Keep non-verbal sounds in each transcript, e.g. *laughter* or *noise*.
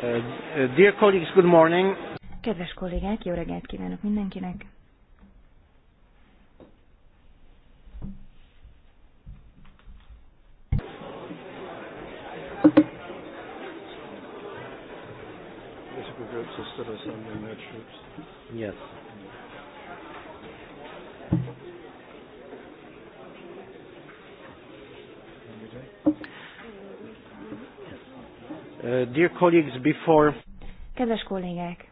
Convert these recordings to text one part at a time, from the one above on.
Uh, uh, dear colleagues, good morning. Kedves kollégák, jó reggelt kívánok mindenkinek! Yes. Uh, dear colleagues, before... Kedves kollégák!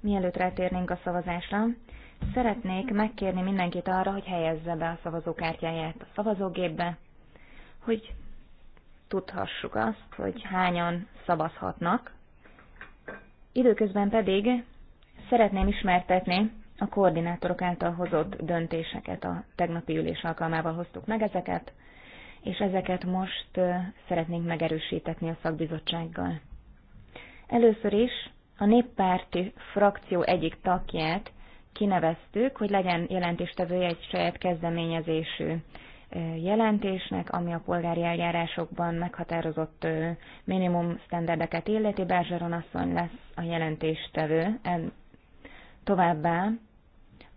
Mielőtt rátérnénk a szavazásra, szeretnék megkérni mindenkit arra, hogy helyezze be a szavazókártyáját a szavazógépbe, hogy tudhassuk azt, hogy hányan szavazhatnak. Időközben pedig szeretném ismertetni a koordinátorok által hozott döntéseket a tegnapi ülés alkalmával hoztuk meg ezeket, és ezeket most szeretnénk megerősítetni a szakbizottsággal. Először is a néppárti frakció egyik tagját kineveztük, hogy legyen jelentéstevője egy saját kezdeményezésű jelentésnek, ami a polgári eljárásokban meghatározott minimum sztenderdeket illeti. Bárzsaron asszony lesz a jelentéstevő. Továbbá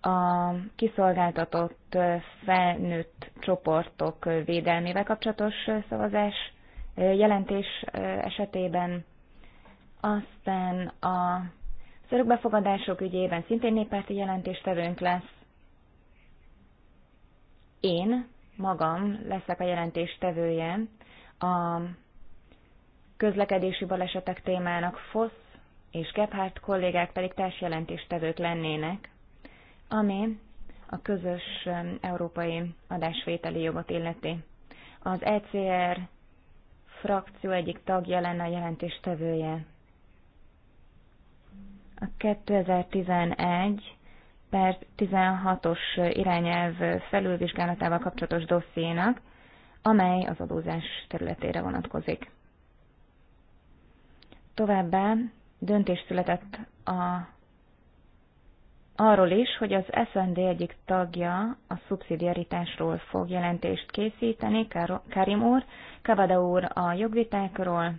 a kiszolgáltatott felnőtt csoportok védelmével kapcsolatos szavazás jelentés esetében, aztán a örökbefogadások ügyében szintén néppárti jelentéstevőnk lesz. Én magam leszek a jelentéstevője a közlekedési balesetek témának FOSZ és Gebhardt kollégák pedig társjelentéstevők lennének ami a közös um, európai adásvételi jogot illeti. Az ECR frakció egyik tagja lenne a jelentéstevője. A 2011 per 16-os irányelv felülvizsgálatával kapcsolatos dossziénak, amely az adózás területére vonatkozik. Továbbá döntés született a arról is, hogy az SND egyik tagja a szubszidiaritásról fog jelentést készíteni, Karim úr, Kavada úr a jogvitákról,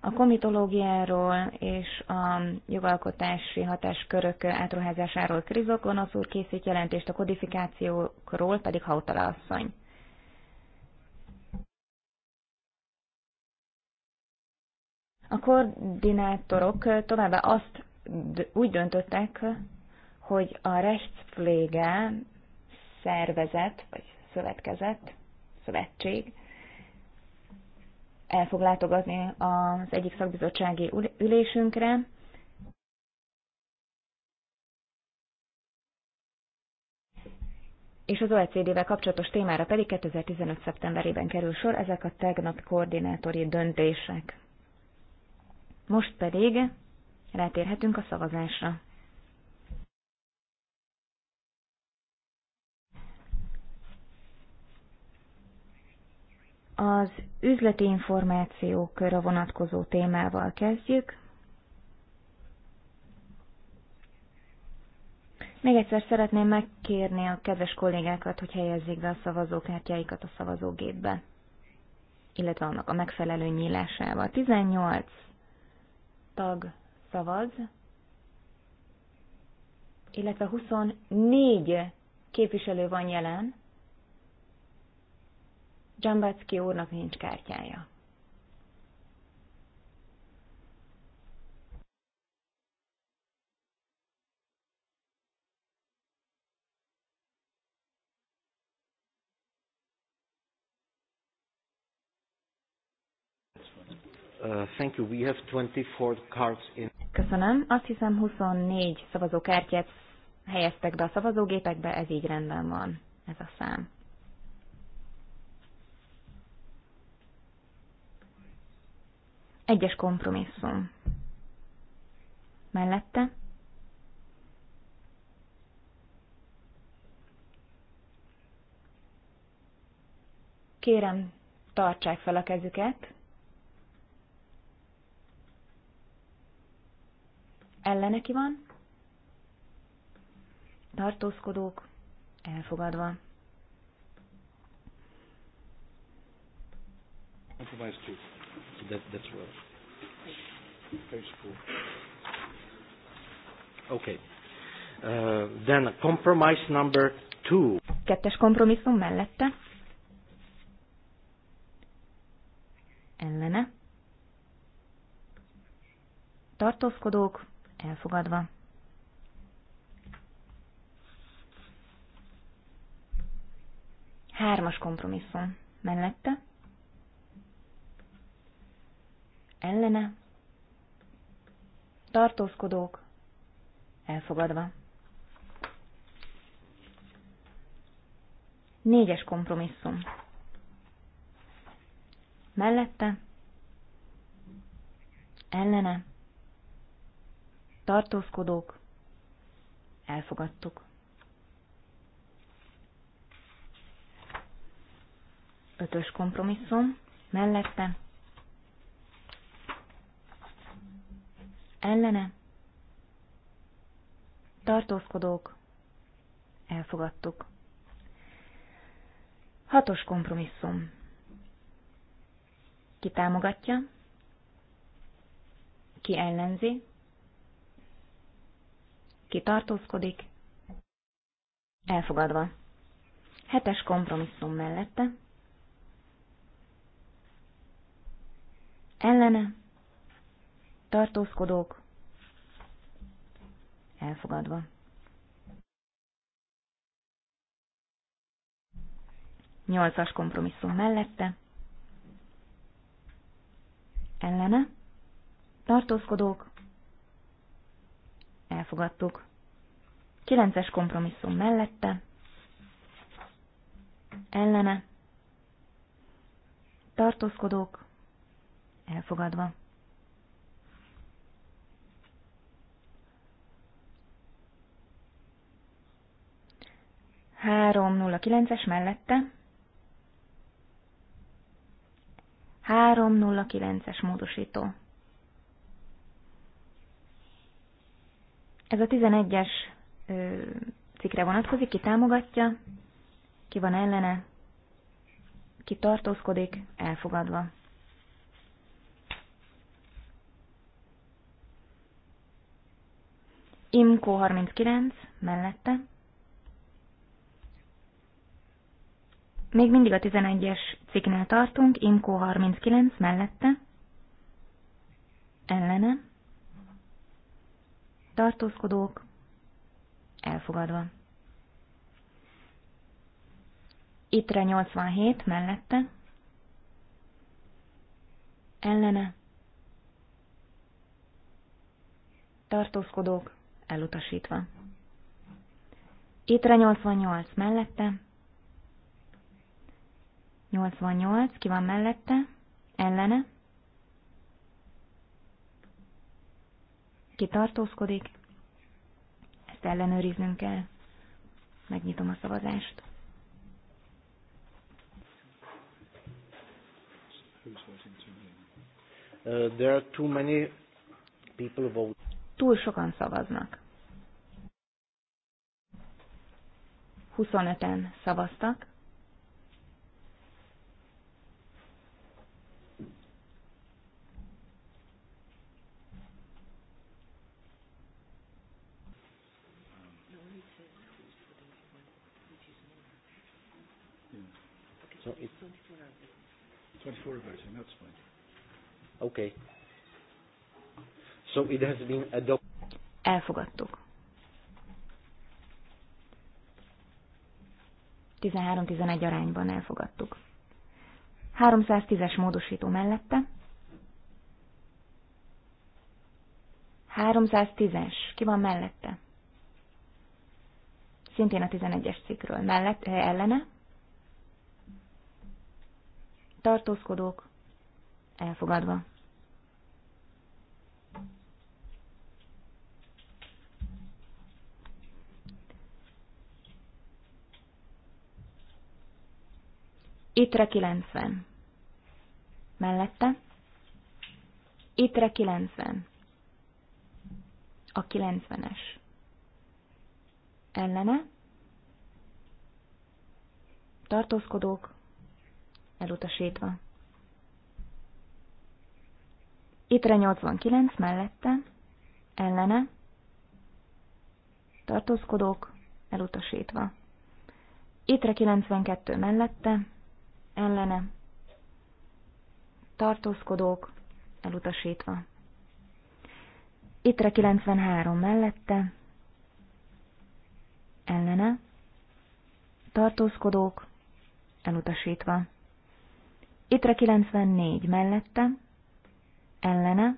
a komitológiáról és a jogalkotási hatáskörök átruházásáról az úr készít jelentést, a kodifikációkról pedig Hautala asszony. A koordinátorok továbbá azt úgy döntöttek, hogy a Rechtspflege szervezet, vagy szövetkezet, szövetség el fog látogatni az egyik szakbizottsági ülésünkre, és az OECD-vel kapcsolatos témára pedig 2015. szeptemberében kerül sor, ezek a tegnap koordinátori döntések. Most pedig rátérhetünk a szavazásra. Az üzleti információkra vonatkozó témával kezdjük. Még egyszer szeretném megkérni a kedves kollégákat, hogy helyezzék be a szavazókártyáikat a szavazógépbe, illetve annak a megfelelő nyílásával. 18 tag szavaz, illetve 24 képviselő van jelen, Dzsambacki úrnak nincs kártyája. Uh, thank you. We have 24 cards in. Köszönöm. Azt hiszem 24 szavazókártyát helyeztek be a szavazógépekbe, ez így rendben van, ez a szám. Egyes kompromisszum. Mellette. Kérem, tartsák fel a kezüket. Ellene ki van? Tartózkodók elfogadva. Compromise two that, that's well. Page four. Okay. Uh, then compromise number two. Kettes kompromisszum mellette. Ellene. Tartózkodók elfogadva. Hármas kompromisszum mellette ellene, tartózkodók, elfogadva. Négyes kompromisszum. Mellette, ellene, tartózkodók, elfogadtuk. Ötös kompromisszum, mellette, ellene, tartózkodók, elfogadtuk. Hatos kompromisszum. Ki támogatja? Ki ellenzi? Ki tartózkodik? Elfogadva. Hetes kompromisszum mellette. Ellene tartózkodók, elfogadva. Nyolcas kompromisszum mellette, ellene, tartózkodók, elfogadtuk. Kilences kompromisszum mellette, ellene, tartózkodók, elfogadva. 309-es mellette. 309-es módosító. Ez a 11-es cikkre vonatkozik, ki támogatja, ki van ellene, ki tartózkodik, elfogadva. Imkó 39 mellette. Még mindig a 11-es cikknél tartunk, Imkó 39 mellette, ellene, tartózkodók, elfogadva. Ittre 87 mellette, ellene, tartózkodók, elutasítva. Ittre 88 mellette, 88, ki van mellette, ellene, ki tartózkodik, ezt ellenőriznünk kell. Megnyitom a szavazást. Uh, there are too many people vote. Túl sokan szavaznak. 25-en szavaztak, 24 version, that's fine. Okay. So it has been adopted. Elfogadtuk. 13-11 arányban elfogadtuk. 310-es módosító mellette. 310-es. Ki van mellette? Szintén a 11-es cikkről. Mellett, eh, ellene tartózkodók, elfogadva. Ittre 90. Mellette. Ittre 90. A 90-es. Ellene. Tartózkodók elutasítva. Itre 89 mellette, ellene, tartózkodók, elutasítva. Itre 92 mellette, ellene, tartózkodók, elutasítva. Itre 93 mellette, ellene, tartózkodók, elutasítva. Itre 94 mellette, ellene,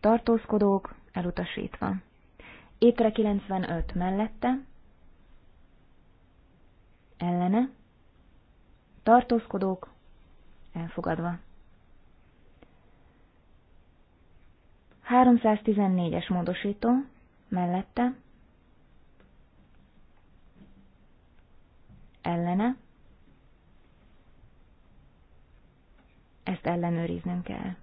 tartózkodók elutasítva. Étre 95 mellette, ellene, tartózkodók elfogadva. 314-es módosító mellette, ellene, Ezt ellenőriznünk kell.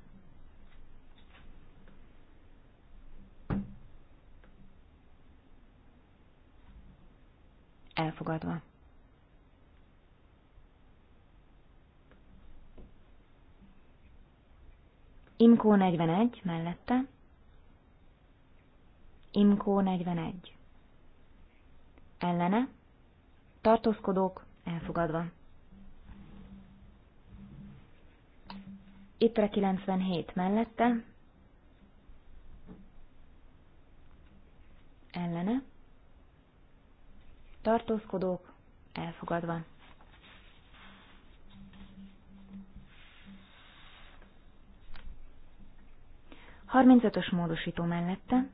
Elfogadva. Imkó 41 mellette. Imkó 41. Ellene. Tartózkodók elfogadva. Ittre 97 mellette, ellene, tartózkodók elfogadva. Harmincötös módosító mellette,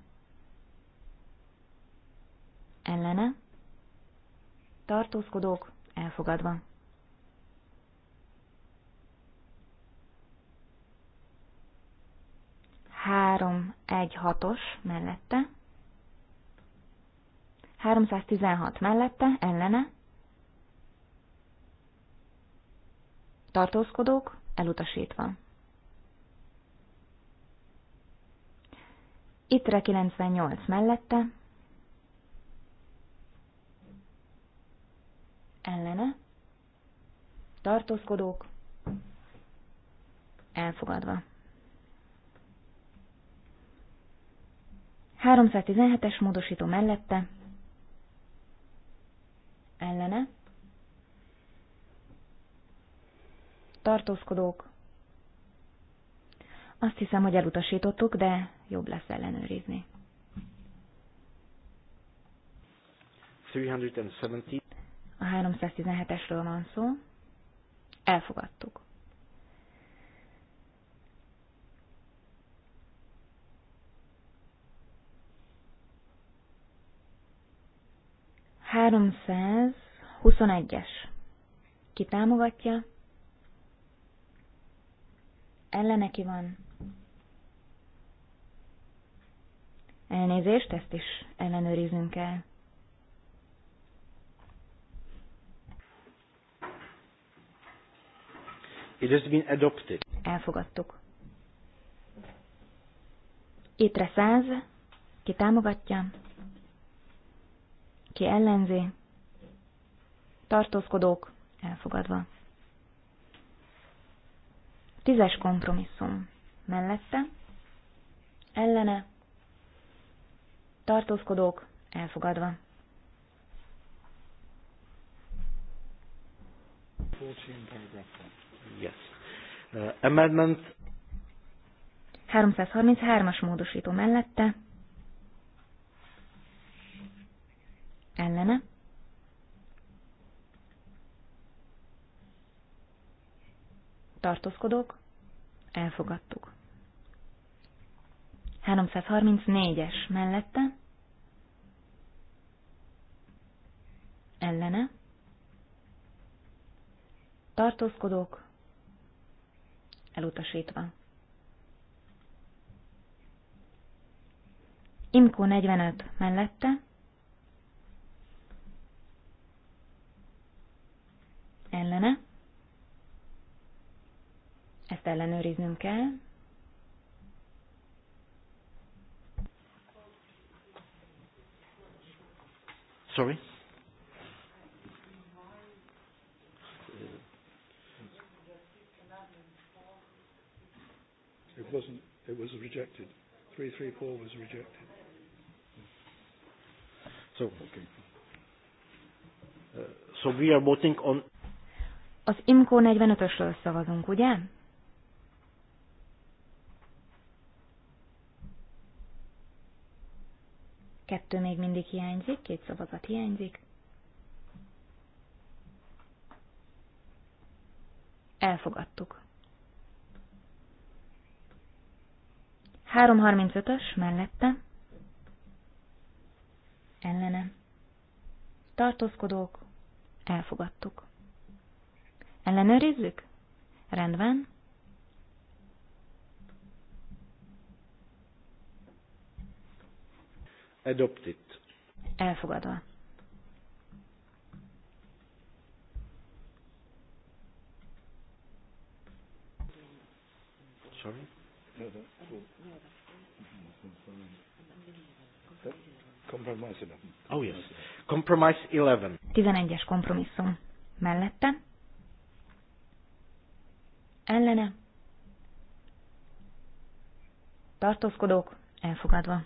ellene, tartózkodók elfogadva. 3, 1, 6 os mellette, 316 mellette, ellene, tartózkodók elutasítva. Ittre 98 mellette, ellene, tartózkodók elfogadva. 317-es módosító mellette, ellene, tartózkodók, azt hiszem, hogy elutasítottuk, de jobb lesz ellenőrizni. 317. A 317-esről van szó. Elfogadtuk. 321-es. Ki támogatja? Ellene ki van? Elnézést, ezt is ellenőriznünk kell. It has been adopted. Elfogadtuk. Étre száz, ki támogatja, ki ellenzi, tartózkodók elfogadva. Tízes kompromisszum mellette, ellene, tartózkodók elfogadva. Yes. Uh, amendment 333-as módosító mellette, ellene. Tartózkodók, elfogadtuk. 334-es mellette, ellene, tartózkodók, elutasítva. Imkó 45 mellette, ellene. Ezt ellenőriznünk kell. Sorry. It wasn't. It was rejected. Three three four was rejected. So okay. Uh, so we are voting on az IMCO 45-ösről szavazunk, ugye? Kettő még mindig hiányzik, két szavazat hiányzik. Elfogadtuk. 335-ös mellette. Ellene. Tartózkodók. Elfogadtuk. Ellenőrizzük? Rendben. Adopted. Elfogadva. Sorry? Compromise 11. Oh yes. Compromise 11. 11-es kompromisszum. Mellette? ellene, tartózkodók, elfogadva.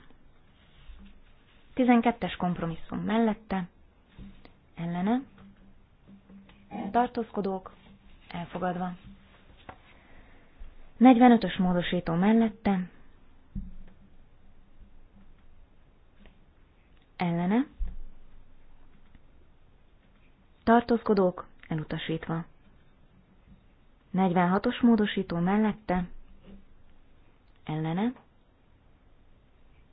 12-es kompromisszum mellette, ellene, tartózkodók, elfogadva. 45-ös módosító mellette, ellene, tartózkodók, elutasítva. 46-os módosító mellette, ellene,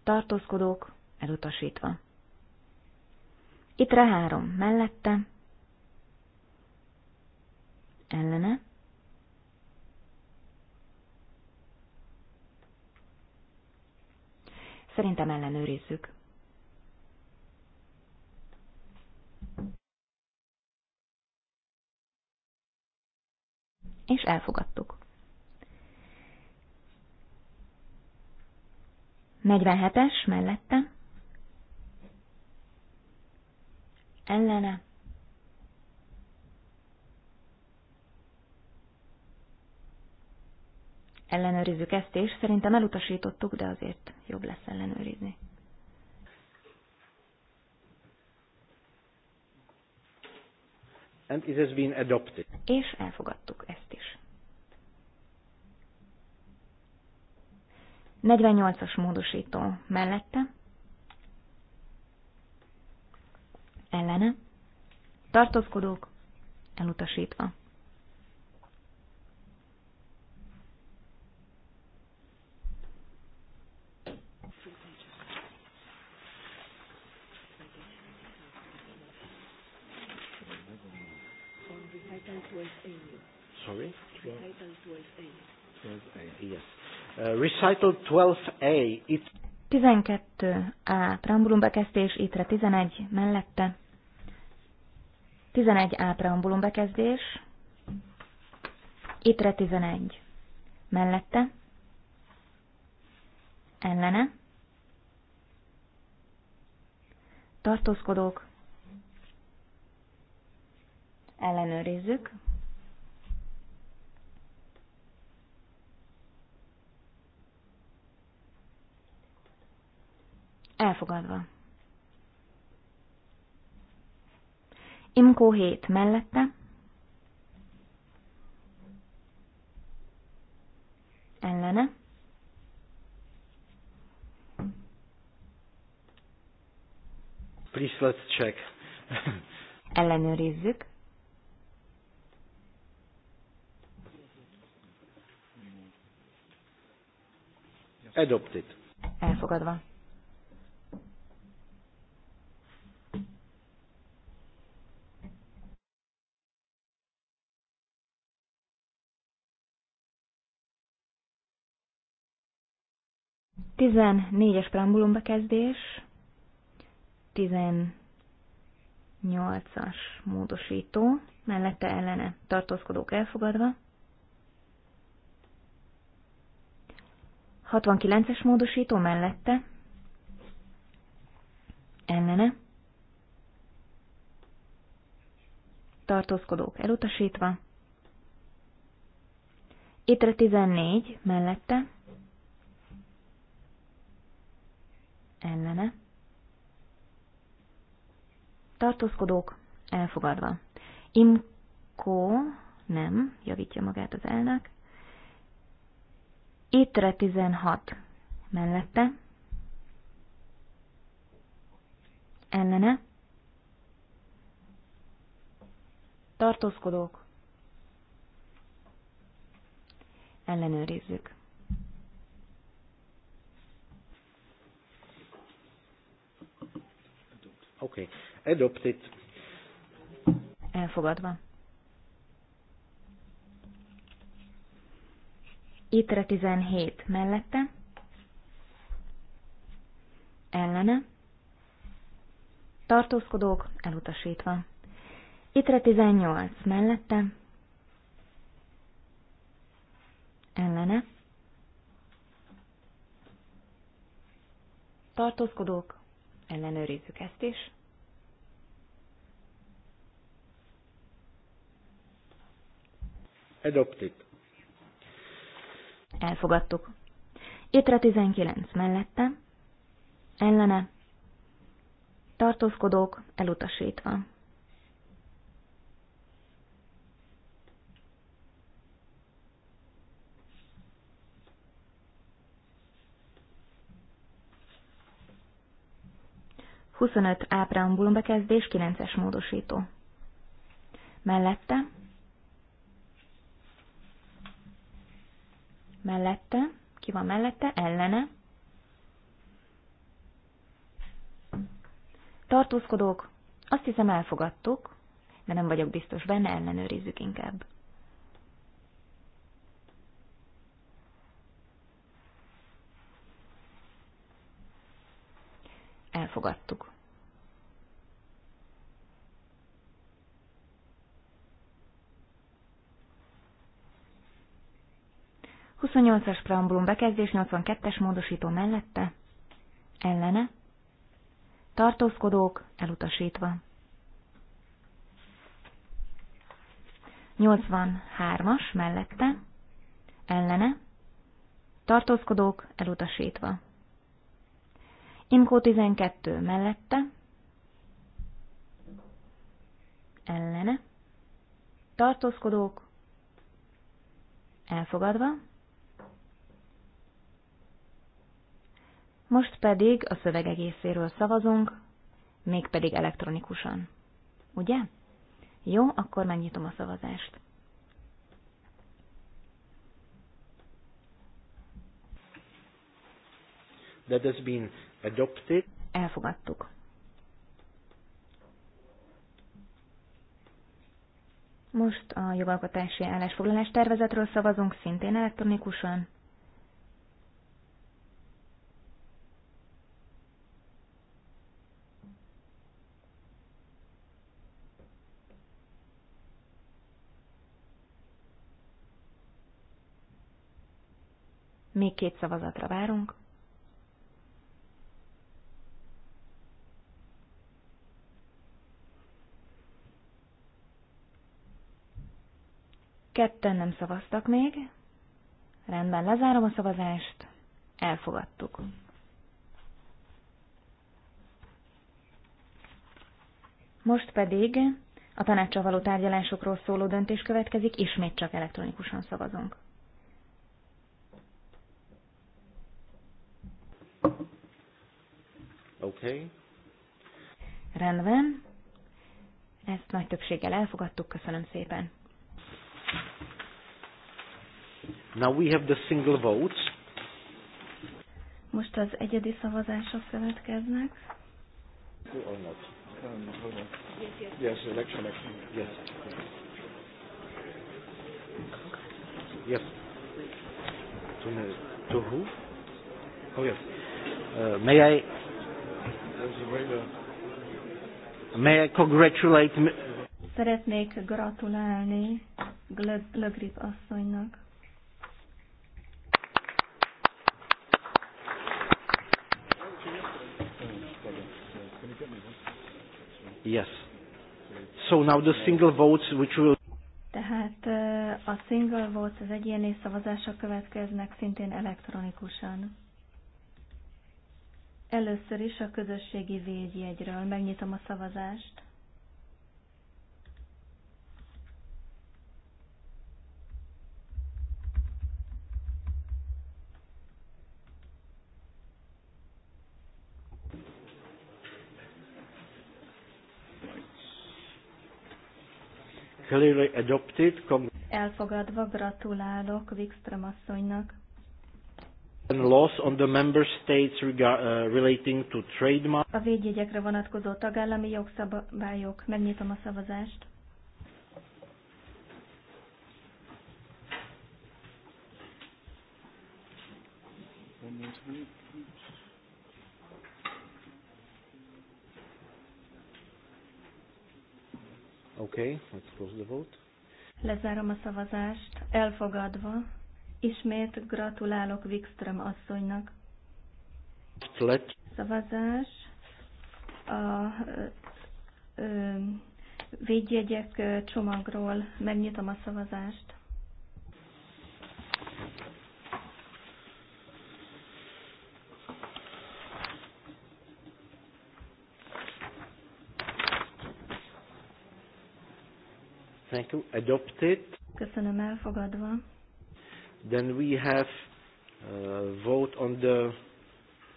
tartózkodók elutasítva. Itt három mellette, ellene, Szerintem ellenőrizzük. és elfogadtuk. 47-es mellette. Ellene. Ellenőrizzük ezt, és szerintem elutasítottuk, de azért jobb lesz ellenőrizni. And it has been adopted. És elfogadtuk ezt is. 48-as módosító mellette, ellene, tartózkodók, elutasítva. Sorry? Recital 12A. 12 12A, it... 12A, preambulum bekezdés, ittre 11, mellette. 11A, preambulum bekezdés, ittre 11, mellette. Ellene. Tartózkodók, ellenőrizzük. Elfogadva. Imkó 7 mellette. Ellene. Please let's check. *laughs* Ellenőrizzük. Adopted. Elfogadva. Tizennégyes preambulum bekezdés, tizennyolcas módosító, mellette ellene tartózkodók elfogadva, 69-es módosító mellette, ellene, tartózkodók elutasítva, Étre 14 mellette, ellene, tartózkodók elfogadva. Imkó nem, javítja magát az elnök, Étre 16 mellette, ellene, tartózkodók, ellenőrizzük. Oké, okay. adopted. Elfogadva. Ittre 17 mellette, ellene, tartózkodók elutasítva. Ittre 18 mellette, ellene, tartózkodók, ellenőrizzük ezt is. Adopted elfogadtuk. Étre 19 mellette, ellene, tartózkodók elutasítva. Huszonöt ápreambulum bekezdés, kilences módosító. Mellette mellette, ki van mellette, ellene. Tartózkodók, azt hiszem elfogadtuk, de nem vagyok biztos benne, ellenőrizzük inkább. Elfogadtuk. 28-as preambulum bekezdés 82-es módosító mellette, ellene, tartózkodók elutasítva. 83-as mellette, ellene, tartózkodók elutasítva. Imkó 12 mellette, ellene, tartózkodók elfogadva, Most pedig a szöveg egészéről szavazunk, mégpedig elektronikusan. Ugye? Jó, akkor megnyitom a szavazást. That has been adopted. Elfogadtuk. Most a jogalkotási állásfoglalás tervezetről szavazunk szintén elektronikusan. Még két szavazatra várunk. Ketten nem szavaztak még. Rendben, lezárom a szavazást. Elfogadtuk. Most pedig a tanácsa való tárgyalásokról szóló döntés következik, ismét csak elektronikusan szavazunk. Okay. Rendben. Ezt nagy többséggel elfogadtuk, köszönöm szépen. Now we have the single votes. Most az egyedi szavazások következnek. Yes, election, election. Yes. Yes. To, to who? Oh yes. Uh, may I May I congratulate me? Szeretnék gratulálni Glögrip asszonynak. Yes. So now the single votes which will tehát a single votes, az egyéni szavazások következnek szintén elektronikusan. Először is a közösségi védjegyről. Megnyitom a szavazást. Elfogadva gratulálok Wikström asszonynak. Uh, a védjegyekre vonatkozó tagállami jogszabályok. Megnyitom a szavazást. Okay, let's close the vote. Lezárom a szavazást, elfogadva. Ismét gratulálok Wikström asszonynak. Szavazás. A ö, védjegyek csomagról megnyitom a szavazást. Thank you. Adopted. Köszönöm elfogadva. Then we have uh, vote on the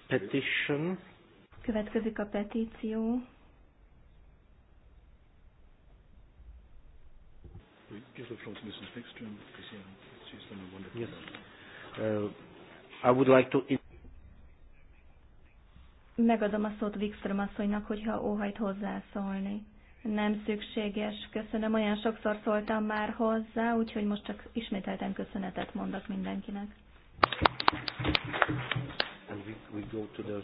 petition. Következik a petíció. yes. Uh, I would like to. Megadom a szót Wikström asszonynak, hogyha óhajt hozzászólni nem szükséges. Köszönöm, olyan sokszor szóltam már hozzá, úgyhogy most csak ismételten köszönetet mondok mindenkinek. And we, we go to the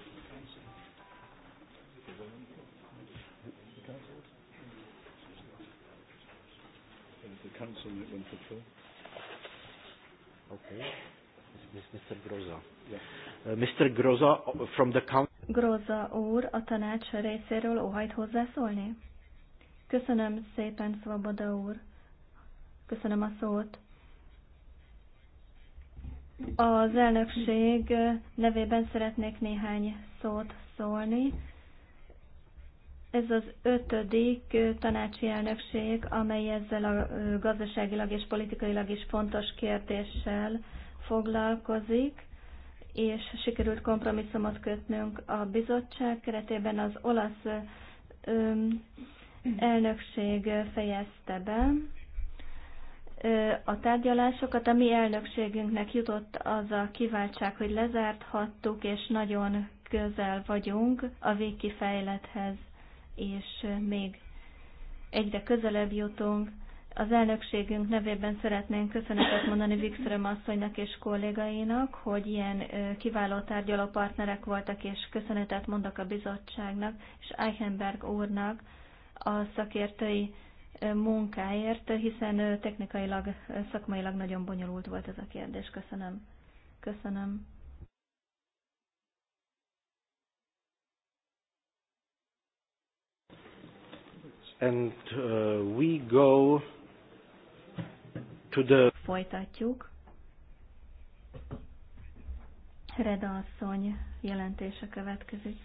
Okay. Mr. Groza. Uh, Mr. Groza uh, from the council. Groza úr, a tanács részéről óhajt hozzászólni? Köszönöm szépen, Svoboda úr. Köszönöm a szót. Az elnökség nevében szeretnék néhány szót szólni. Ez az ötödik tanácsi elnökség, amely ezzel a gazdaságilag és politikailag is fontos kérdéssel foglalkozik, és sikerült kompromisszumot kötnünk a bizottság keretében az olasz elnökség fejezte be. A tárgyalásokat a mi elnökségünknek jutott az a kiváltság, hogy lezárthattuk, és nagyon közel vagyunk a végkifejlethez, és még egyre közelebb jutunk. Az elnökségünk nevében szeretnénk köszönetet mondani Wikström asszonynak és kollégáinak, hogy ilyen kiváló tárgyaló partnerek voltak, és köszönetet mondok a bizottságnak és Eichenberg úrnak, a szakértői munkáért, hiszen technikailag, szakmailag nagyon bonyolult volt ez a kérdés. Köszönöm. Köszönöm. And uh, we go to the... Folytatjuk. Reda asszony jelentése következik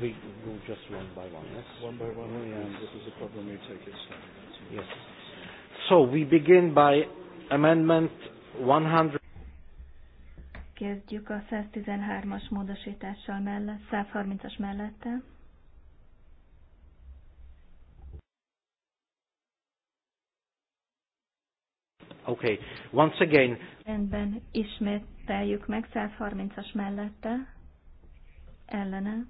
we go just one by one, yes? One by one, oh, yes. This is a problem we take it slowly. Yes. So we begin by amendment 100. Kezdjük a 113-as módosítással mellett, 130-as mellette. Okay. Once again. Rendben, ismételjük meg 130-as mellette, ellene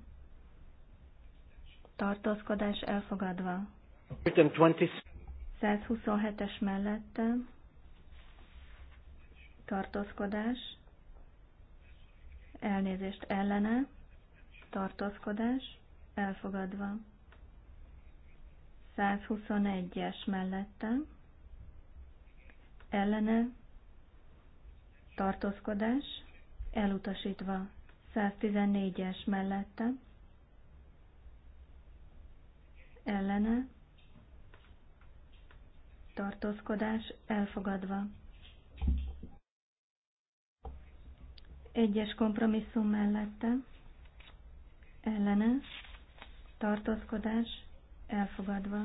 tartózkodás elfogadva. 127-es mellette tartózkodás, elnézést ellene, tartózkodás, elfogadva. 121-es mellette, ellene, tartózkodás, elutasítva. 114-es mellette, ellene, tartózkodás elfogadva. Egyes kompromisszum mellette, ellene, tartózkodás elfogadva.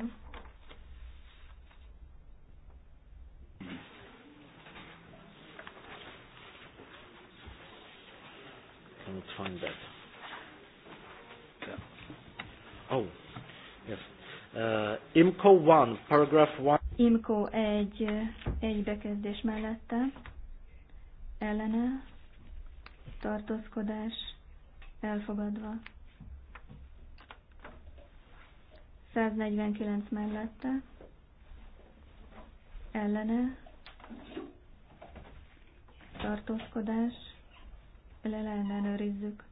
Let's find that. Yeah. Oh. Yes. Uh, IMCO 1, paragraph 1. IMCO 1, egy bekezdés mellette, ellene, tartózkodás, elfogadva. 149 mellette, ellene, tartózkodás, ellenőrizzük.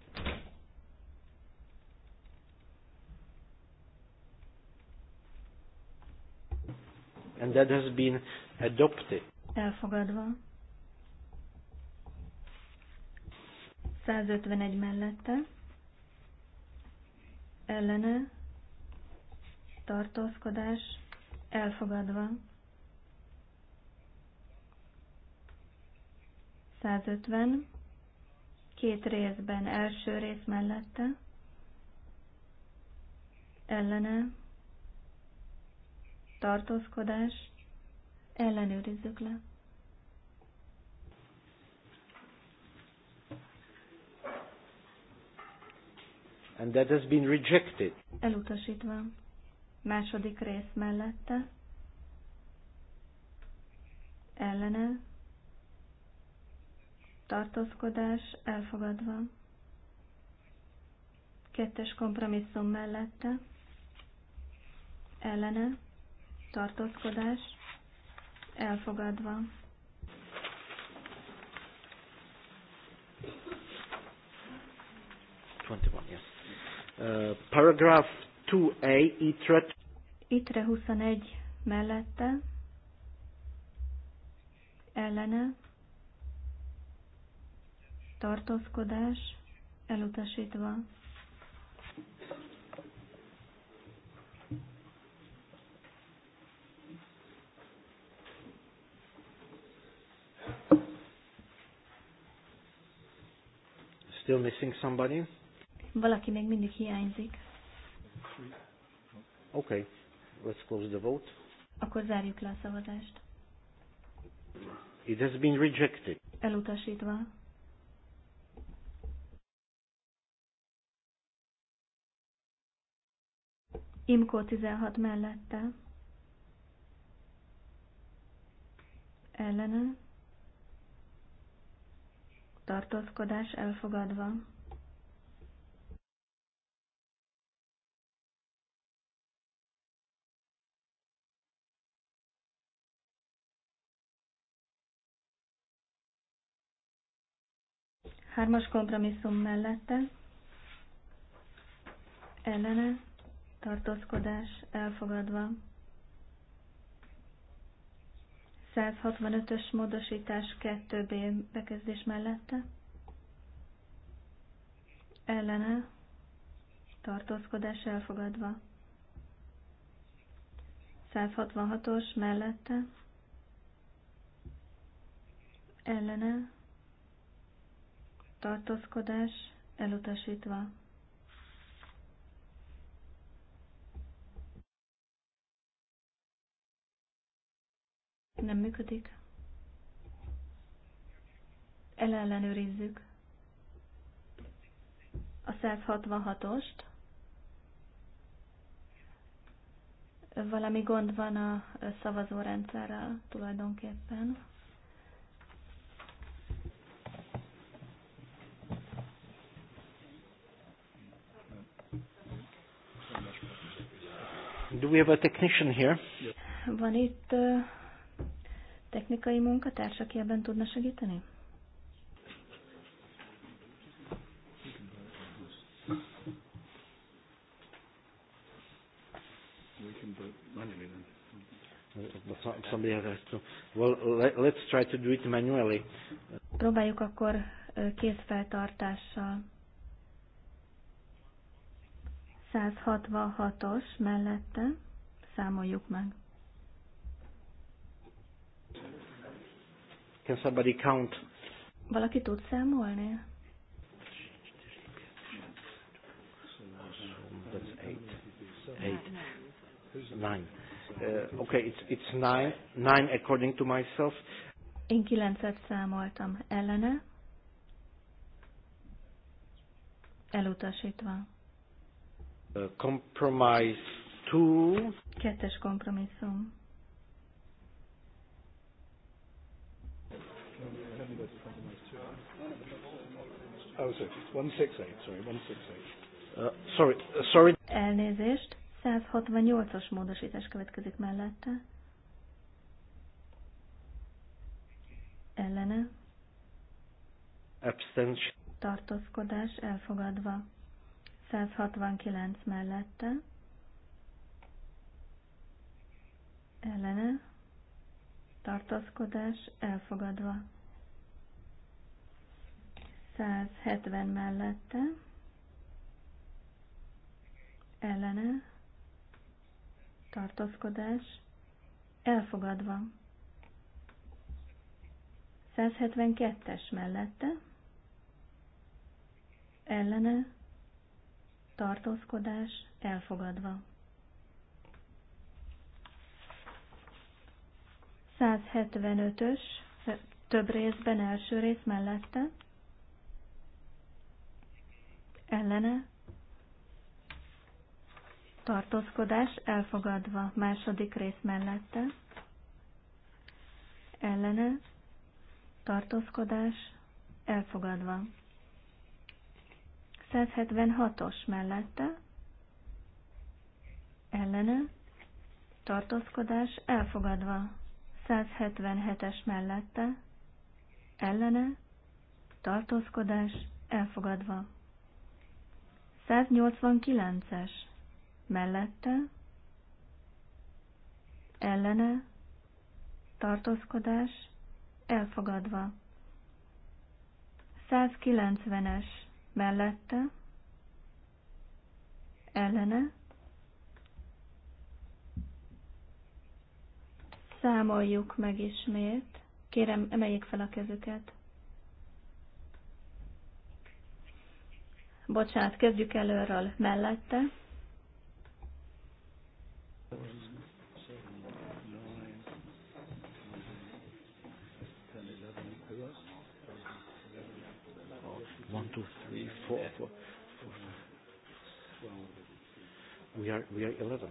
and that has been adopted. Elfogadva. 151 mellette, ellene, tartózkodás, elfogadva. 150, két részben, első rész mellette, ellene, tartózkodás, ellenőrizzük le. And that has been rejected. Elutasítva. Második rész mellette. Ellene. Tartózkodás elfogadva. Kettes kompromisszum mellette. Ellene tartózkodás elfogadva. Uh, paragraph 2a, ITRE. ITRE 21 mellette, ellene, tartózkodás elutasítva. Still missing somebody? Valaki még mindig hiányzik. Okay, let's close the vote. Akkor zárjuk le a szavazást. It has been rejected. Elutasítva. Imko 16 mellette. Ellene tartózkodás elfogadva. Hármas kompromisszum mellette ellene tartózkodás elfogadva. 165-ös módosítás 2B bekezdés mellette. Ellene. Tartózkodás elfogadva. 166-os mellette. Ellene. Tartózkodás elutasítva. nem működik. Elellenőrizzük a 166-ost. Valami gond van a szavazórendszerrel tulajdonképpen. Do we have a technician here? Van itt technikai munkatárs, aki ebben tudna segíteni? let's try to do it manually. Próbáljuk akkor kézfeltartással. 166-os mellette számoljuk meg. Can somebody count? Valaki tud számolni? Uh, okay, it's, it's nine. Nine according to myself. Én kilencet számoltam ellene. Elutasítva. Uh, compromise two. Kettes kompromisszum. 168, sorry, 168. Uh, sorry, uh, sorry. Elnézést, 168-as módosítás következik mellette. Ellene. Abstention. Tartózkodás elfogadva. 169 mellette. Ellene. Tartózkodás elfogadva. 170 mellette, ellene, tartózkodás, elfogadva. 172-es mellette, ellene, tartózkodás, elfogadva. 175-ös, több részben első rész mellette, ellene, tartózkodás elfogadva, második rész mellette, ellene, tartózkodás elfogadva. 176-os mellette, ellene, tartózkodás elfogadva. 177-es mellette, ellene, tartózkodás elfogadva. 189-es mellette, ellene, tartózkodás, elfogadva. 190-es mellette, ellene, számoljuk meg ismét, kérem emeljék fel a kezüket. Bocsánat, kezdjük előről mellette. One, two, three, four, four, four. We are we are eleven.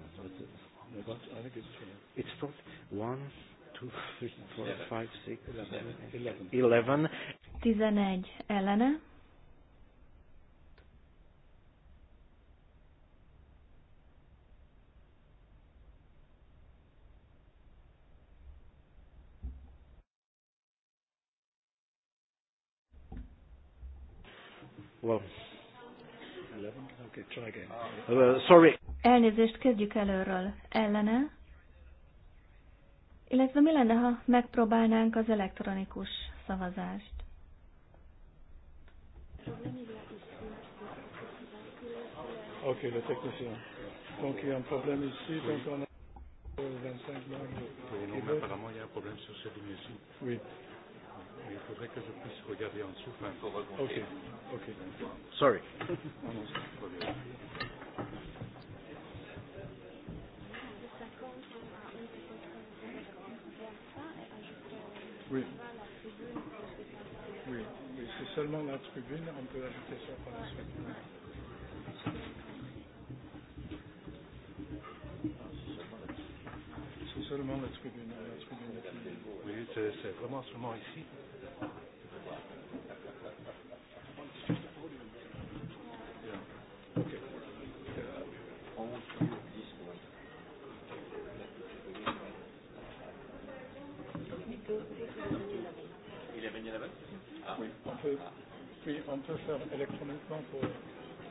But I think it's it's not one, two, three, four, five, six, eleven. Eleven. Eleven. Tizenegy ellene. Well, Okay, try again. Uh, sorry. Elnézést, kezdjük előről. Ellene? Illetve mi lenne, ha megpróbálnánk az elektronikus szavazást? Ok, Donc il y a un problème ici, donc on a 25 apparemment, il y a un problème sur cette Oui. Szóval Sorry. Oui. Oui, mais c'est seulement la tribune, on peut ajouter ça par la suite. C'est seulement la tribune, la tribune. Oui, c'est vraiment seulement ici. peut, oui, on peut faire électroniquement pour,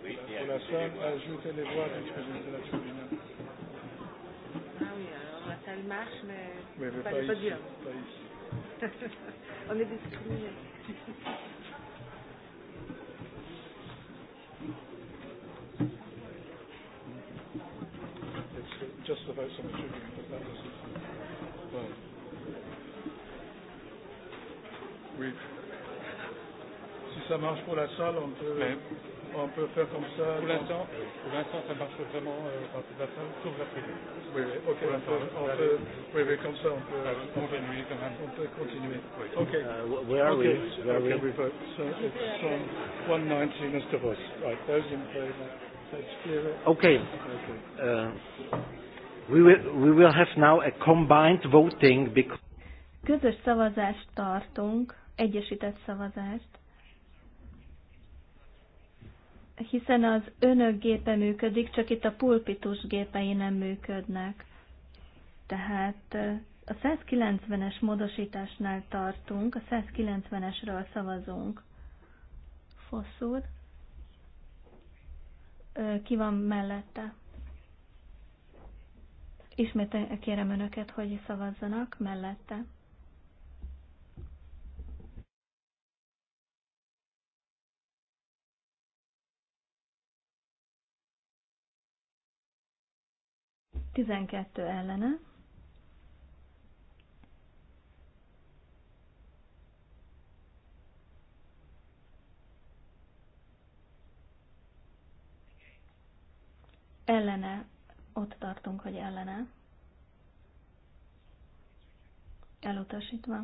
oui, pour la salle, ajouter les voix parce que je la souvenir. Ah oui, alors la salle marche, mais, mais, mais pas, pas, ici, pas dur. Pas ici. *laughs* on est discriminé. just about some sugar, but that was well. We've ça marche pour la salle, on peut, Mais, on peut faire comme ça. Pour l'instant, pour l'instant, ça marche vraiment euh, dans toute la salle, sauf la tribune. Oui, oui, ok. Pour on peut, on peut, oui, oui, comme ça, on peut euh, continuer quand même. On peut continuer. Oui. Ok. Uh, where are okay. we? Where okay, are we? Okay. vote. So it's on 190, Mr. Voss. Right, those in favor. Okay. okay. Uh, we will, we will have now a combined voting because Közös szavazást tartunk, egyesített szavazást, hiszen az önök gépe működik, csak itt a pulpitus gépei nem működnek. Tehát a 190-es módosításnál tartunk, a 190-esről szavazunk. Fosszúr. Ki van mellette? Ismét kérem önöket, hogy szavazzanak mellette. 12 ellene. Ellene, ott tartunk, hogy ellene. Elutasítva.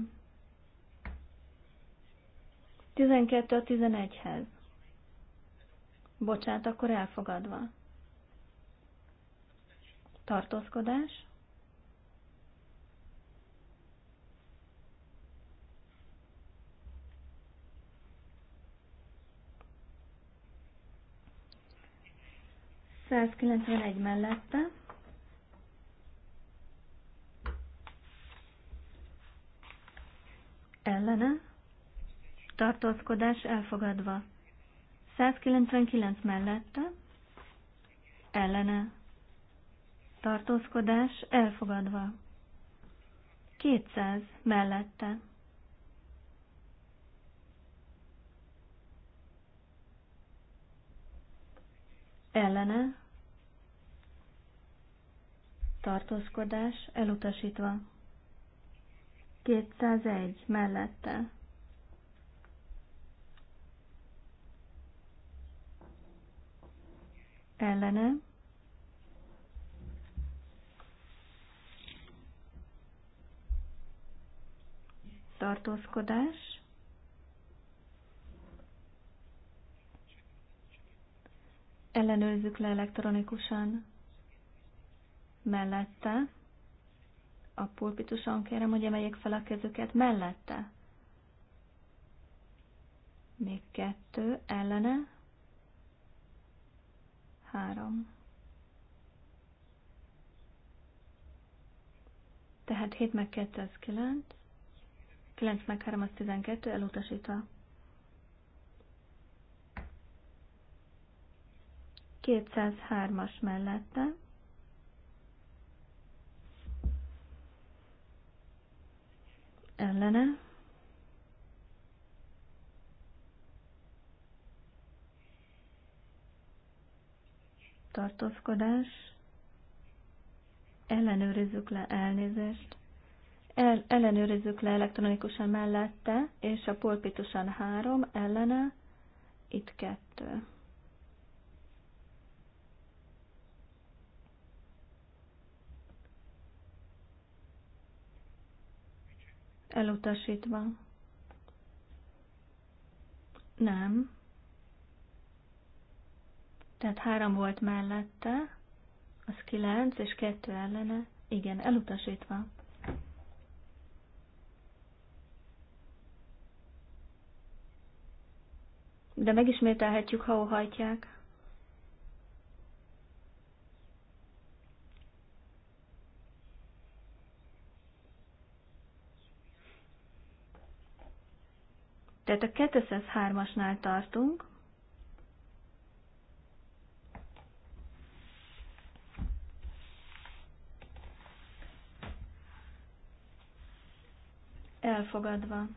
12 a 11-hez. Bocsát, akkor elfogadva tartózkodás, egy mellette, ellene, tartózkodás elfogadva. 199 mellette, ellene, tartózkodás elfogadva. 200 mellette. Ellene tartózkodás elutasítva. 201 mellette. Ellene tartózkodás. Ellenőrzzük le elektronikusan mellette. A pulpituson kérem, hogy emeljék fel a kezüket mellette. Még kettő ellene. Három. Tehát 7 meg 2 az 9. 9 meg 3 az 12, elutasítva. Kétszázhármas mellette. Ellene. Tartózkodás. Ellenőrizzük le elnézést. El, ellenőrizzük le elektronikusan mellette, és a pulpitusan három, ellene, itt kettő. Elutasítva. Nem. Tehát három volt mellette, az kilenc, és kettő ellene. Igen, elutasítva. de megismételhetjük, ha óhajtják. Tehát a 203-asnál tartunk. Elfogadva.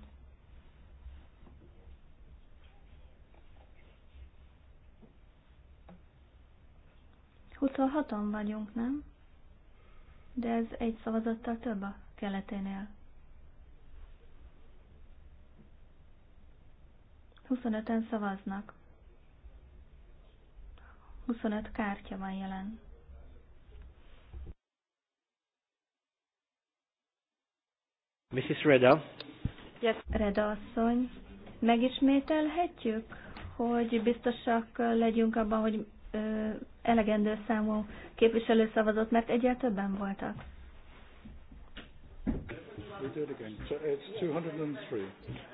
26-on vagyunk, nem? De ez egy szavazattal több a keleténél. 25-en szavaznak. 25 kártya van jelen. Mrs. Reda. Yes. Reda asszony, megismételhetjük, hogy biztosak legyünk abban, hogy ö, elegendő számú képviselő szavazott, mert egyel többen voltak.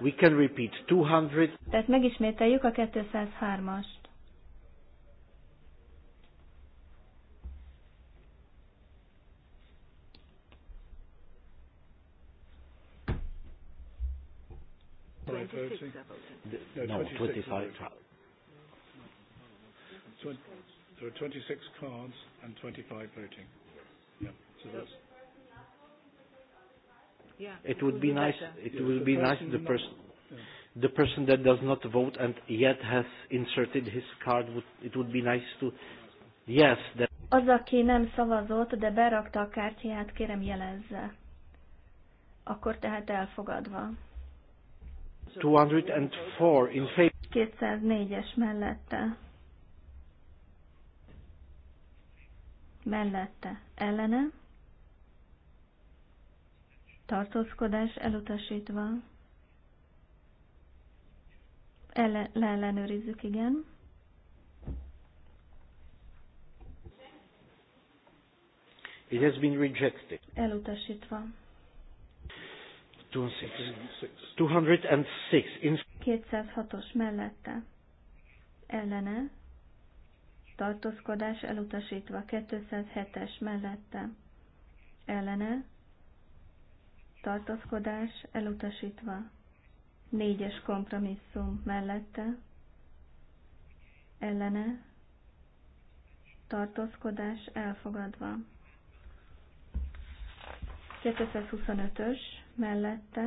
We can repeat 200. Tehát megismételjük a 203-ast. No, 25. There are 26 cards and 25 voting. Yeah, so that's. Yeah. It would be nice. It would be nice the person, yeah. the person that does not vote and yet has inserted his card. Would, it would be nice to. Yes. az, aki nem szavazott, de berakta a kártyáját, kérem jelezze. Akkor tehát elfogadva. 204 in favor. 204-es mellette mellette ellene, tartózkodás elutasítva, ele, leellenőrizzük, igen. It has been rejected. Elutasítva. 206. 206-os mellette. Ellene tartózkodás elutasítva 207-es mellette ellene tartózkodás elutasítva 4-es kompromisszum mellette ellene tartózkodás elfogadva 225-ös mellette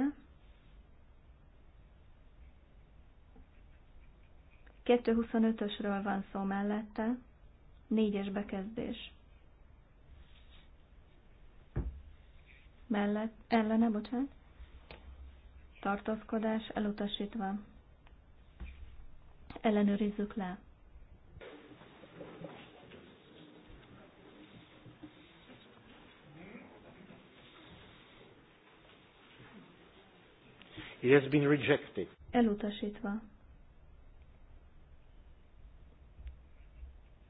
225-ösről van szó mellette, négyes bekezdés. Mellett, ellene, bocsánat, tartózkodás elutasítva. Ellenőrizzük le. It has been rejected. Elutasítva.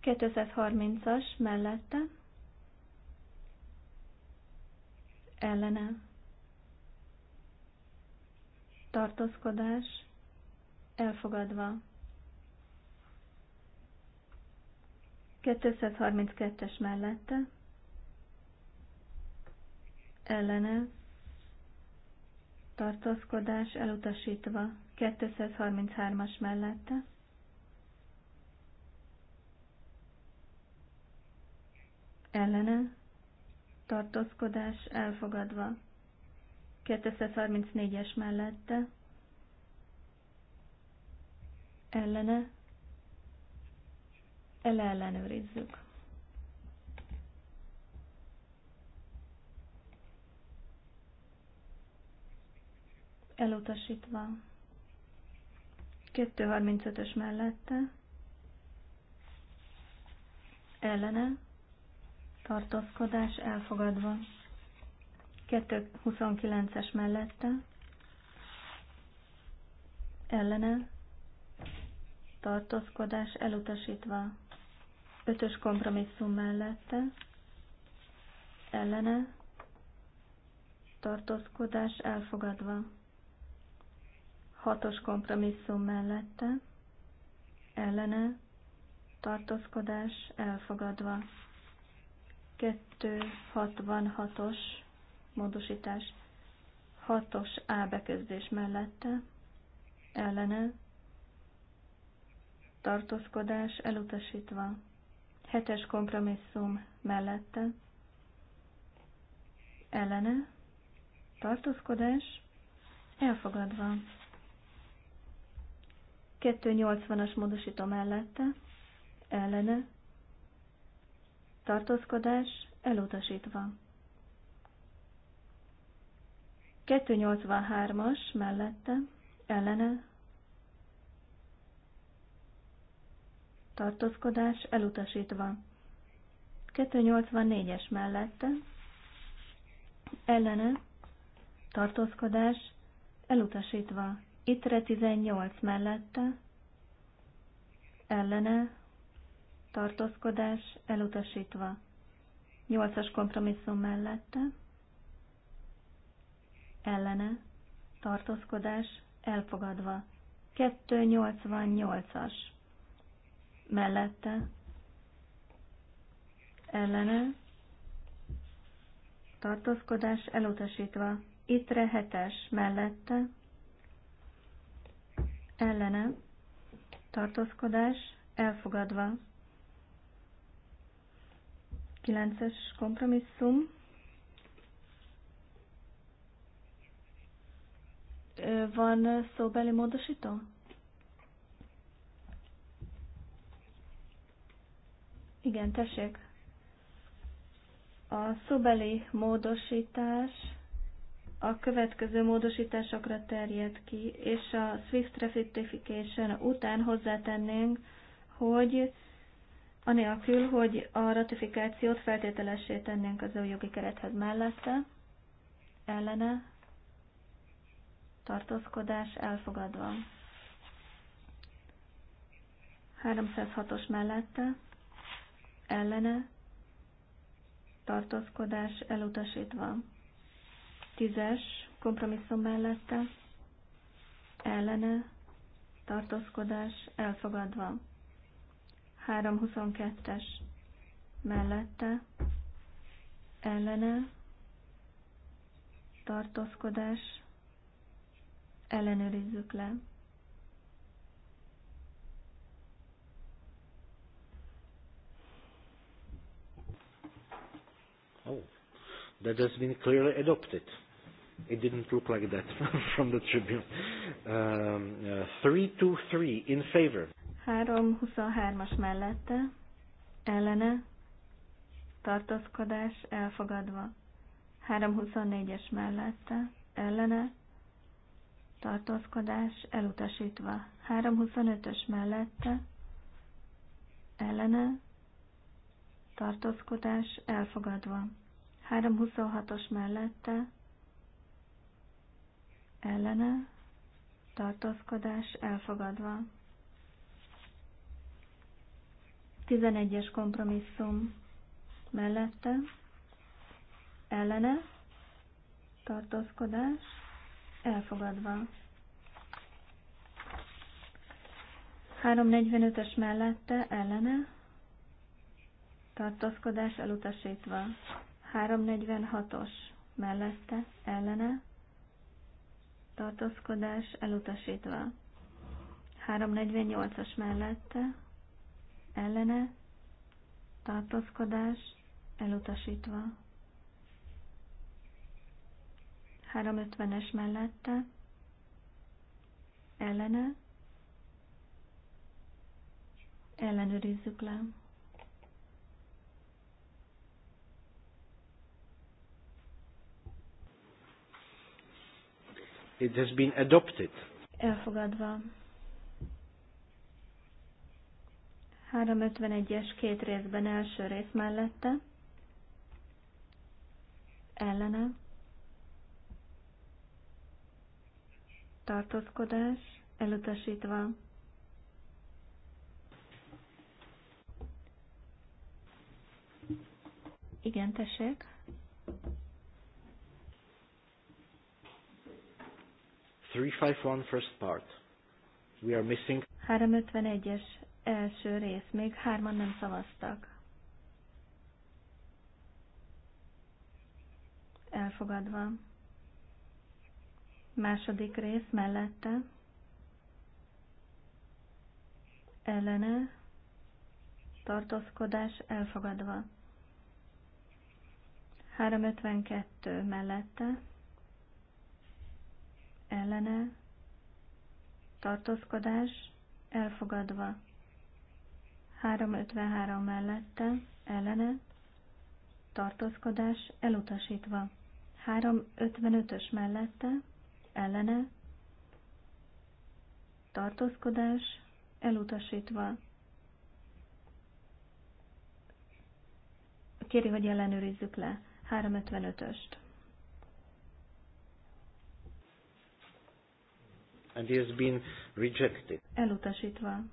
230-as mellette ellene tartózkodás elfogadva. 232-es mellette ellene tartózkodás elutasítva. 233-as mellette ellene, tartózkodás elfogadva. 234-es mellette, ellene, ellenőrizzük. Elutasítva. 235-ös mellette, ellene, tartózkodás elfogadva. 229-es mellette ellene tartózkodás elutasítva. 5-ös kompromisszum mellette ellene tartózkodás elfogadva. 6-os kompromisszum mellette ellene tartózkodás elfogadva. 266-os módosítás 6-os A beközdés mellette ellene tartózkodás elutasítva. 7-es kompromisszum mellette ellene tartózkodás elfogadva. 280-as módosító mellette ellene tartózkodás elutasítva. 283-as mellette, ellene, tartózkodás elutasítva. 284-es mellette, ellene, tartózkodás elutasítva. Ittre 18 mellette, ellene, tartózkodás elutasítva. Nyolcas kompromisszum mellette, ellene, tartózkodás elfogadva. 288-as mellette, ellene, tartózkodás elutasítva. Ittre hetes mellette, ellene, tartózkodás elfogadva. 9-es kompromisszum. Van szóbeli módosító? Igen, tessék. A szóbeli módosítás a következő módosításokra terjed ki, és a Swift Reflectification után hozzátennénk, hogy anélkül, hogy a ratifikációt feltételessé tennénk az EU jogi kerethez mellette, ellene, tartózkodás elfogadva. 306-os mellette, ellene, tartózkodás elutasítva. 10-es kompromisszum mellette, ellene, tartózkodás elfogadva. 322-es mellette ellene tartózkodás ellenőrizzük le. Oh, that has been clearly adopted. It didn't look like that *laughs* from the tribune. Um, uh, three to three in favor. 323-as mellette, ellene, tartózkodás elfogadva. 324-es mellette, ellene, tartózkodás elutasítva. 325-ös mellette, ellene, tartózkodás elfogadva. 326-os mellette, ellene, tartózkodás elfogadva. 11-es kompromisszum mellette, ellene, tartózkodás, elfogadva. 345-ös mellette, ellene, tartózkodás elutasítva. 346-os mellette, ellene, tartózkodás elutasítva. 348-as mellette, ellene, tartózkodás elutasítva. 350-es mellette, ellene, ellenőrizzük le. It has been adopted. Elfogadva. 351-es két részben első rész mellette, ellene, tartózkodás, elutasítva. Igen, tessék. Three five one first part. We are missing. 351-es első rész, még hárman nem szavaztak. Elfogadva. Második rész mellette. Ellene. Tartózkodás elfogadva. 352 mellette. Ellene. Tartózkodás elfogadva. 353 mellette, ellene, tartózkodás elutasítva. 355-ös mellette, ellene, tartózkodás elutasítva. Kéri, hogy ellenőrizzük le. 355-öst. And he has been rejected. Elutasítva.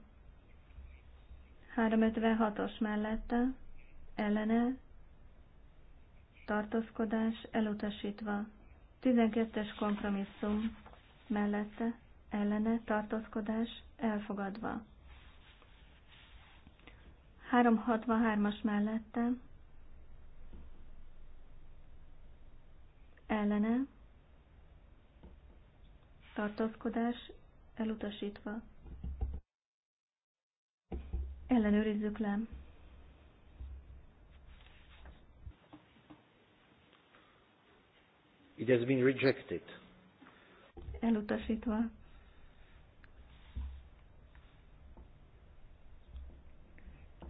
356-os mellette ellene tartózkodás elutasítva. 12-es kompromisszum mellette ellene tartózkodás elfogadva. 363-as mellette ellene tartózkodás elutasítva. Ellenőrizzük le. It has been rejected. Elutasítva.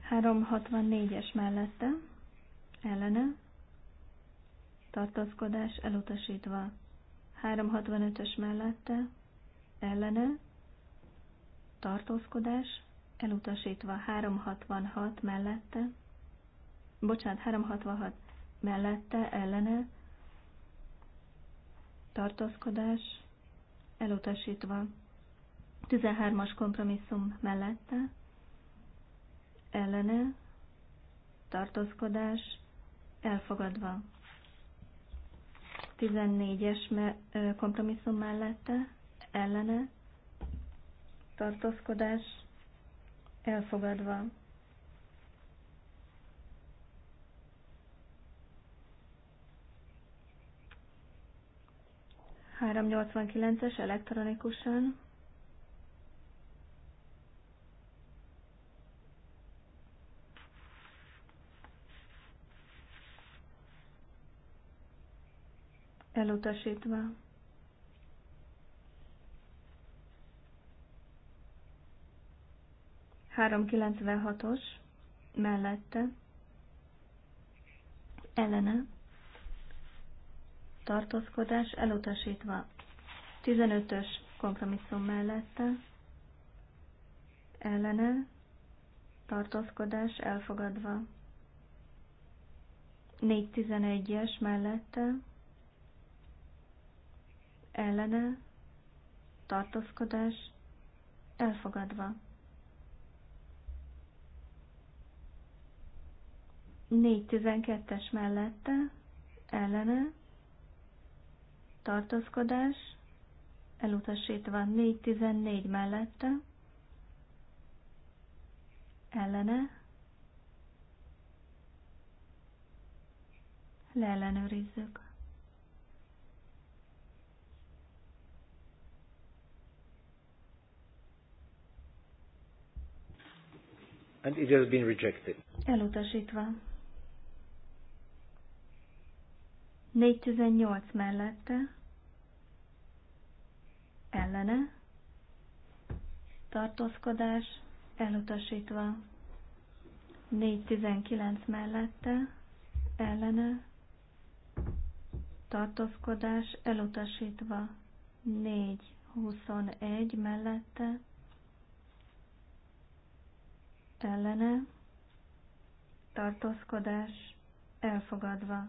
Három négyes mellette, ellene, tartózkodás elutasítva. 365-ös mellette, ellene, tartózkodás elutasítva 366 mellette, bocsánat, 366 mellette, ellene, tartózkodás, elutasítva 13-as kompromisszum mellette, ellene, tartózkodás, elfogadva. 14-es kompromisszum mellette, ellene, tartózkodás, elfogadva. Három es elektronikusan. Elutasítva. 396-os mellette ellene tartózkodás elutasítva. 15-ös kompromisszum mellette ellene tartózkodás elfogadva. 411-es mellette ellene tartózkodás elfogadva. 4.12-es mellette ellene tartózkodás elutasítva 4.14 mellette ellene leellenőrizzük. And it has been rejected. Elutasítva. 418 mellette, ellene, tartózkodás, elutasítva. 419 mellette, ellene, tartózkodás, elutasítva. 421 mellette, ellene, tartózkodás, elfogadva.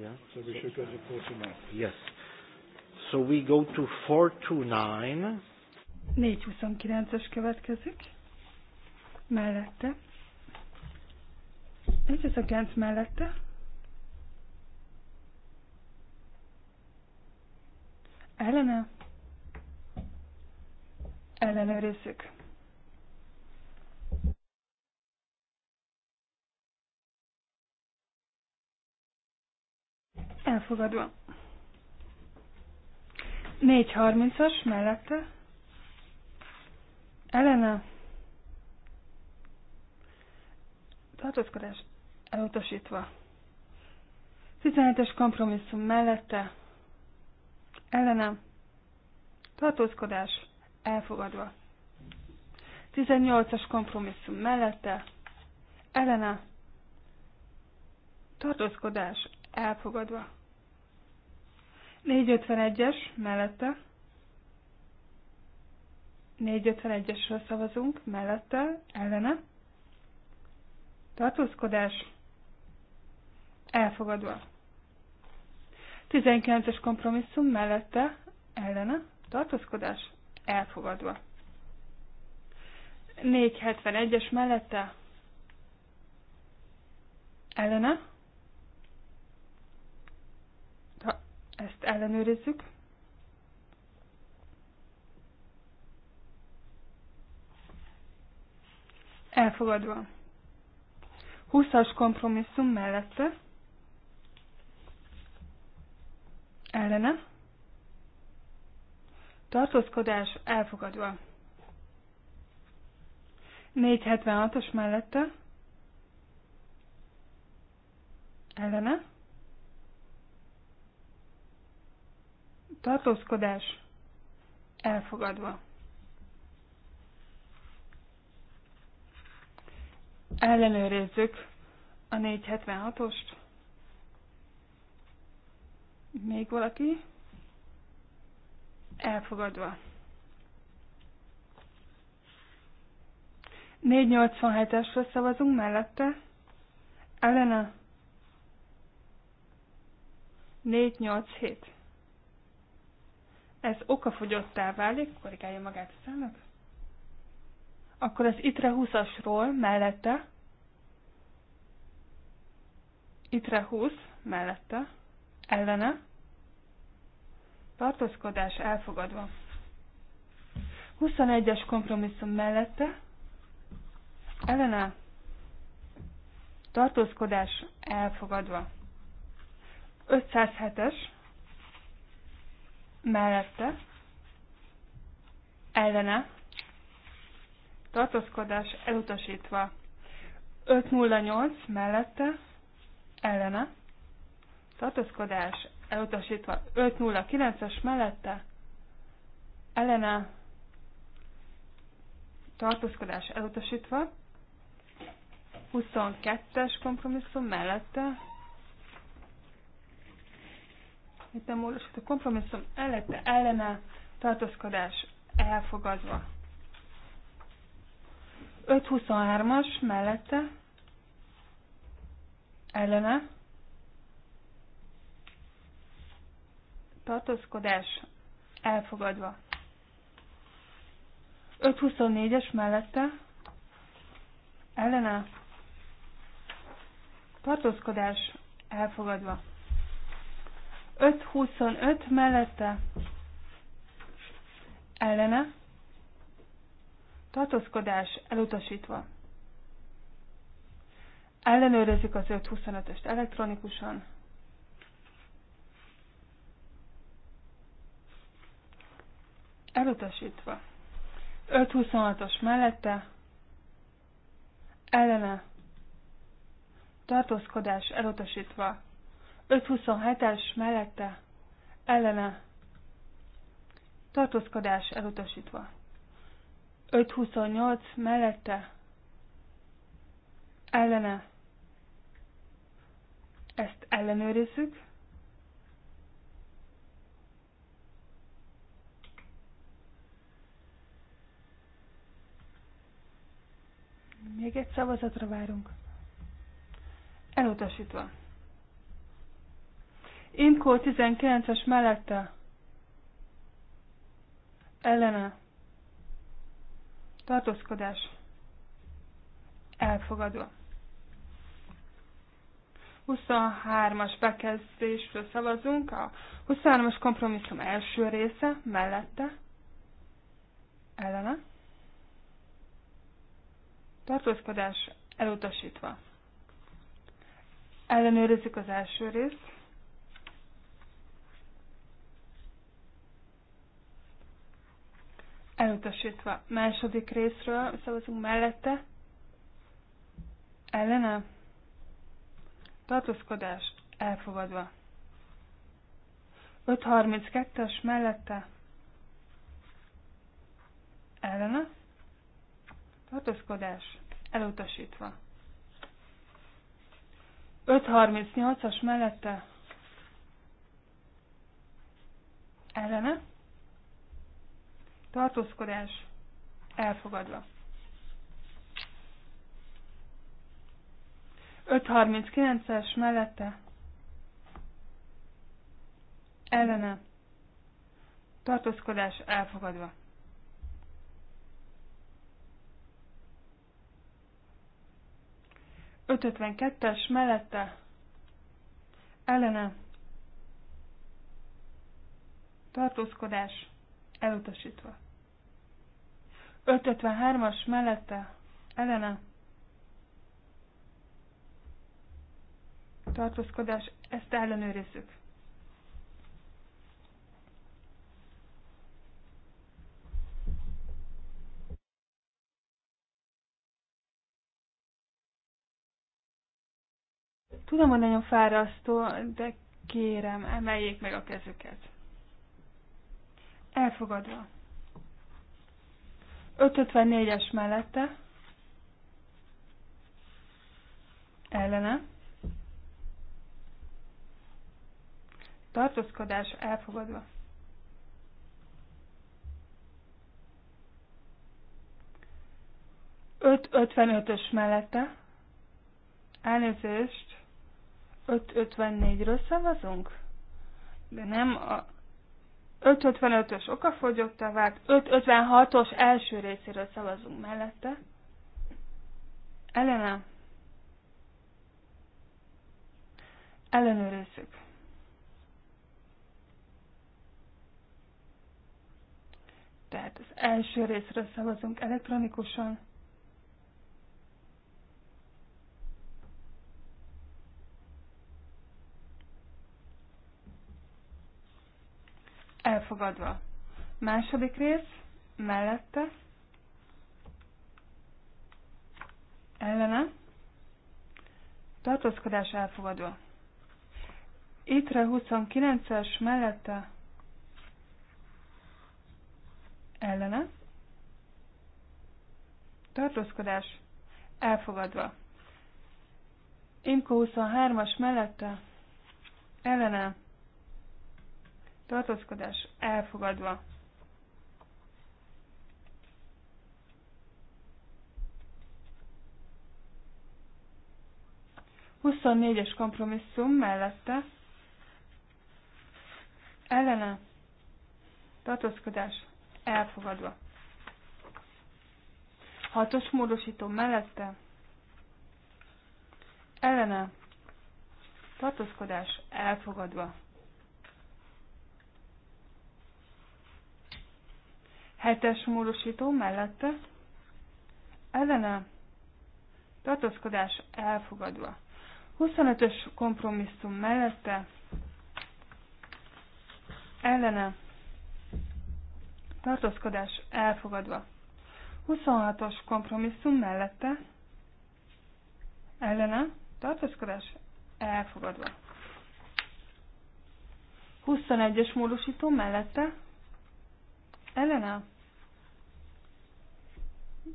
Yeah. So we should go to 429. Yes. So we go to 429. 429-es következik. Mellette. 429 mellette. Ellene. Ellenőrizzük. Elfogadva. 4.30-as mellette. Elena. Tartózkodás elutasítva. 17-es kompromisszum mellette. Elena. Tartózkodás elfogadva. 18-as kompromisszum mellette. Elena. Tartózkodás elfogadva. 451-es mellette. 451-esről szavazunk, mellette, ellene. Tartózkodás elfogadva. 19-es kompromisszum mellette, ellene. Tartózkodás elfogadva. 471-es mellette, ellene Ezt ellenőrizzük. Elfogadva. 20-as kompromisszum mellette. Ellene. Tartózkodás elfogadva. 476-os mellette. Ellene. tartózkodás elfogadva. Ellenőrizzük a 476-ost. Még valaki? Elfogadva. 487-esre szavazunk mellette. Ellene 487 ez okafogyottá válik, korrigálja magát a számnak, akkor az ITRE 20-asról mellette, ITRE 20 mellette, ellene, tartózkodás elfogadva. 21-es kompromisszum mellette, ellene, tartózkodás elfogadva. 507-es mellette ellene tartózkodás elutasítva. 508 mellette ellene tartózkodás elutasítva. 509-es mellette ellene tartózkodás elutasítva. 22-es kompromisszum mellette itt a kompromisszum ellette ellene tartózkodás elfogadva. 523-as mellette ellene tartózkodás elfogadva. 524-es mellette ellene tartózkodás elfogadva. 525 mellette ellene tartózkodás elutasítva. Ellenőrizzük az 525 est elektronikusan. Elutasítva. 26 os mellette ellene tartózkodás elutasítva 527-es mellette ellene tartózkodás elutasítva. 528 mellette ellene ezt ellenőrizzük. Még egy szavazatra várunk. Elutasítva. Imkó 19-es mellette. Ellene. Tartózkodás. Elfogadva. 23-as bekezdésről szavazunk. A 23-as kompromisszum első része mellette. Ellene. Tartózkodás elutasítva. Ellenőrizzük az első részt. Elutasítva. Második részről szavazunk mellette. Ellene. Tartózkodás. Elfogadva. 532-es mellette. Ellene. Tartózkodás. Elutasítva. 538-as mellette. Ellene tartózkodás elfogadva. 539-es mellette ellene tartózkodás elfogadva. kettes mellette ellene tartózkodás elutasítva. 553-as mellette ellene tartózkodás, ezt ellenőrizzük. Tudom, hogy nagyon fárasztó, de kérem, emeljék meg a kezüket. Elfogadva. 554-es mellette ellene tartózkodás elfogadva. Öt ötvenötös mellette elnézést 554 ötvennégyről szavazunk? De nem a 555-ös okafogyottá vált, 556-os első részéről szavazunk mellette. Elena. Ellenőrizzük. Tehát az első részről szavazunk elektronikusan. elfogadva. Második rész, mellette, ellene, tartózkodás elfogadva. Itre 29-es mellette, ellene, tartózkodás elfogadva. Imko 23-as mellette, ellene, tartózkodás elfogadva. Huszonnégyes kompromisszum mellette ellene tartózkodás elfogadva. Hatos módosító mellette ellene tartózkodás elfogadva. Hetes módosító mellette ellene tartózkodás elfogadva. 25-ös kompromisszum mellette ellene tartózkodás elfogadva. 26-os kompromisszum mellette ellene tartózkodás elfogadva. 21-es módosító mellette Elena,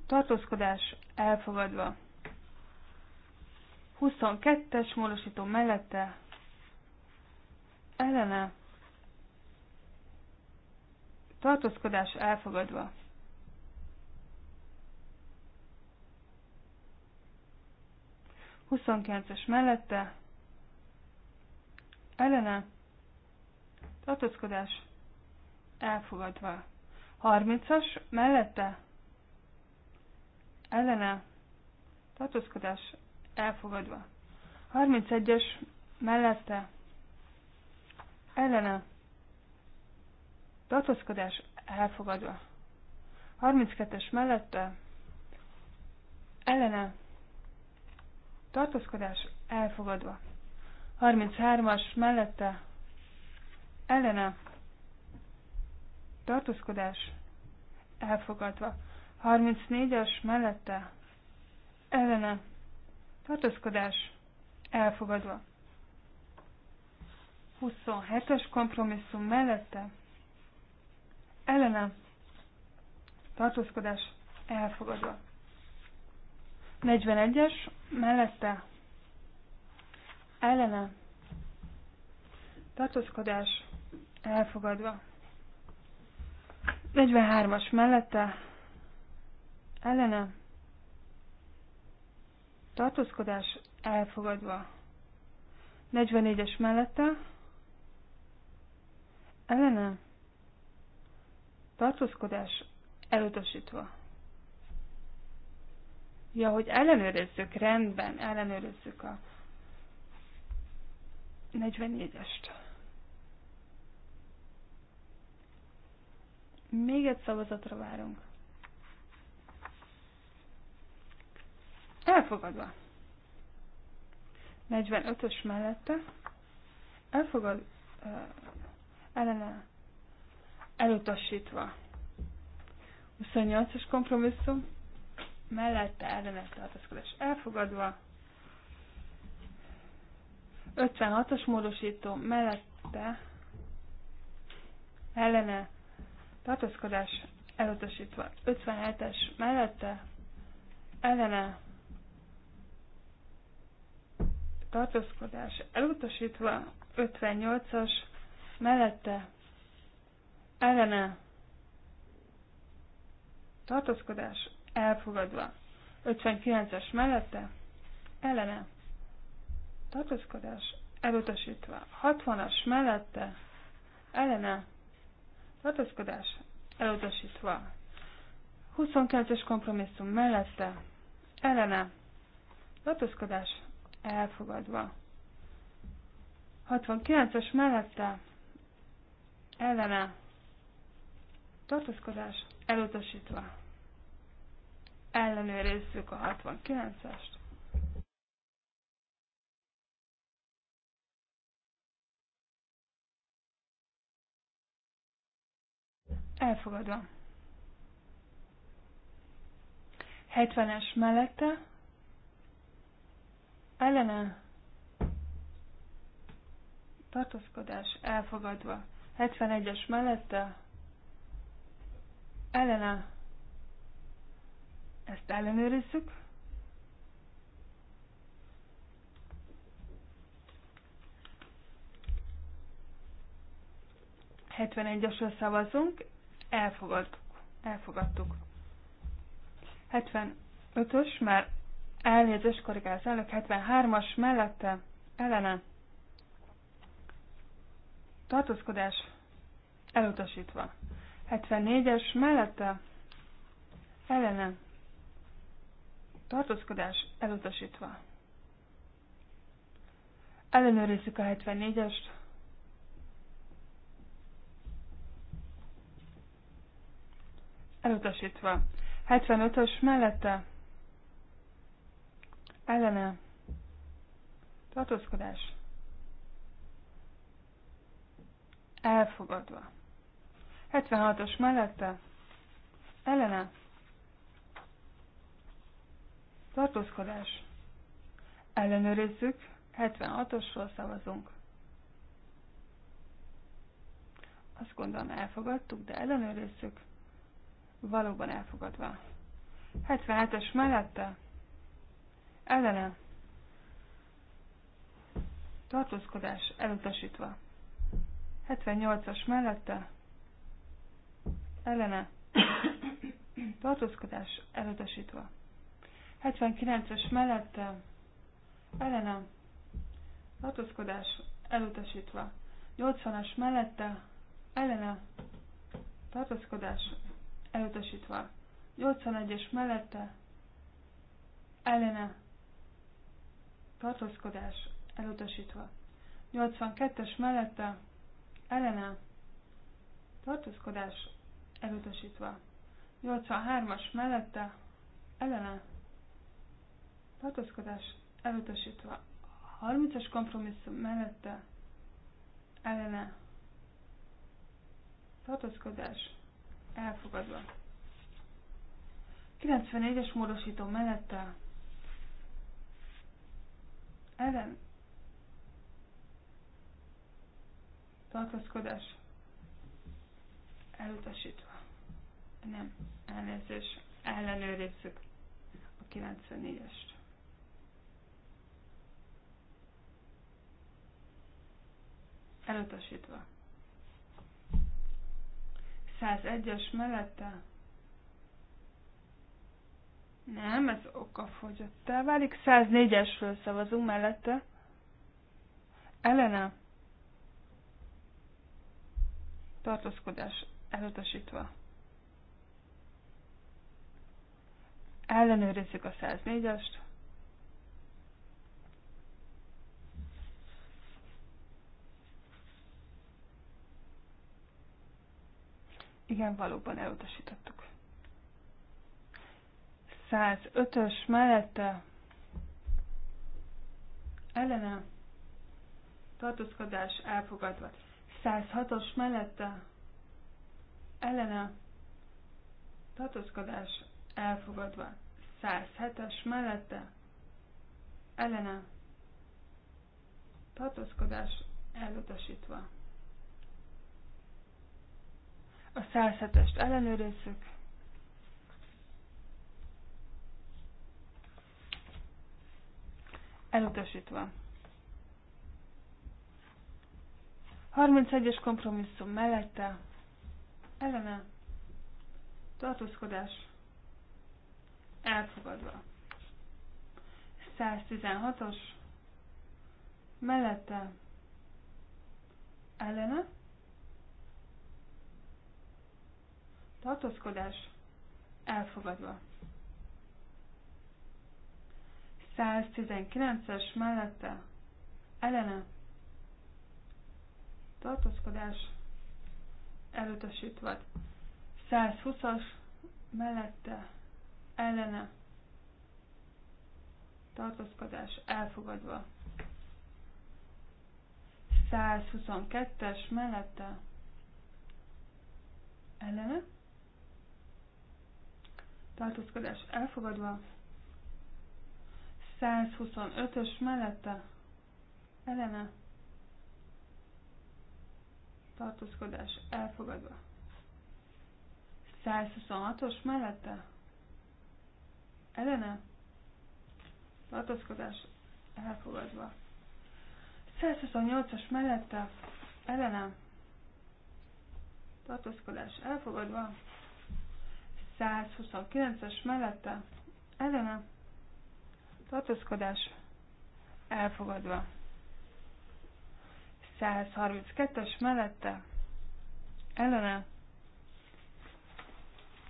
tartózkodás elfogadva. 22-es módosító mellette Elena, tartózkodás elfogadva. Huszonkilences mellette Elena. tartózkodás elfogadva. 30-as mellette ellene tartózkodás elfogadva. 31-es mellette ellene tartózkodás elfogadva. 32-es mellette ellene tartózkodás elfogadva. 33-as mellette ellene tartózkodás elfogadva. 34-es mellette ellene tartózkodás elfogadva. 27-es kompromisszum mellette ellene tartózkodás elfogadva. 41-es mellette ellene tartózkodás elfogadva. 43-as mellette ellene tartózkodás elfogadva. 44-es mellette ellene tartózkodás elutasítva. Ja, hogy ellenőrizzük, rendben, ellenőrizzük a 44-est. Még egy szavazatra várunk. Elfogadva. 45-ös mellette. Elfogad, uh, ellene elutasítva. 28-as kompromisszum. Mellette ellene tartaszkodás elfogadva. 56-as módosító mellette ellene tartózkodás elutasítva. 57-es mellette ellene tartózkodás elutasítva. 58-as mellette ellene tartózkodás elfogadva. 59-es mellette ellene tartózkodás elutasítva. 60-as mellette ellene tartózkodás elutasítva. 29-es kompromisszum mellette ellene tartózkodás elfogadva. 69-es mellette ellene tartózkodás elutasítva. Ellenőrizzük a 69-est. Elfogadva. 70-es mellette. Ellene. Tartózkodás. Elfogadva. 71-es mellette. Ellene. Ezt ellenőrizzük. Hetvenegyesről szavazunk, elfogad, elfogadtuk. 75-ös, már elnézést korrigál az elnök, 73-as mellette ellene tartózkodás elutasítva. 74-es mellette ellene tartózkodás elutasítva. Ellenőrizzük a 74-est, elutasítva. 75-ös mellette ellene tartózkodás elfogadva. 76-os mellette ellene tartózkodás ellenőrizzük, 76-osról szavazunk. Azt gondolom elfogadtuk, de ellenőrizzük valóban elfogadva. 77-es mellette ellene tartózkodás elutasítva. 78-as mellette ellene tartózkodás elutasítva. 79-es mellette ellene tartózkodás elutasítva. 80-as mellette ellene tartózkodás elutasítva. 81-es mellette ellene tartózkodás elutasítva. 82-es mellette ellene tartózkodás elutasítva. 83-as mellette ellene tartózkodás elutasítva. 30-as kompromisszum mellette ellene tartózkodás elfogadva. 94-es módosító mellette ellen tartózkodás elutasítva. Nem, elnézés, ellenőrizzük a 94-est. Elutasítva. 101-es mellette? Nem, ez fogyottá. válik. 104-esről szavazunk mellette. Elena. Tartózkodás elutasítva. Ellenőrizzük a 104-est. Igen, valóban elutasítottuk. 105-ös mellette ellene tartózkodás elfogadva. 106-os mellette ellene tartózkodás elfogadva. 107-es mellette ellene tartózkodás elutasítva. A 107 ellenőrizzük. Elutasítva. 31-es kompromisszum mellette ellene tartózkodás elfogadva. 116-os mellette ellene tartózkodás elfogadva. 119-es mellette ellene tartózkodás elutasítva. 120-as mellette ellene tartózkodás elfogadva. 122-es mellette ellene tartózkodás elfogadva, 125-ös mellette ellene tartózkodás elfogadva. 126-os mellette ellene tartózkodás elfogadva. 128-as mellette ellene tartózkodás elfogadva. 129-es mellette ellene tartózkodás elfogadva. 132-es mellette ellene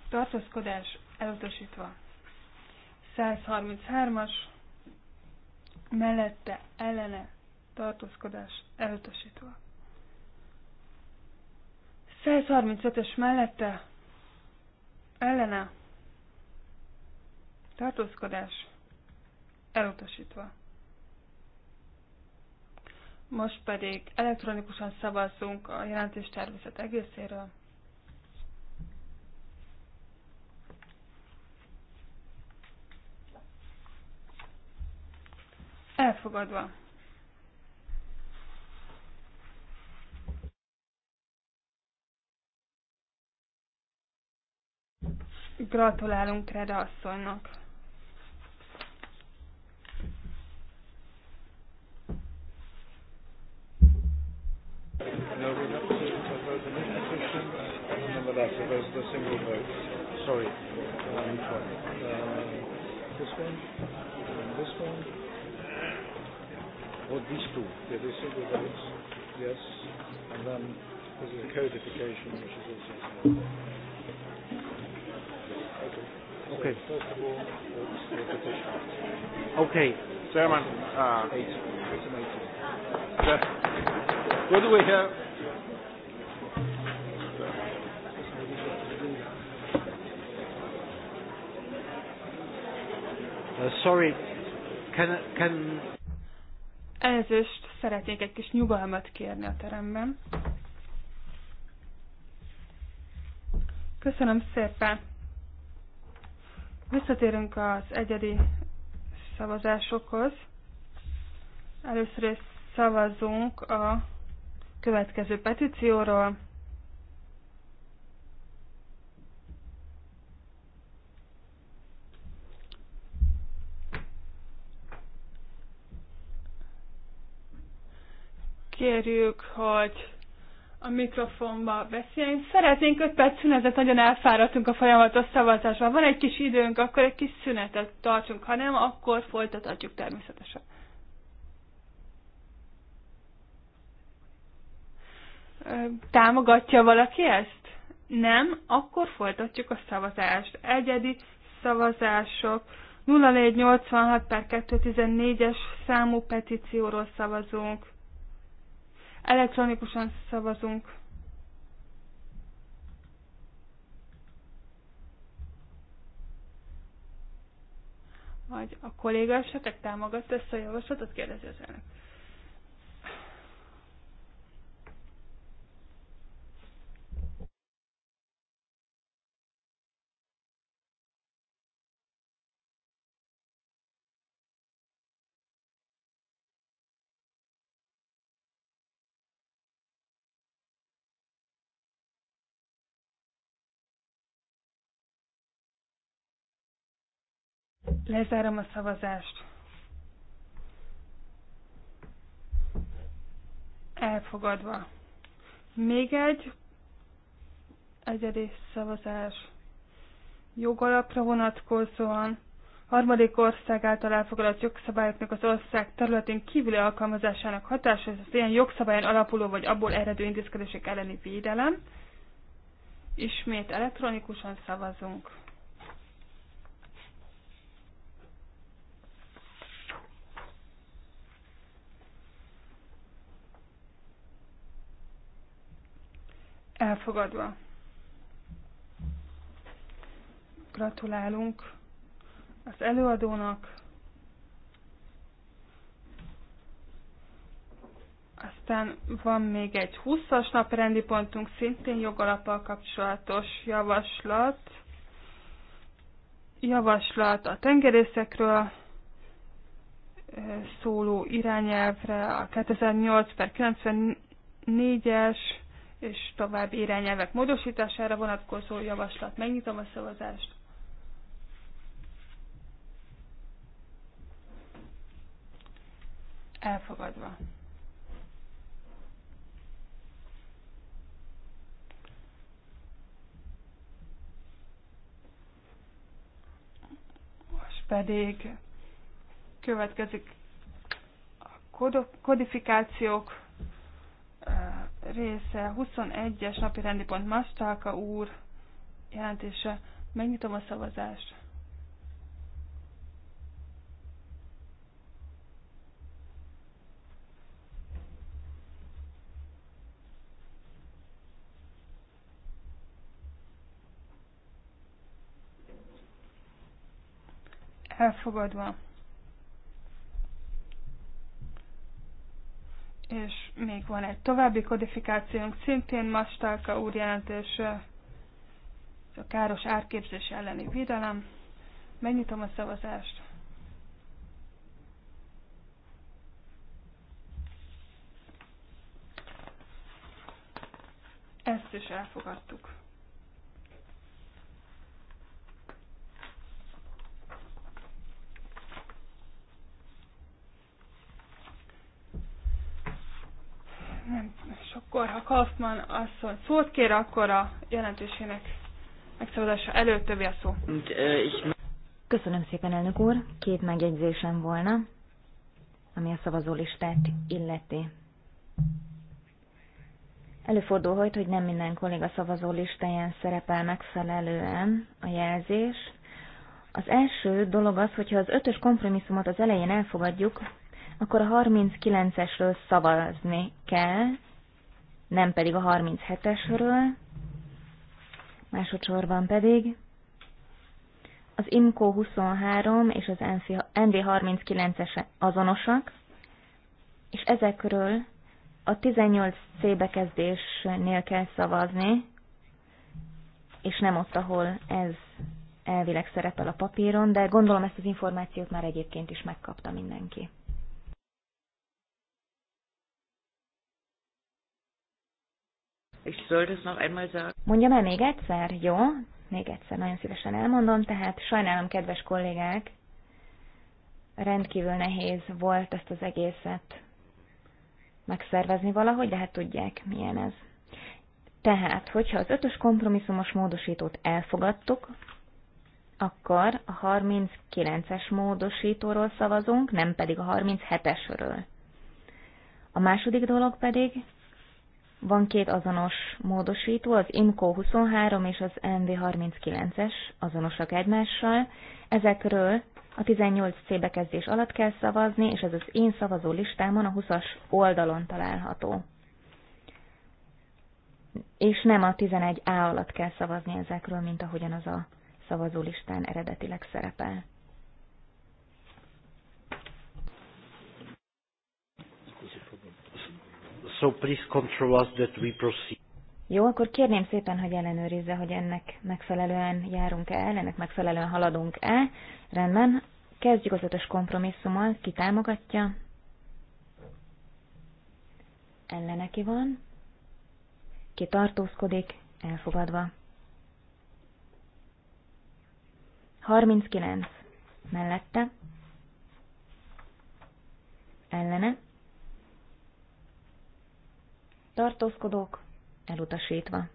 tartózkodás elutasítva. 133-as mellette ellene tartózkodás elutasítva. 135-ös mellette ellene tartózkodás elutasítva. Most pedig elektronikusan szavazzunk a jelentés tervezet egészéről. Elfogadva. Gratulálunk Reda asszonynak. Um, uh, um, yes, and then there's a codification which is also. Okay. Okay. Chairman. Uh, what do we have? Uh, sorry, can, can... Elnézést, szeretnék egy kis nyugalmat kérni a teremben. Köszönöm szépen. Visszatérünk az egyedi szavazásokhoz. Először is szavazunk a következő petícióról. Kérjük, hogy a mikrofonba beszélni. Szeretnénk 5 perc szünetet, nagyon elfáradtunk a folyamatos szavazásban. Van egy kis időnk, akkor egy kis szünetet tartsunk, ha nem, akkor folytatjuk természetesen. Támogatja valaki ezt? Nem, akkor folytatjuk a szavazást. Egyedi szavazások. 0486 per 214-es számú petícióról szavazunk. Elektronikusan szavazunk. Vagy a kolléga esetleg támogatta ezt a javaslatot? Kérdezi az elnök. Lezárom a szavazást. Elfogadva. Még egy egyedi szavazás jogalapra vonatkozóan harmadik ország által elfogadott jogszabályoknak az ország területén kívüli alkalmazásának hatása, ez az ilyen jogszabályon alapuló vagy abból eredő intézkedések elleni védelem. Ismét elektronikusan szavazunk. elfogadva. Gratulálunk az előadónak. Aztán van még egy 20-as naprendi pontunk, szintén jogalapal kapcsolatos javaslat. Javaslat a tengerészekről szóló irányelvre, a 2008 per 94-es és további irányelvek módosítására vonatkozó javaslat. Megnyitom a szavazást. Elfogadva. Most pedig következik a kodifikációk része, 21-es napi rendi pont Mastalka úr jelentése. Megnyitom a szavazást. Elfogadva. És még van egy további kodifikációnk, szintén Mastalka úr ez a káros árképzés elleni védelem. Megnyitom a szavazást. Ezt is elfogadtuk. És akkor, ha Kaufmann asszony szót kér, akkor a jelentésének megszavazása előtt többi a szó. Köszönöm szépen, elnök úr. Két megjegyzésem volna, ami a szavazólistát illeti. Előfordulhat, hogy nem minden kolléga szavazólistáján szerepel megfelelően a jelzés. Az első dolog az, hogyha az ötös kompromisszumot az elején elfogadjuk, akkor a 39-esről szavazni kell, nem pedig a 37-esről. Másodszorban pedig az IMCO 23 és az NV 39-es azonosak, és ezekről a 18C bekezdésnél kell szavazni, és nem ott, ahol ez elvileg szerepel a papíron, de gondolom ezt az információt már egyébként is megkapta mindenki. Ich soll das noch einmal sagen. Mondjam el még egyszer, jó? Még egyszer nagyon szívesen elmondom, tehát sajnálom, kedves kollégák, rendkívül nehéz volt ezt az egészet megszervezni valahogy, de hát tudják, milyen ez. Tehát, hogyha az ötös kompromisszumos módosítót elfogadtuk, akkor a 39-es módosítóról szavazunk, nem pedig a 37-esről. A második dolog pedig van két azonos módosító, az IMCO 23 és az NV 39-es azonosak egymással. Ezekről a 18C bekezdés alatt kell szavazni, és ez az én szavazó listámon a 20-as oldalon található. És nem a 11A alatt kell szavazni ezekről, mint ahogyan az a szavazólistán eredetileg szerepel. so please control us that we proceed. Jó, akkor kérném szépen, hogy ellenőrizze, hogy ennek megfelelően járunk-e el, ennek megfelelően haladunk-e. Rendben, kezdjük az ötös kompromisszummal, ki támogatja, Elleneki van, ki tartózkodik, elfogadva. 39. Mellette. Ellene tartózkodók, elutasítva.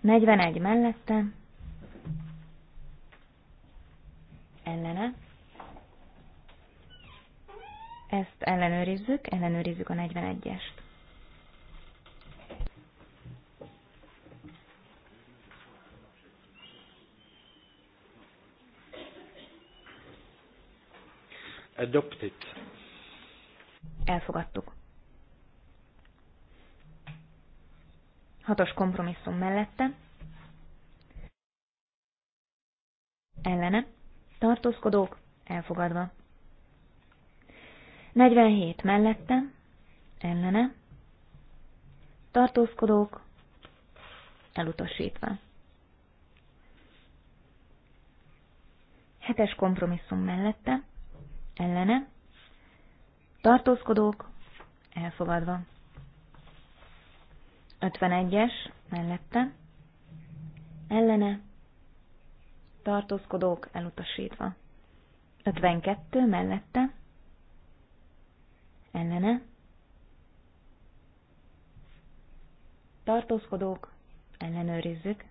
41 mellette, ellene, ezt ellenőrizzük, ellenőrizzük a 41-est. Adopted. Elfogadtuk. Hatos kompromisszum mellette. Ellene. Tartózkodók. Elfogadva. 47 mellette. Ellene. Tartózkodók. Elutasítva. Hetes kompromisszum mellette. Ellene. Tartózkodók. Elfogadva. 51-es mellette, ellene, tartózkodók elutasítva. 52 mellette, ellene, tartózkodók, ellenőrizzük.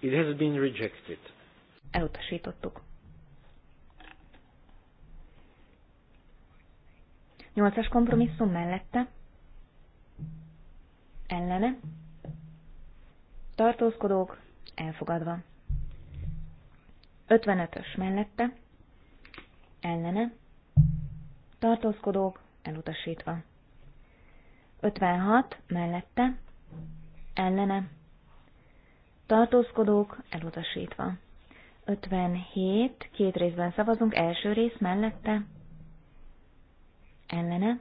It has been rejected. Elutasítottuk. Nyolcas kompromisszum mellette. Ellene. Tartózkodók elfogadva. 55-ös mellette. Ellene. Tartózkodók elutasítva. 56 mellette. Ellene. Tartózkodók elutasítva. 57, két részben szavazunk, első rész mellette, ellene,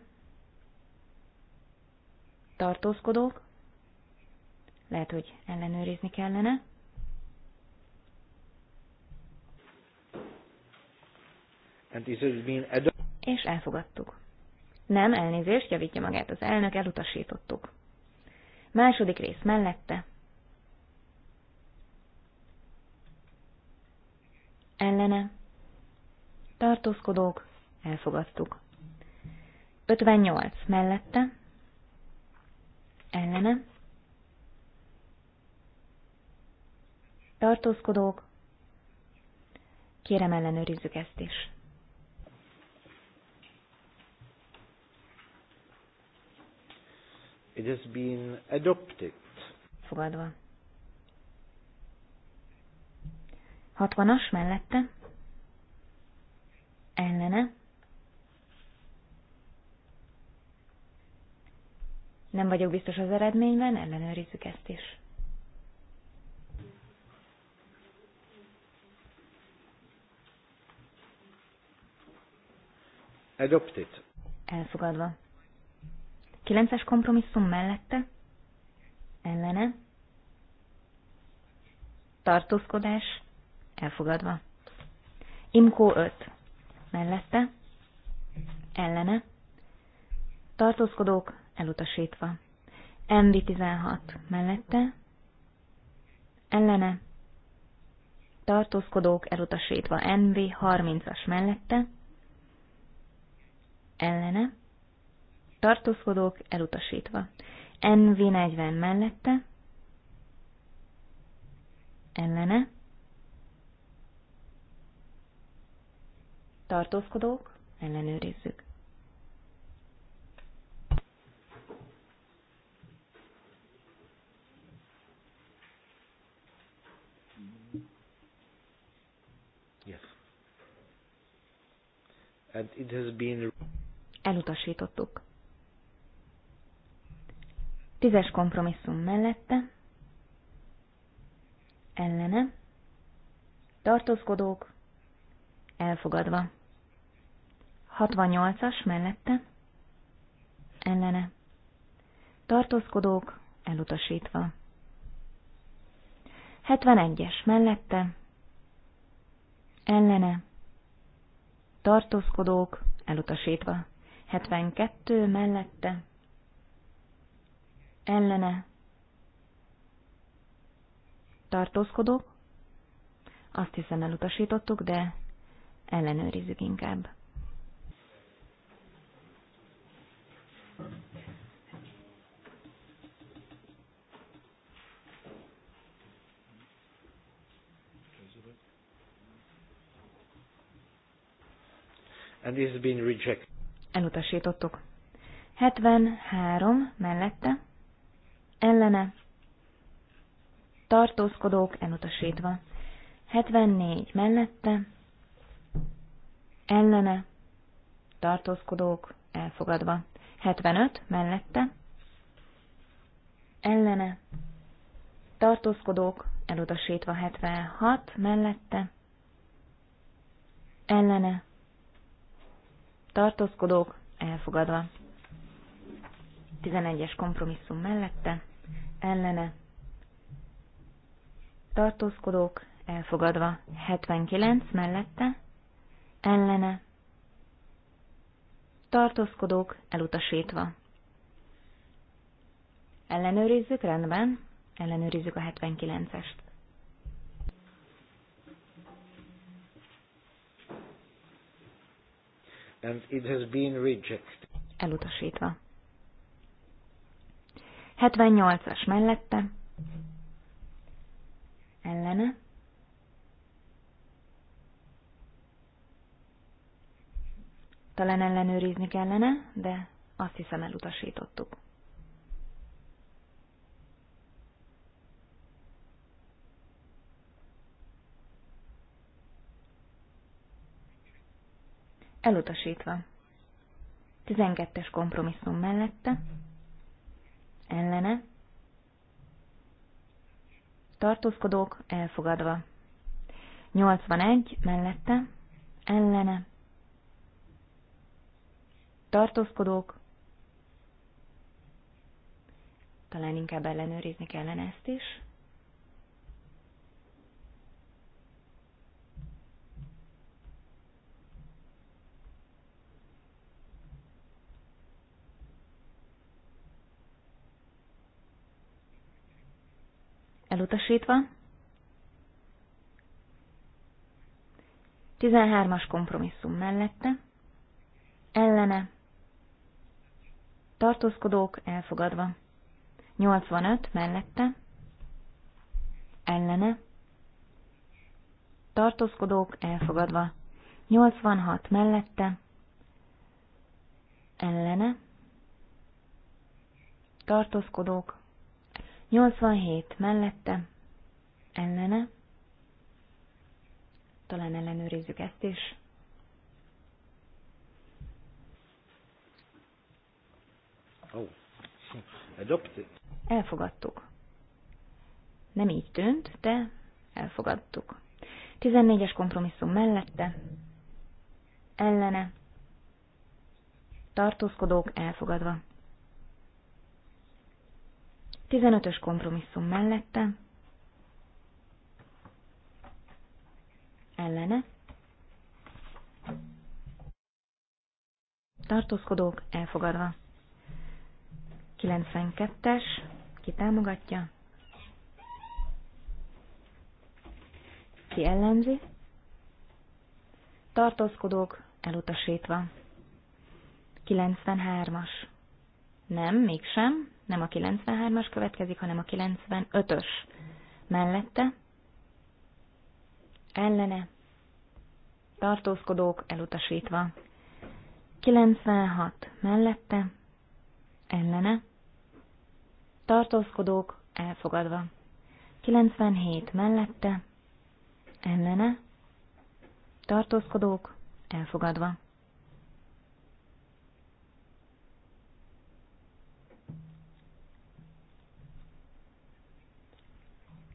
tartózkodók, lehet, hogy ellenőrizni kellene. And this has been és elfogadtuk. Nem, elnézést, javítja magát az elnök, elutasítottuk. Második rész mellette. Ellene. Tartózkodók, elfogadtuk. 58 mellette, ellene, tartózkodók, kérem ellenőrizzük ezt is. It has been adopted. Fogadva. 60-as mellette, ellene, Nem vagyok biztos az eredményben, ellenőrizzük ezt is. Adopted. Elfogadva. Kilences kompromisszum mellette? Ellene? Tartózkodás? Elfogadva. Imkó 5. Mellette? Ellene? Tartózkodók? elutasítva. MV16 mellette, ellene, tartózkodók elutasítva. MV30-as mellette, ellene, tartózkodók elutasítva. NV40 mellette, ellene, tartózkodók, ellenőrizzük. And it has been... Elutasítottuk. Tízes kompromisszum mellette, ellene, tartózkodók, elfogadva. 68-as mellette, ellene, tartózkodók, elutasítva. 71-es mellette, ellene, tartózkodók elutasítva. 72 mellette, ellene, tartózkodók, azt hiszem elutasítottuk, de ellenőrizzük inkább. and this has been rejected. Elutasítottuk. 73 mellette, ellene, tartózkodók elutasítva. 74 mellette, ellene, tartózkodók elfogadva. 75 mellette, ellene, tartózkodók elutasítva. 76 mellette, ellene, tartózkodók elfogadva. 11-es kompromisszum mellette, ellene, tartózkodók elfogadva. 79 mellette, ellene, tartózkodók elutasítva. Ellenőrizzük, rendben, ellenőrizzük a 79-est. and it has been rejected. Elutasítva. 78-as mellette. Ellene. Talán ellenőrizni kellene, de azt hiszem elutasítottuk. Elutasítva. 12-es kompromisszum mellette. Ellene. Tartózkodók elfogadva. 81 mellette. Ellene. Tartózkodók. Talán inkább ellenőrizni kellene ezt is. elutasítva. 13-as kompromisszum mellette, ellene, tartózkodók elfogadva. 85 mellette, ellene, tartózkodók elfogadva. 86 mellette, ellene, tartózkodók 87 mellette, ellene, talán ellenőrizzük ezt is. Oh, elfogadtuk. Nem így tűnt, de elfogadtuk. 14-es kompromisszum mellette, ellene, tartózkodók elfogadva. 15-ös kompromisszum mellette, ellene, tartózkodók elfogadva. 92-es, ki támogatja, ki ellenzi, tartózkodók elutasítva. 93-as. Nem, mégsem, nem a 93-as következik, hanem a 95-ös mellette, ellene, tartózkodók elutasítva, 96 mellette, ellene, tartózkodók elfogadva, 97 mellette, ellene, tartózkodók elfogadva.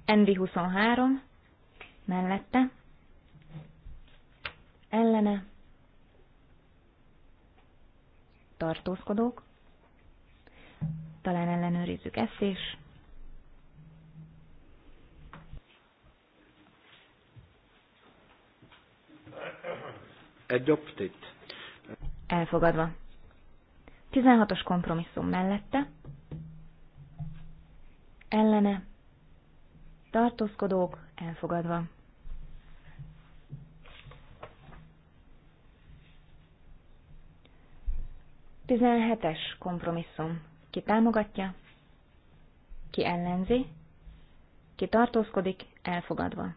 NV23 mellette, ellene, tartózkodók, talán ellenőrizzük ezt is. Adopted. Elfogadva. 16-os kompromisszum mellette, ellene, tartózkodók elfogadva. Tizenhetes kompromisszum. Ki támogatja? Ki ellenzi? Ki tartózkodik? Elfogadva.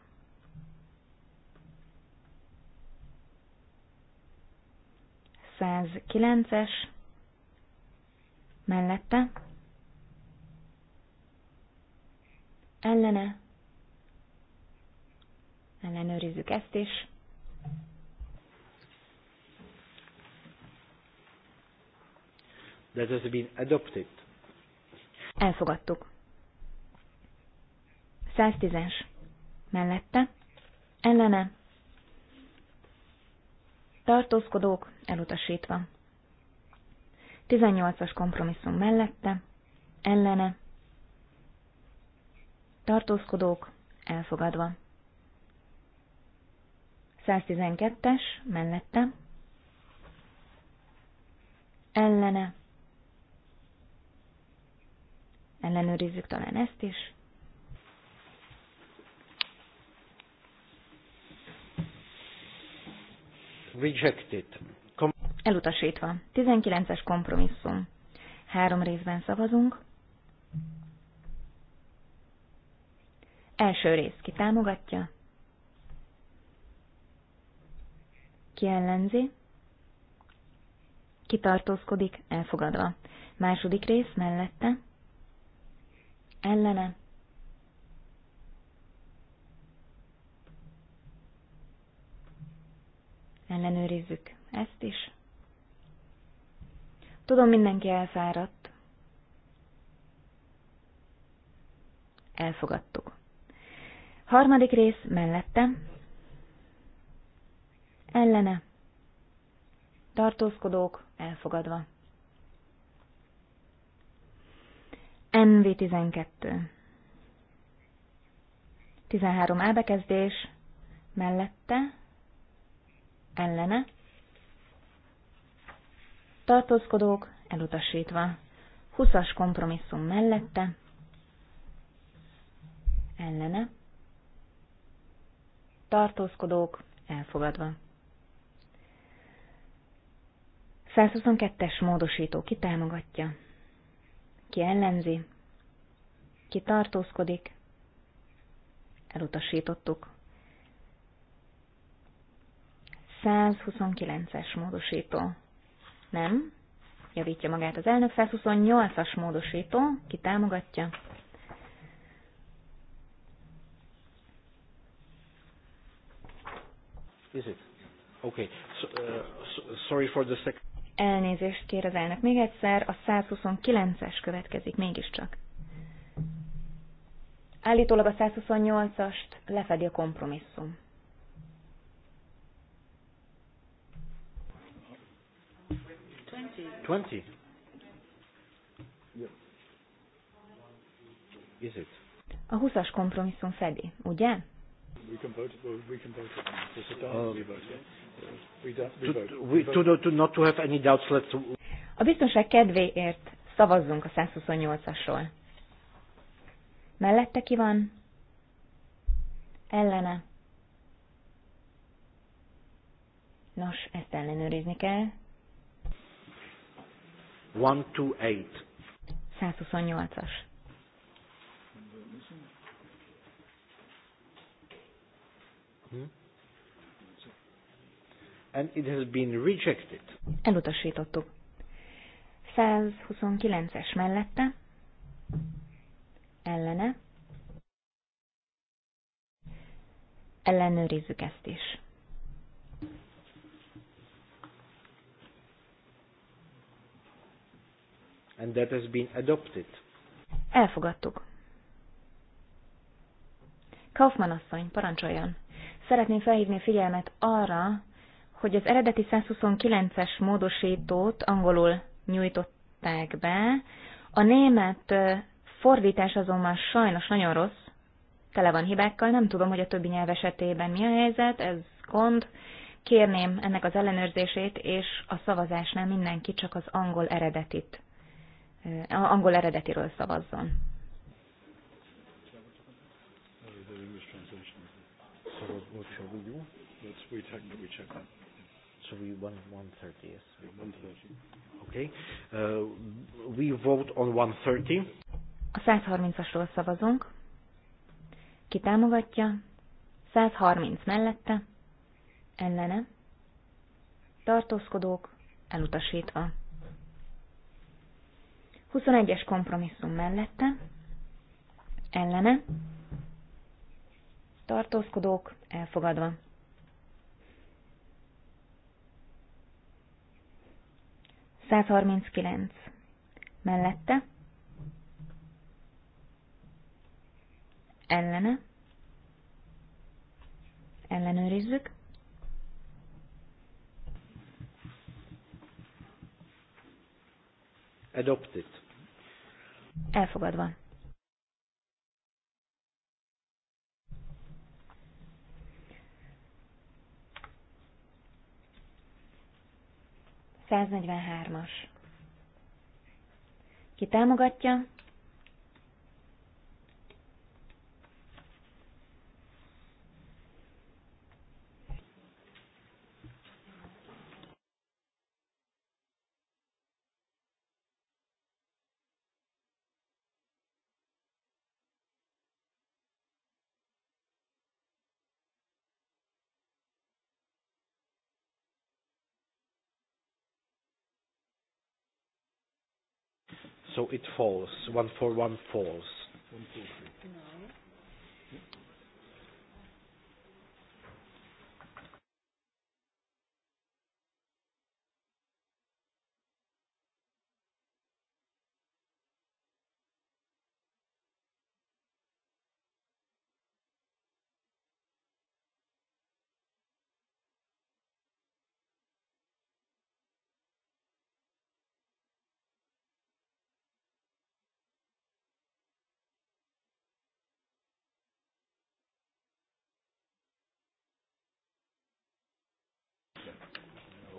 Százkilences kilences. Mellette. Ellene ellenőrizzük ezt is. That has been adopted. Elfogadtuk. 110-es. Mellette. Ellene. Tartózkodók elutasítva. 18-as kompromisszum mellette. Ellene. Tartózkodók elfogadva. 112-es mellette, ellene, ellenőrizzük talán ezt is, Rejected. Elutasítva. 19-es kompromisszum. Három részben szavazunk. Első rész kitámogatja támogatja? Ki ellenzi? Elfogadva. Második rész mellette. Ellene. Ellenőrizzük ezt is. Tudom, mindenki elfáradt. Elfogadtuk. Harmadik rész mellette. Ellene. Tartózkodók elfogadva. NV12. 13 elbekezdés, mellette, ellene, tartózkodók elutasítva, 20-as kompromisszum mellette, ellene, tartózkodók elfogadva. 122-es módosító ki támogatja, ki ellenzi, ki tartózkodik, elutasítottuk. 129-es módosító. Nem, javítja magát az elnök, 128-as módosító, ki támogatja. Is it? Okay. So, uh, so, sorry for the second. Elnézést kér az elnök még egyszer, a 129-es következik mégiscsak. Állítólag a 128-ast lefedi a kompromisszum. A 20-as kompromisszum fedi, ugye? We can vote, we can vote. A biztonság kedvéért szavazzunk a 128-asról. Mellette ki van? Ellene. Nos, ezt ellenőrizni kell. 128. 128-as. and it has been rejected. Elutasítottuk. 129-es mellette, ellene, ellenőrizzük ezt is. And that has been adopted. Elfogadtuk. Kaufmann asszony, parancsoljon! Szeretném felhívni figyelmet arra, hogy az eredeti 129-es módosítót angolul nyújtották be, a német fordítás azonban sajnos nagyon rossz, tele van hibákkal, nem tudom, hogy a többi nyelv esetében mi a helyzet, ez gond. Kérném ennek az ellenőrzését, és a szavazásnál mindenki csak az angol eredetit, angol eredetiről szavazzon. we we check that should be one thirty, yes. 130. Okay. Uh, we vote on one thirty. A 130-asról szavazunk. Ki támogatja? 130 mellette. Ellene. Tartózkodók elutasítva. 21-es kompromisszum mellette. Ellene. Tartózkodók elfogadva. 139. Mellette. Ellene. Ellenőrizzük. Adopted. Elfogadva. 143-as. Ki támogatja? so it falls. One for one falls. One, two, three. No.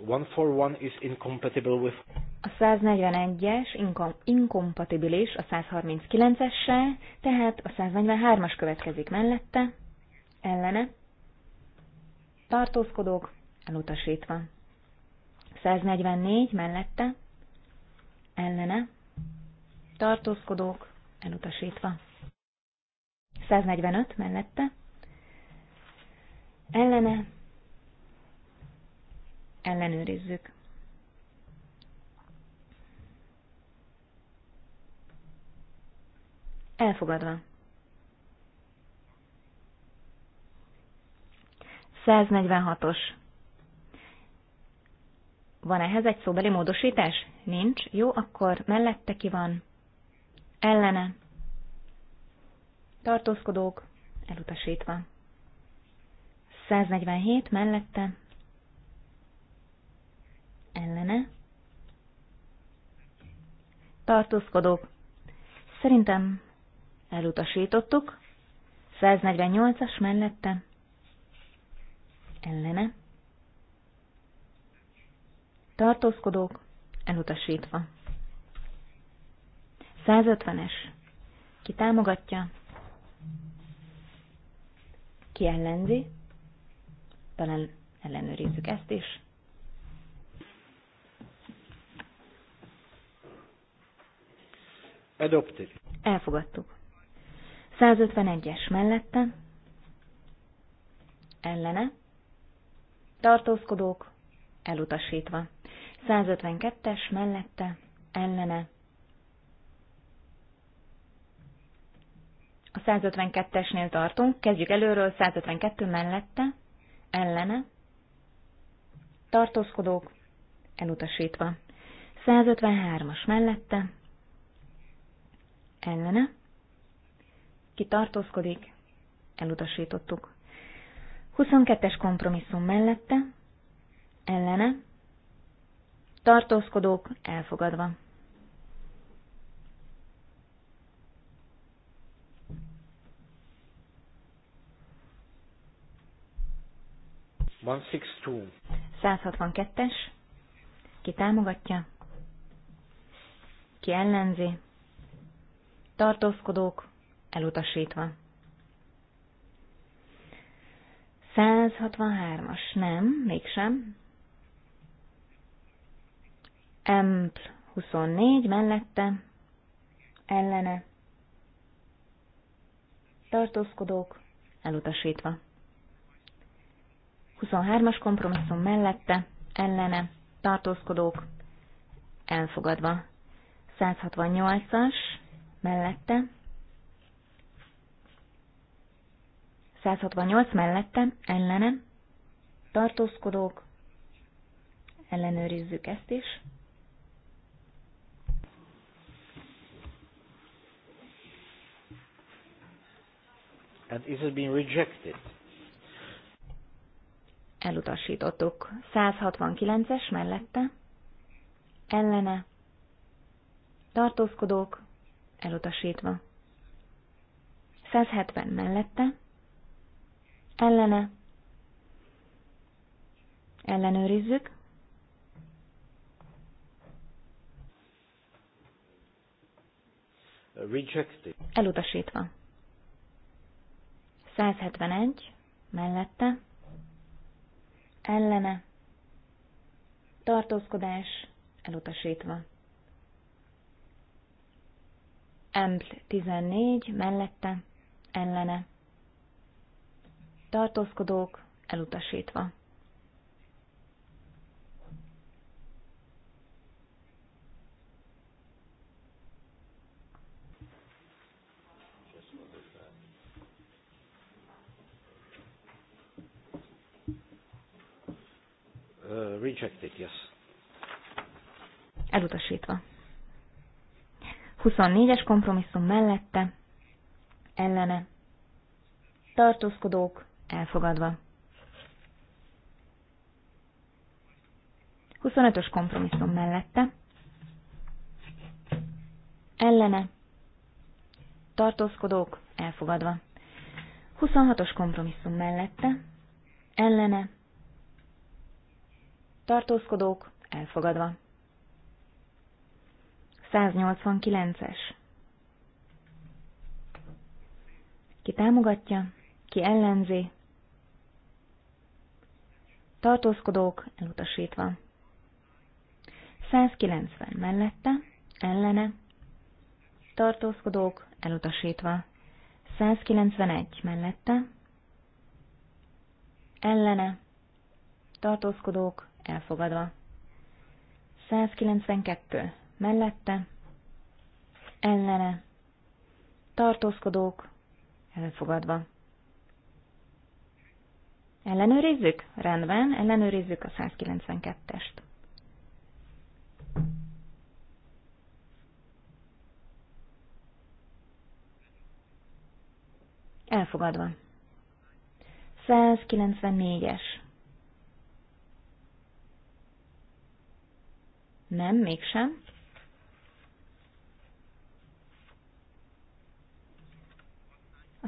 141 is incompatible with... A 141-es inkom, inkompatibilis a 139-essel, tehát a 143-as következik mellette, ellene, tartózkodók, elutasítva. 144 mellette, ellene, tartózkodók, elutasítva. 145 mellette, ellene, ellenőrizzük. Elfogadva. 146-os. Van ehhez egy szóbeli módosítás? Nincs. Jó, akkor mellette ki van? Ellene. Tartózkodók, elutasítva. 147 mellette, ellene. Tartózkodók. Szerintem elutasítottuk. 148-as mellette. Ellene. Tartózkodók. Elutasítva. 150-es. Ki támogatja? Ki ellenzi? Talán ellenőrizzük ezt is. Adopted. Elfogadtuk. 151-es mellette, ellene, tartózkodók, elutasítva. 152-es mellette, ellene. A 152-esnél tartunk, kezdjük előről, 152 mellette, ellene, tartózkodók, elutasítva. 153-as mellette, ellene, ki tartózkodik, elutasítottuk. 22-es kompromisszum mellette, ellene, tartózkodók elfogadva. One, 162-es, ki támogatja, ki ellenzi, tartózkodók elutasítva. 163-as, nem, mégsem. Emp 24 mellette, ellene, tartózkodók elutasítva. 23-as kompromisszum mellette, ellene, tartózkodók elfogadva. 168-as mellette, 168 mellette, ellene, tartózkodók, ellenőrizzük ezt is. And it has been rejected. Elutasítottuk. 169-es mellette. Ellene. Tartózkodók elutasítva. 170 mellette, ellene, ellenőrizzük, Rejected. Elutasítva. 171 mellette, ellene, tartózkodás, elutasítva. Empl 14 mellette, ellene. Tartózkodók elutasítva. Uh, rejected, yes. Elutasítva. 24-es kompromisszum mellette, ellene, tartózkodók elfogadva. 25-ös kompromisszum mellette, ellene, tartózkodók elfogadva. 26-os kompromisszum mellette, ellene, tartózkodók elfogadva. 189-es. Ki támogatja, ki ellenzi. Tartózkodók elutasítva. 190 mellette, ellene. Tartózkodók elutasítva. 191 mellette, ellene, tartózkodók elfogadva. 192 mellette, ellene, tartózkodók, előfogadva. Ellenőrizzük? Rendben, ellenőrizzük a 192-est. Elfogadva. 194-es. Nem, mégsem.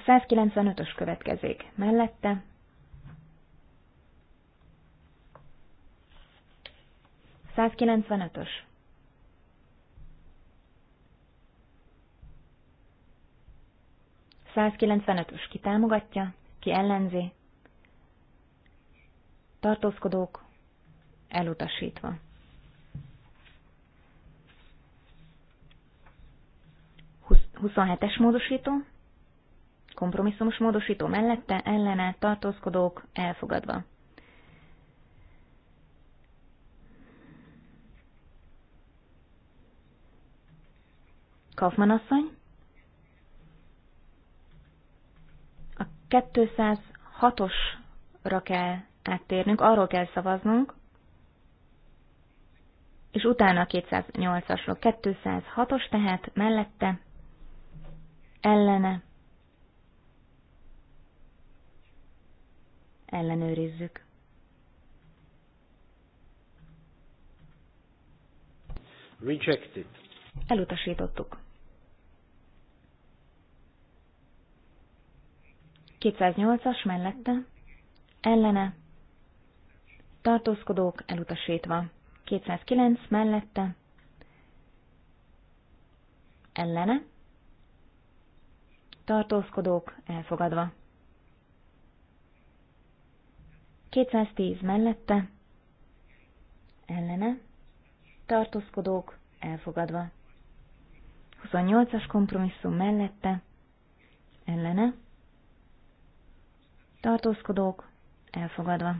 195-ös következik. Mellette A 195-ös. A 195-ös ki támogatja, ki ellenzi, tartózkodók elutasítva. Huszonhetes 27-es módosító, kompromisszumos módosító mellette ellene tartózkodók elfogadva. Kaufmann asszony. A 206-osra kell áttérnünk, arról kell szavaznunk, és utána a 208-asról. 206-os tehát mellette, ellene, ellenőrizzük. Rejected. Elutasítottuk. 208-as mellette, ellene, tartózkodók elutasítva. 209 mellette, ellene, tartózkodók elfogadva. 210 mellette, ellene, tartózkodók elfogadva. 28-as kompromisszum mellette, ellene, tartózkodók elfogadva.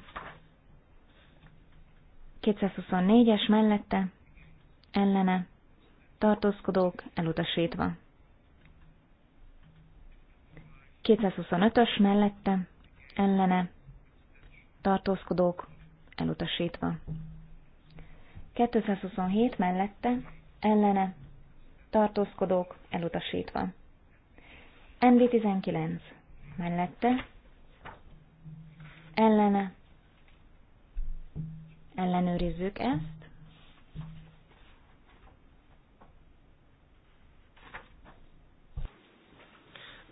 224-es mellette, ellene, tartózkodók elutasítva. 225-ös mellette, ellene, tartózkodók elutasítva. 227 mellette, ellene, tartózkodók elutasítva. md 19 mellette, ellene, ellenőrizzük ezt,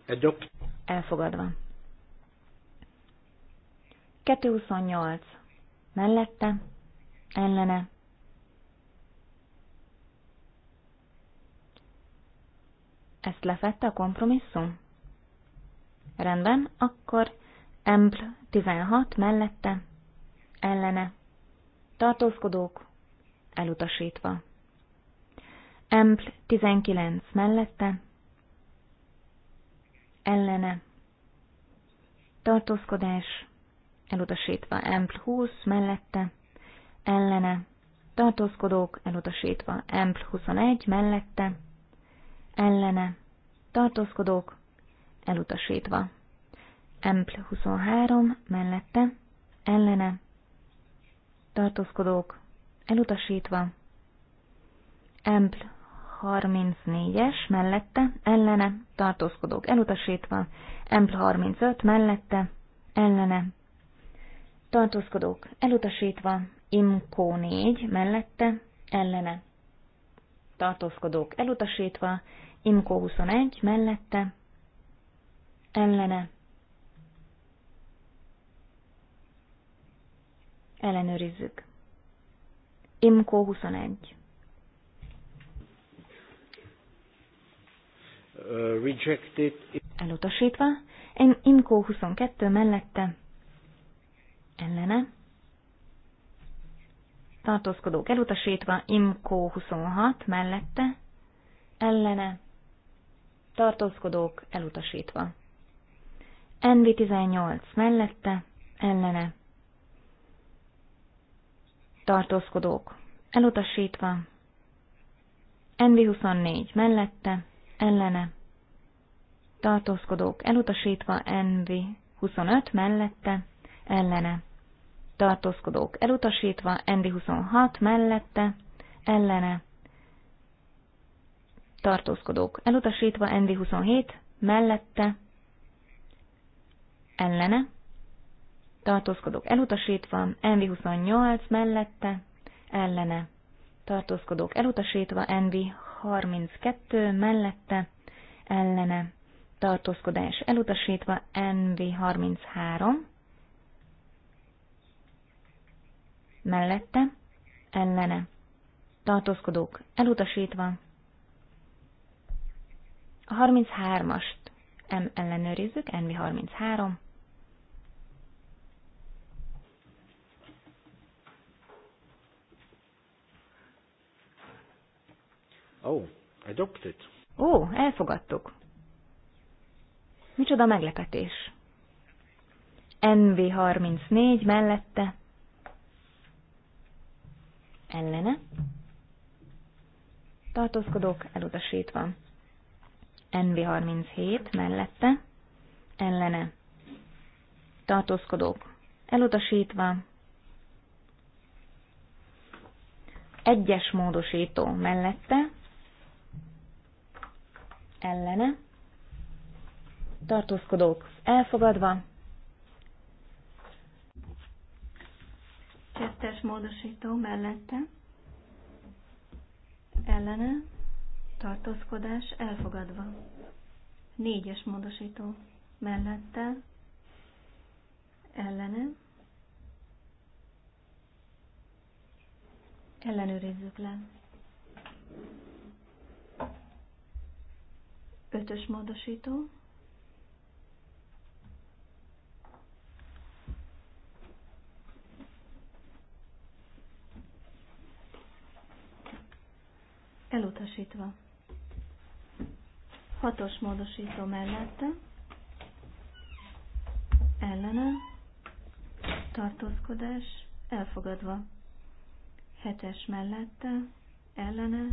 Egyok. Elfogadva. 228. Mellette, ellene. Ezt lefette a kompromisszum? Rendben, akkor Embl 16 mellette, ellene. Tartózkodók, elutasítva. Empl 19 mellette, ellene. Tartózkodás, elutasítva M20 mellette, ellene, tartózkodók elutasítva M21 mellette, ellene, tartózkodók elutasítva. M23 mellette, ellene, tartózkodók elutasítva. Empl 34-es mellette, ellene, tartózkodók elutasítva. Empl 35 mellette, ellene, tartózkodók elutasítva, Imkó négy mellette, ellene, tartózkodók elutasítva, Imkó 21 mellette, ellene, ellenőrizzük. Imkó 21. Uh, Rejected. Elutasítva, Imkó 22 mellette, ellene. Tartózkodók elutasítva, Imkó 26 mellette, ellene. Tartózkodók elutasítva. Envi 18 mellette, ellene. Tartózkodók elutasítva. Envi 24 mellette, ellene. Tartózkodók elutasítva, Envi 25 mellette, ellene tartózkodók elutasítva, ND26 mellette, ellene, tartózkodók elutasítva, ND27 mellette, ellene, tartózkodók elutasítva, NV28 mellette, ellene, tartózkodók elutasítva, NV32 mellette, ellene, tartózkodás elutasítva, NV33 mellette, ellene, tartózkodók elutasítva. A 33-ast M ellenőrizzük, NV33. Oh, adopted. Ó, elfogadtuk. Micsoda meglepetés. NV34 mellette, ellene, tartózkodók elutasítva. NV37 mellette, ellene, tartózkodók elutasítva. Egyes módosító mellette, ellene, tartózkodók elfogadva. kettes módosító mellette ellene tartózkodás elfogadva. Négyes módosító mellette ellene ellenőrizzük le. Ötös módosító Elutasítva. Hatos módosító mellette. Ellene. Tartózkodás. Elfogadva. Hetes mellette. Ellene.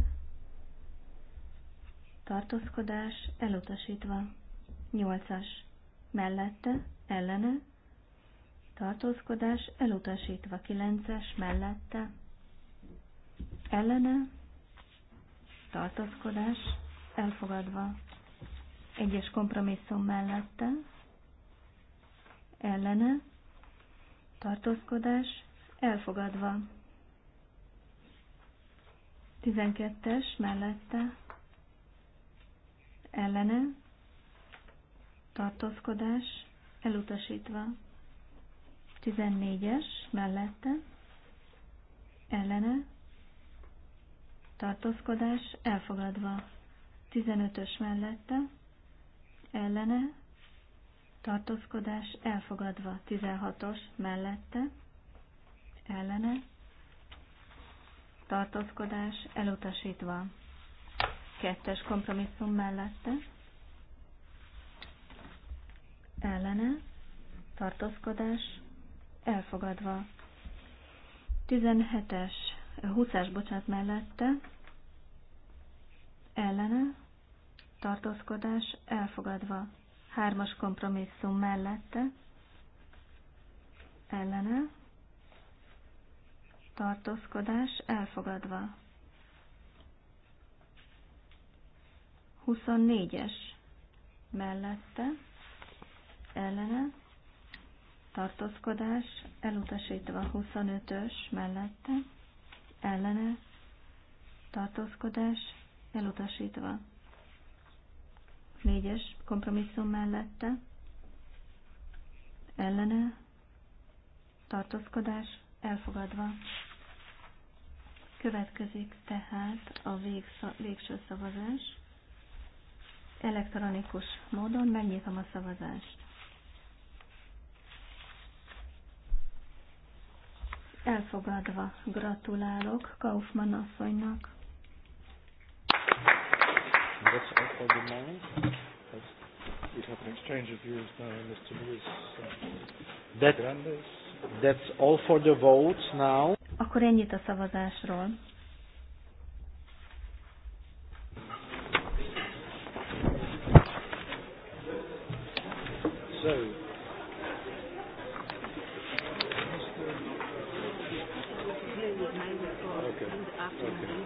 Tartózkodás. Elutasítva. Nyolcas. Mellette. Ellene. Tartózkodás. Elutasítva. Kilences mellette. Ellene tartózkodás elfogadva. Egyes kompromisszum mellette ellene tartózkodás elfogadva. 12-es mellette ellene tartózkodás elutasítva. 14-es mellette ellene tartózkodás elfogadva. 15-ös mellette, ellene, tartózkodás elfogadva. 16-os mellette, ellene, tartózkodás elutasítva. Kettes kompromisszum mellette, ellene, tartózkodás elfogadva. 17-es húszás bocsát bocsánat, mellette, ellene, tartózkodás elfogadva. Hármas kompromisszum mellette, ellene, tartózkodás elfogadva. 24-es mellette, ellene, tartózkodás elutasítva. 25-ös mellette, ellene, tartózkodás, elutasítva. Négyes kompromisszum mellette, ellene, tartózkodás, elfogadva. Következik tehát a végsza, végső szavazás. Elektronikus módon megnyitom a szavazást. Elfogadva gratulálok Kaufmann asszonynak. That's all for the votes now. Akkor ennyit a szavazásról. So, okay. a little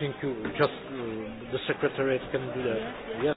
you just uh, the secretariat can do that? yes. yes.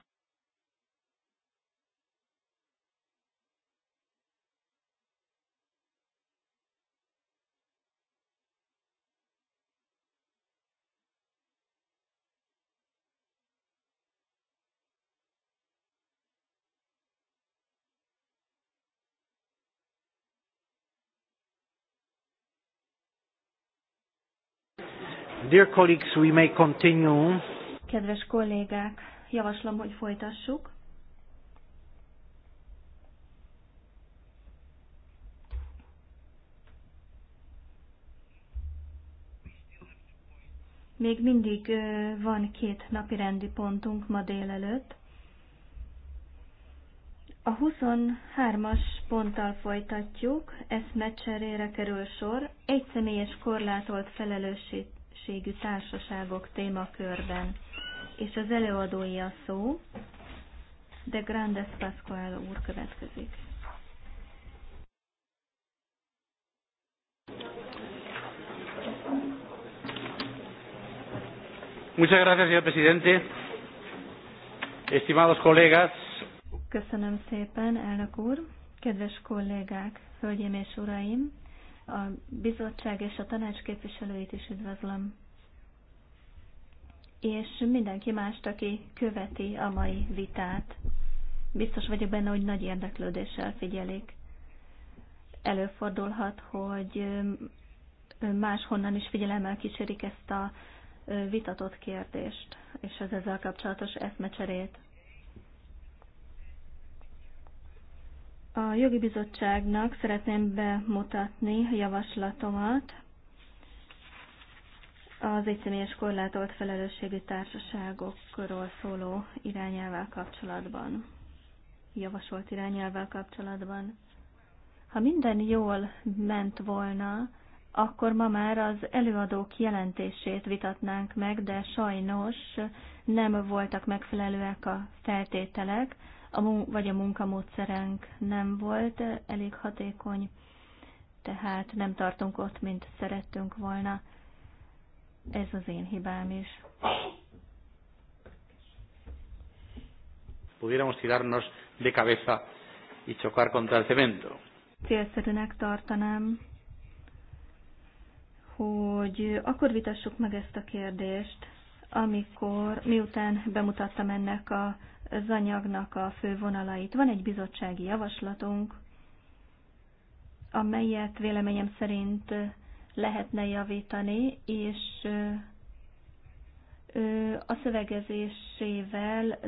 Dear colleagues, we may continue. Kedves kollégák, javaslom, hogy folytassuk. Még mindig van két napi rendi pontunk ma délelőtt. A 23-as ponttal folytatjuk, ezt meccserére kerül sor, egy személyes korlátolt felelősség minőségű társaságok témakörben. És az előadói a szó, de Grandes Pascual úr következik. Muchas gracias, señor presidente. Estimados colegas. Köszönöm szépen, elnök úr. Kedves kollégák, hölgyeim és uraim a bizottság és a tanács képviselőit is üdvözlöm, és mindenki más, aki követi a mai vitát. Biztos vagyok benne, hogy nagy érdeklődéssel figyelik. Előfordulhat, hogy máshonnan is figyelemmel kísérik ezt a vitatott kérdést, és az ezzel kapcsolatos eszmecserét. A jogi bizottságnak szeretném bemutatni javaslatomat az egyszemélyes korlátolt felelősségi társaságokról szóló irányelvvel kapcsolatban, javasolt irányelvvel kapcsolatban. Ha minden jól ment volna, akkor ma már az előadók jelentését vitatnánk meg, de sajnos nem voltak megfelelőek a feltételek, a mun- vagy a munkamódszerenk nem volt elég hatékony, tehát nem tartunk ott, mint szerettünk volna. Ez az én hibám is. Pudiéramos tirarnos de cabeza y chocar contra el cemento. Célszerűnek tartanám, hogy akkor vitassuk meg ezt a kérdést, amikor miután bemutattam ennek a az anyagnak a fő vonalait. Van egy bizottsági javaslatunk, amelyet véleményem szerint lehetne javítani, és a szövegezésével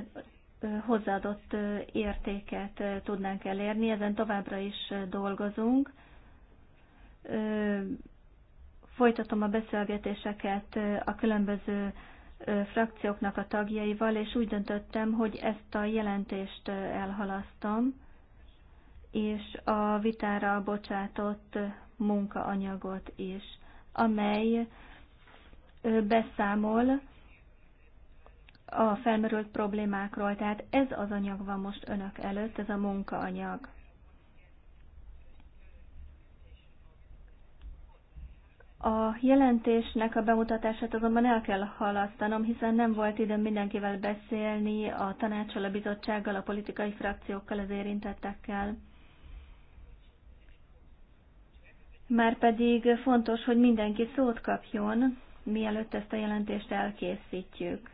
hozzáadott értéket tudnánk elérni, ezen továbbra is dolgozunk. Folytatom a beszélgetéseket a különböző frakcióknak a tagjaival, és úgy döntöttem, hogy ezt a jelentést elhalasztom, és a vitára bocsátott munkaanyagot is, amely beszámol a felmerült problémákról. Tehát ez az anyag van most önök előtt, ez a munkaanyag. A jelentésnek a bemutatását azonban el kell halasztanom, hiszen nem volt időm mindenkivel beszélni, a tanácsal, a bizottsággal, a politikai frakciókkal, az érintettekkel. Márpedig fontos, hogy mindenki szót kapjon, mielőtt ezt a jelentést elkészítjük,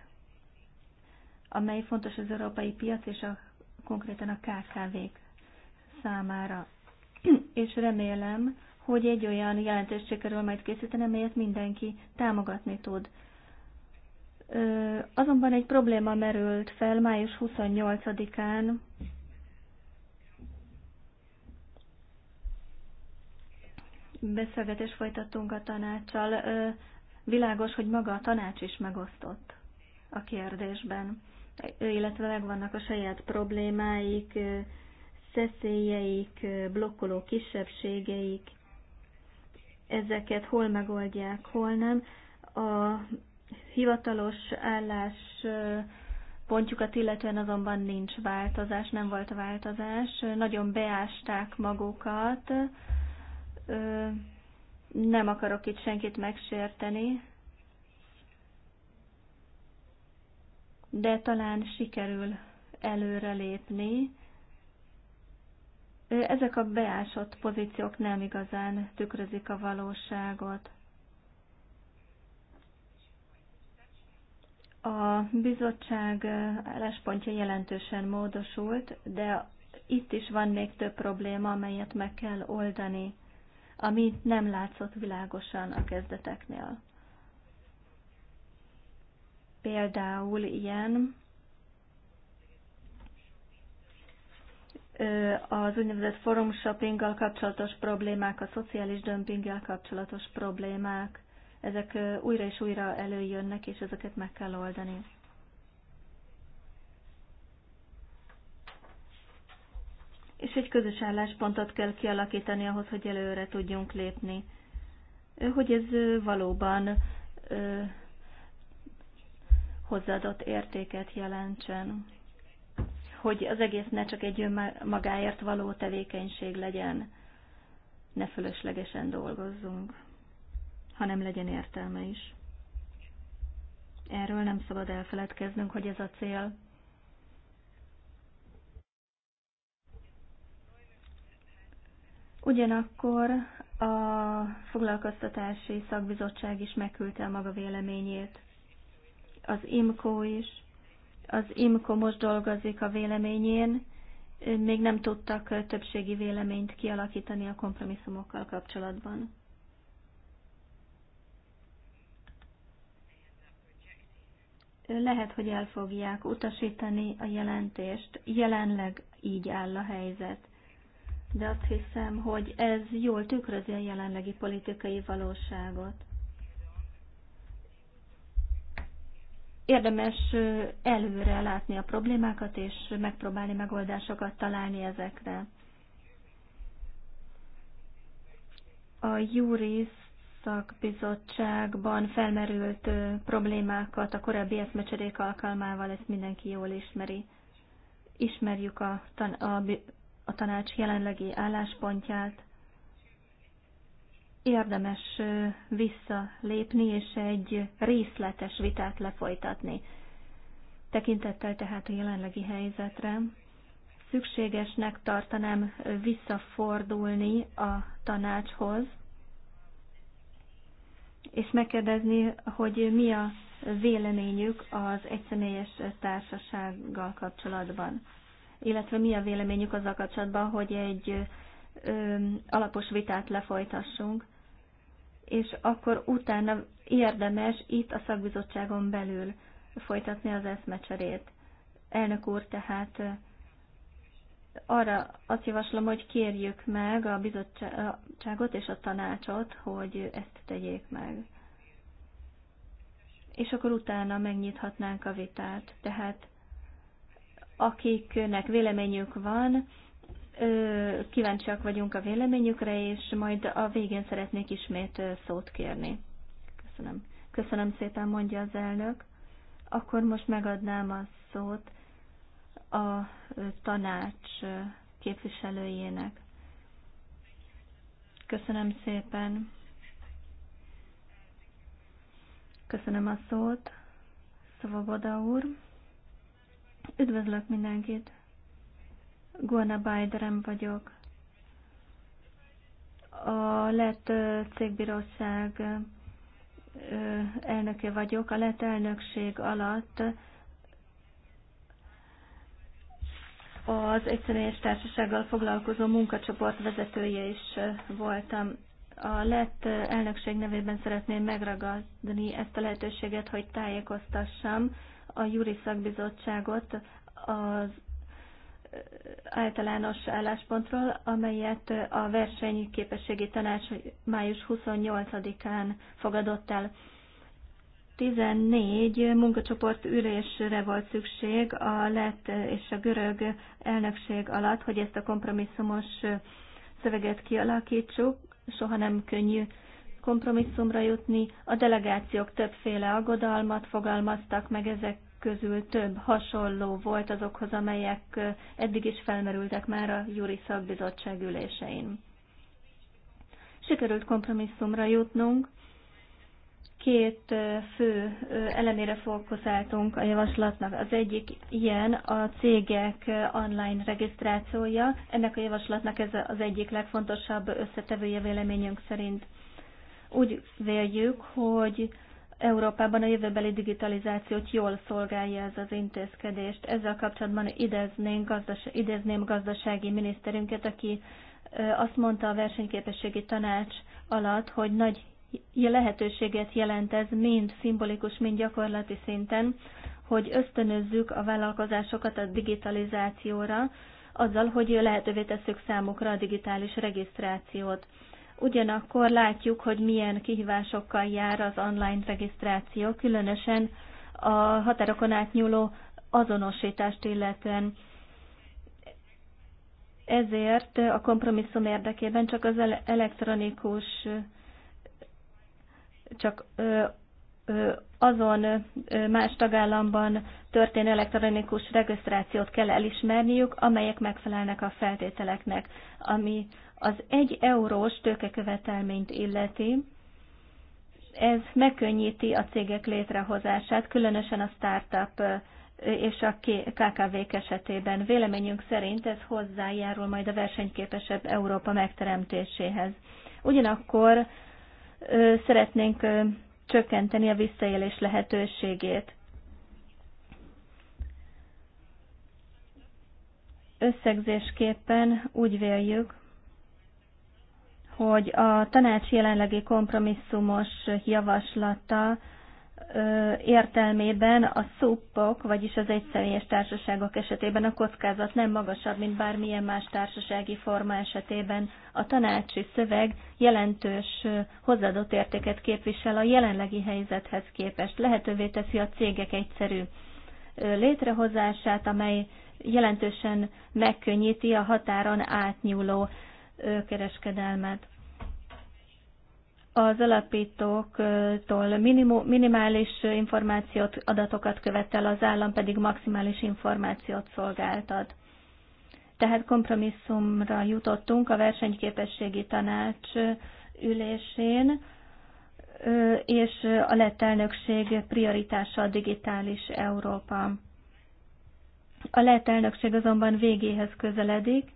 amely fontos az európai piac és a, konkrétan a KKV-k számára. *clears throat* és remélem, hogy egy olyan jelentést sikerül majd készíteni, amelyet mindenki támogatni tud. Azonban egy probléma merült fel május 28-án, beszélgetés folytattunk a tanácssal. Világos, hogy maga a tanács is megosztott a kérdésben, illetve megvannak a saját problémáik, szeszélyeik, blokkoló kisebbségeik, ezeket hol megoldják, hol nem. A hivatalos állás pontjukat illetően azonban nincs változás, nem volt változás. Nagyon beásták magukat. Nem akarok itt senkit megsérteni, de talán sikerül előrelépni ezek a beásott pozíciók nem igazán tükrözik a valóságot. A bizottság álláspontja jelentősen módosult, de itt is van még több probléma, amelyet meg kell oldani, ami nem látszott világosan a kezdeteknél. Például ilyen az úgynevezett forum shoppinggal kapcsolatos problémák, a szociális dömpinggel kapcsolatos problémák, ezek újra és újra előjönnek, és ezeket meg kell oldani. És egy közös álláspontot kell kialakítani ahhoz, hogy előre tudjunk lépni. Hogy ez valóban hozzáadott értéket jelentsen hogy az egész ne csak egy önmagáért való tevékenység legyen, ne fölöslegesen dolgozzunk, hanem legyen értelme is. Erről nem szabad elfeledkeznünk, hogy ez a cél. Ugyanakkor a foglalkoztatási szakbizottság is megküldte a maga véleményét, az IMCO is, az IMKO most dolgozik a véleményén, még nem tudtak többségi véleményt kialakítani a kompromisszumokkal kapcsolatban. Lehet, hogy el fogják utasítani a jelentést. Jelenleg így áll a helyzet. De azt hiszem, hogy ez jól tükrözi a jelenlegi politikai valóságot. érdemes előre látni a problémákat, és megpróbálni megoldásokat találni ezekre. A Júri szakbizottságban felmerült problémákat a korábbi eszmecserék alkalmával, ezt mindenki jól ismeri. Ismerjük a, tan- a, a tanács jelenlegi álláspontját, érdemes visszalépni és egy részletes vitát lefolytatni. Tekintettel tehát a jelenlegi helyzetre szükségesnek tartanám visszafordulni a tanácshoz, és megkérdezni, hogy mi a véleményük az egyszemélyes társasággal kapcsolatban, illetve mi a véleményük azzal kapcsolatban, hogy egy ö, alapos vitát lefolytassunk, és akkor utána érdemes itt a szakbizottságon belül folytatni az eszmecserét. Elnök úr, tehát arra azt javaslom, hogy kérjük meg a bizottságot és a tanácsot, hogy ezt tegyék meg. És akkor utána megnyithatnánk a vitát. Tehát akiknek véleményük van, kíváncsiak vagyunk a véleményükre, és majd a végén szeretnék ismét szót kérni. Köszönöm. Köszönöm szépen, mondja az elnök. Akkor most megadnám a szót a tanács képviselőjének. Köszönöm szépen. Köszönöm a szót, Szavogoda úr. Üdvözlök mindenkit! Guana Bajderem vagyok. A lett cégbíróság elnöke vagyok. A lett elnökség alatt az és társasággal foglalkozó munkacsoport vezetője is voltam. A lett elnökség nevében szeretném megragadni ezt a lehetőséget, hogy tájékoztassam a Júri Szakbizottságot az általános álláspontról, amelyet a versenyképességi tanács május 28-án fogadott el. 14 munkacsoport ülésre volt szükség a lett és a görög elnökség alatt, hogy ezt a kompromisszumos szöveget kialakítsuk. Soha nem könnyű kompromisszumra jutni. A delegációk többféle aggodalmat fogalmaztak meg ezek közül több hasonló volt azokhoz, amelyek eddig is felmerültek már a Júri Szakbizottság ülésein. Sikerült kompromisszumra jutnunk, két fő elemére fókuszáltunk a javaslatnak. Az egyik ilyen a cégek online regisztrációja. Ennek a javaslatnak ez az egyik legfontosabb összetevője véleményünk szerint. Úgy véljük, hogy Európában a jövőbeli digitalizációt jól szolgálja ez az intézkedést. Ezzel kapcsolatban idezném, gazdas- idezném gazdasági miniszterünket, aki azt mondta a versenyképességi tanács alatt, hogy nagy lehetőséget jelent ez mind szimbolikus, mind gyakorlati szinten, hogy ösztönözzük a vállalkozásokat a digitalizációra, azzal, hogy lehetővé tesszük számukra a digitális regisztrációt. Ugyanakkor látjuk, hogy milyen kihívásokkal jár az online regisztráció, különösen a határokon átnyúló azonosítást illetően. Ezért a kompromisszum érdekében csak az elektronikus, csak azon más tagállamban történő elektronikus regisztrációt kell elismerniük, amelyek megfelelnek a feltételeknek, ami az egy eurós tőkekövetelményt illeti, ez megkönnyíti a cégek létrehozását, különösen a startup és a KKV-k esetében. Véleményünk szerint ez hozzájárul majd a versenyképesebb Európa megteremtéséhez. Ugyanakkor szeretnénk csökkenteni a visszaélés lehetőségét. Összegzésképpen úgy véljük, hogy a tanács jelenlegi kompromisszumos javaslata értelmében a szuppok, vagyis az egyszemélyes társaságok esetében a kockázat nem magasabb, mint bármilyen más társasági forma esetében. A tanácsi szöveg jelentős hozzáadott értéket képvisel a jelenlegi helyzethez képest. Lehetővé teszi a cégek egyszerű létrehozását, amely jelentősen megkönnyíti a határon átnyúló kereskedelmet. Az alapítóktól minimum, minimális információt, adatokat követel, az állam pedig maximális információt szolgáltat. Tehát kompromisszumra jutottunk a versenyképességi tanács ülésén, és a lett elnökség prioritása a digitális Európa. A lett elnökség azonban végéhez közeledik,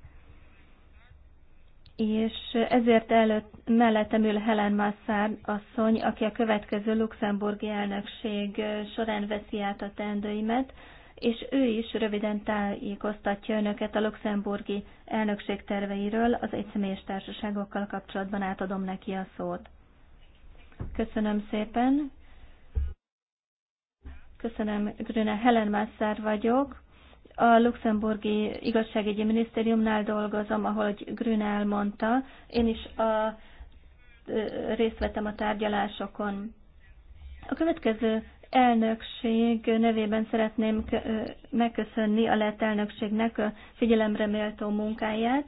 és ezért előtt, mellettem ül Helen Massard asszony, aki a következő luxemburgi elnökség során veszi át a teendőimet, és ő is röviden tájékoztatja önöket a luxemburgi elnökség terveiről, az egyszemélyes társaságokkal kapcsolatban átadom neki a szót. Köszönöm szépen. Köszönöm, Grüne Helen Massard vagyok a luxemburgi igazságügyi minisztériumnál dolgozom, ahol Grün elmondta. Én is a, részt vettem a tárgyalásokon. A következő elnökség nevében szeretném megköszönni a lett elnökségnek a figyelemre méltó munkáját.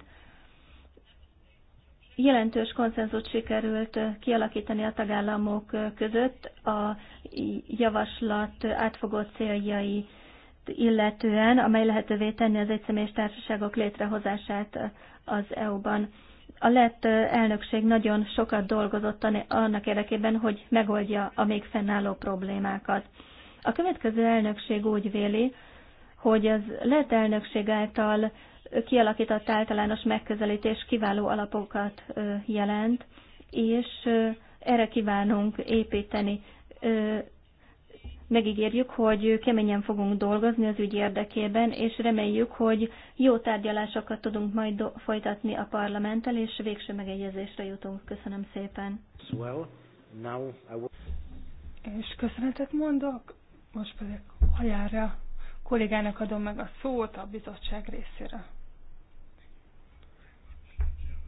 Jelentős konszenzus sikerült kialakítani a tagállamok között a javaslat átfogó céljai illetően, amely lehetővé tenni az egyszemélyes társaságok létrehozását az EU-ban. A lett elnökség nagyon sokat dolgozott annak érdekében, hogy megoldja a még fennálló problémákat. A következő elnökség úgy véli, hogy az lett elnökség által kialakított általános megközelítés kiváló alapokat jelent, és erre kívánunk építeni Megígérjük, hogy keményen fogunk dolgozni az ügy érdekében, és reméljük, hogy jó tárgyalásokat tudunk majd folytatni a parlamenttel, és végső megegyezésre jutunk. Köszönöm szépen. Well, now I will... És köszönetet mondok, most pedig hajára kollégának adom meg a szót a bizottság részére.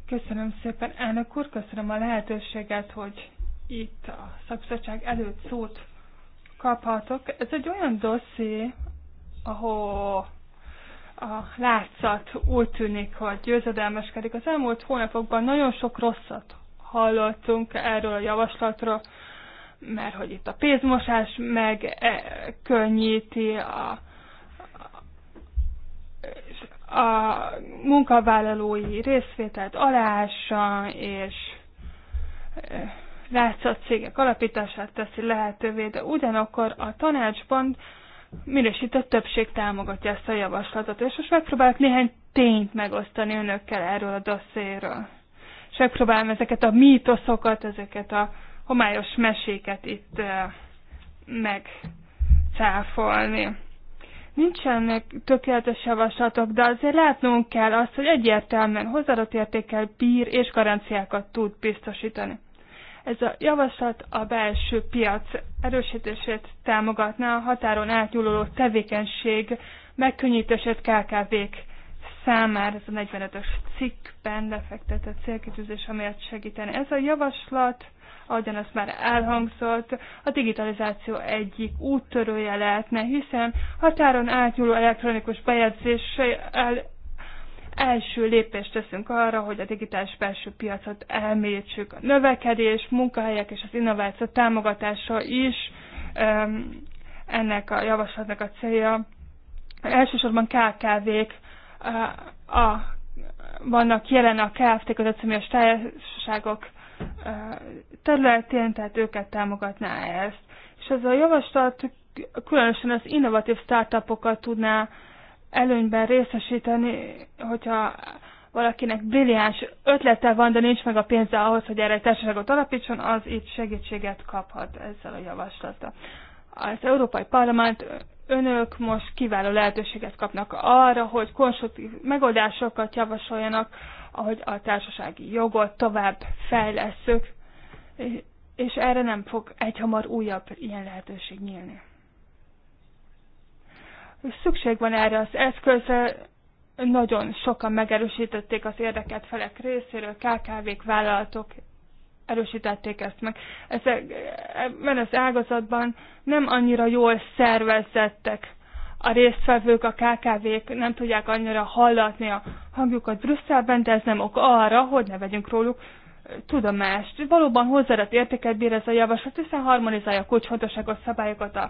Köszönöm szépen, elnök úr, köszönöm a lehetőséget, hogy itt a szakszatság előtt szót kaphatok. Ez egy olyan dosszié, ahol a látszat úgy tűnik, hogy győzedelmeskedik. Az elmúlt hónapokban nagyon sok rosszat hallottunk erről a javaslatról, mert hogy itt a pénzmosás meg e, könnyíti a, a munkavállalói részvételt alása, és e, látszott cégek alapítását teszi lehetővé, de ugyanakkor a tanácsban minősített többség támogatja ezt a javaslatot, és most megpróbálok néhány tényt megosztani önökkel erről a dosszéről. És megpróbálom ezeket a mítoszokat, ezeket a homályos meséket itt megcáfolni. Nincsenek tökéletes javaslatok, de azért látnunk kell azt, hogy egyértelműen hozzáadott értékkel bír és garanciákat tud biztosítani. Ez a javaslat a belső piac erősítését támogatná, a határon átnyúló tevékenység megkönnyítését KKV-k számára, ez a 45-ös cikkben lefektetett célkitűzés, amelyet segíteni. Ez a javaslat, ahogyan az már elhangzott, a digitalizáció egyik úttörője lehetne, hiszen határon átnyúló elektronikus bejegyzéssel első lépést teszünk arra, hogy a digitális belső piacot elmélyítsük. A növekedés, munkahelyek és az innováció támogatása is ennek a javaslatnak a célja. Elsősorban KKV-k a, eh, a, vannak jelen a KFT között személyes társaságok eh, területén, tehát őket támogatná ezt. És ez a javaslat különösen az innovatív startupokat tudná előnyben részesíteni, hogyha valakinek brilliáns ötlete van, de nincs meg a pénze ahhoz, hogy erre egy társaságot alapítson, az itt segítséget kaphat ezzel a javaslattal. Az Európai Parlament önök most kiváló lehetőséget kapnak arra, hogy konstruktív megoldásokat javasoljanak, ahogy a társasági jogot tovább fejlesszük, és erre nem fog egyhamar újabb ilyen lehetőség nyílni. Szükség van erre az eszközre, nagyon sokan megerősítették az érdekelt felek részéről, KKV-k, vállalatok erősítették ezt meg. Ezek, ebben az ágazatban nem annyira jól szervezettek a résztvevők, a KKV-k nem tudják annyira hallatni a hangjukat Brüsszelben, de ez nem ok arra, hogy ne vegyünk róluk tudomást. Valóban hozzáadott értéket bír ez a javaslat, hiszen harmonizálja a kulcsfontosságos szabályokat a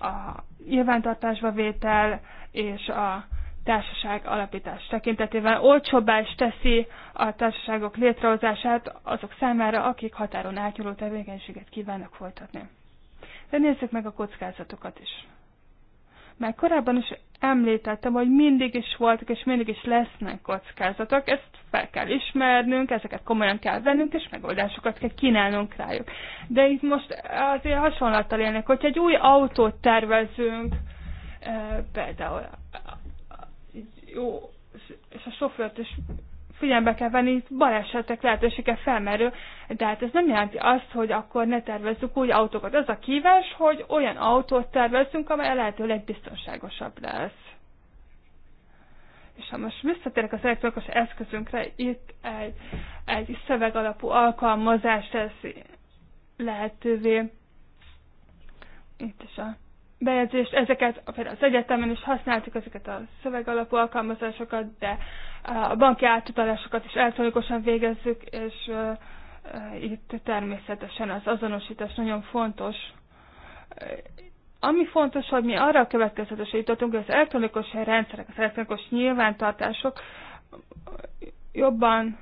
a nyilvántartásba vétel és a társaság alapítás tekintetében olcsóbbá is teszi a társaságok létrehozását azok számára, akik határon átnyúló tevékenységet kívánnak folytatni. De nézzük meg a kockázatokat is. Már korábban is említettem, hogy mindig is voltak és mindig is lesznek kockázatok, ezt fel kell ismernünk, ezeket komolyan kell vennünk, és megoldásokat kell kínálnunk rájuk. De itt most azért hasonlattal élnek, hogyha egy új autót tervezünk, eh, például eh, jó, és a sofőrt is figyelembe kell venni, itt balesetek lehetősége felmerül, de hát ez nem jelenti azt, hogy akkor ne tervezzük úgy autókat. Az a kívás, hogy olyan autót tervezzünk, amely lehetőleg biztonságosabb lesz. És ha most visszatérek az elektronikus eszközünkre, itt egy, egy szövegalapú alkalmazás teszi lehetővé. Itt is a bejegyzést, ezeket például az egyetemen is használtuk ezeket a szövegalapú alkalmazásokat, de a banki átutalásokat is elektronikusan végezzük, és itt természetesen az azonosítás nagyon fontos. Ami fontos, hogy mi arra a következetesre jutottunk, hogy az elektronikus rendszerek, az elektronikus nyilvántartások jobban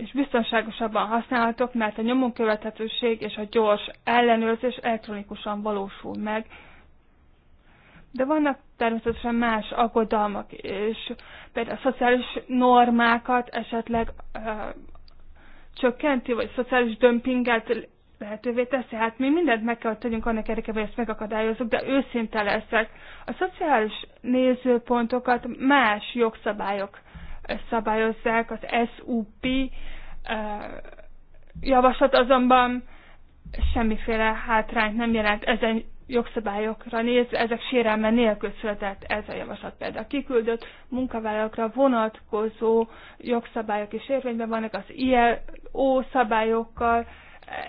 és biztonságosabban használhatok, mert a nyomon követhetőség és a gyors ellenőrzés elektronikusan valósul meg. De vannak természetesen más aggodalmak, és például a szociális normákat esetleg ö, csökkenti, vagy szociális dömpinget lehetővé teszi. Hát mi mindent meg kell, hogy tegyünk annak érdekében, hogy ezt megakadályozzuk, de őszinte leszek. A szociális nézőpontokat más jogszabályok szabályozzák, az SUP javaslat azonban semmiféle hátrányt nem jelent ezen jogszabályokra nézve, ezek sérelme nélkül született ez a javaslat például. Kiküldött munkavállalókra vonatkozó jogszabályok is érvényben vannak, az ILO szabályokkal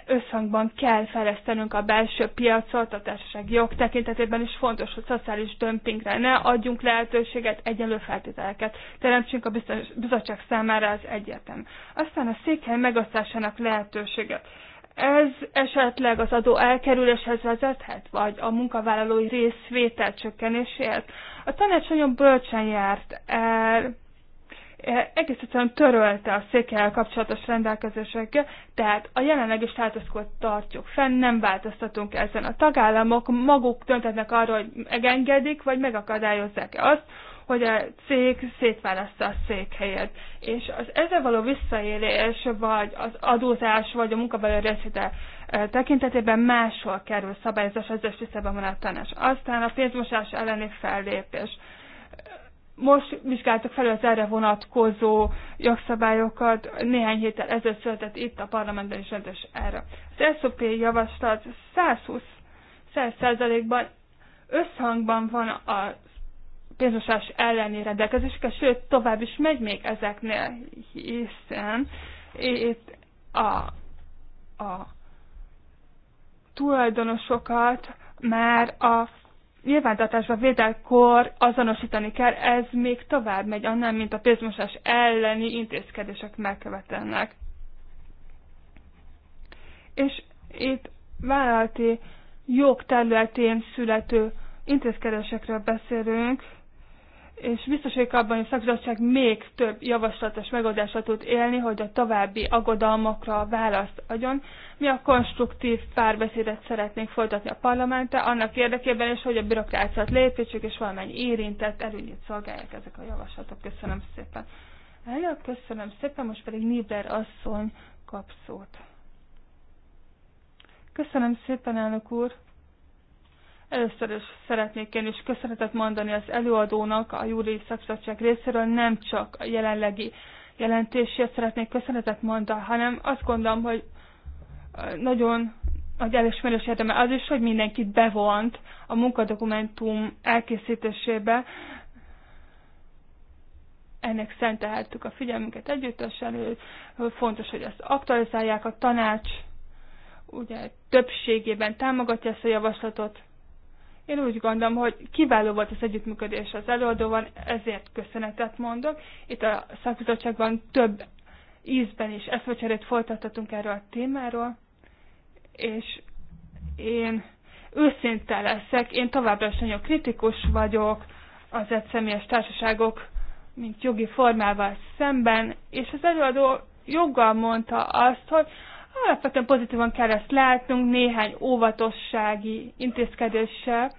összhangban kell fejlesztenünk a belső piacot, a társaság jog tekintetében is fontos, hogy szociális dömpingre ne adjunk lehetőséget, egyenlő feltételeket teremtsünk a bizottság számára az egyetem. Aztán a székhely megosztásának lehetőséget. Ez esetleg az adó elkerüléshez vezethet, vagy a munkavállalói részvétel csökkenéséhez. A tanács nagyon bölcsen járt el, egész egyszerűen törölte a székelyel kapcsolatos rendelkezésekkel, tehát a jelenlegi státuszkot tartjuk fenn, nem változtatunk ezen. A tagállamok maguk döntetnek arról, hogy megengedik, vagy megakadályozzák-e azt, hogy a cég szétválasztja a székhelyet. És az ezzel való visszaélés, vagy az adózás, vagy a munkavállaló részvétel e, tekintetében máshol kerül szabályozás az összes tisztában van a tanás. Aztán a pénzmosás elleni fellépés most vizsgáltak fel az erre vonatkozó jogszabályokat, néhány héttel ezelőtt született itt a parlamentben is rendes erre. Az SOP javaslat 120 100%-ban összhangban van a pénzosás elleni rendelkezések, sőt tovább is megy még ezeknél, hiszen itt a, a tulajdonosokat már a nyilvántartásba vételkor azonosítani kell, ez még tovább megy annál, mint a pénzmosás elleni intézkedések megkövetelnek. És itt vállalati jog területén születő intézkedésekről beszélünk, és biztos vagyok abban, hogy a szakbizottság még több javaslatos megoldásra tud élni, hogy a további aggodalmakra választ adjon. Mi a konstruktív párbeszédet szeretnénk folytatni a parlamente, annak érdekében is, hogy a bürokráciát lépítsük, és valamennyi érintett előnyét szolgálják ezek a javaslatok. Köszönöm szépen. Előbb köszönöm szépen, most pedig Nibler asszony kap szót. Köszönöm szépen, elnök úr. Először is szeretnék én is köszönetet mondani az előadónak, a Júri Szakszatság részéről nem csak a jelenlegi jelentésért szeretnék köszönetet mondani, hanem azt gondolom, hogy nagyon nagy elismerés érdeme az is, hogy mindenkit bevont a munkadokumentum elkészítésébe. Ennek szentelhettük a figyelmünket együttesen, fontos, hogy ezt aktualizálják a tanács, ugye többségében támogatja ezt a javaslatot, én úgy gondolom, hogy kiváló volt az együttműködés az előadóban, ezért köszönetet mondok. Itt a szakbizottságban több ízben is eszvecserét folytathatunk erről a témáról, és én őszinte leszek, én továbbra is nagyon kritikus vagyok az egyszemélyes társaságok, mint jogi formával szemben, és az előadó joggal mondta azt, hogy alapvetően pozitívan kell ezt látnunk néhány óvatossági intézkedéssel,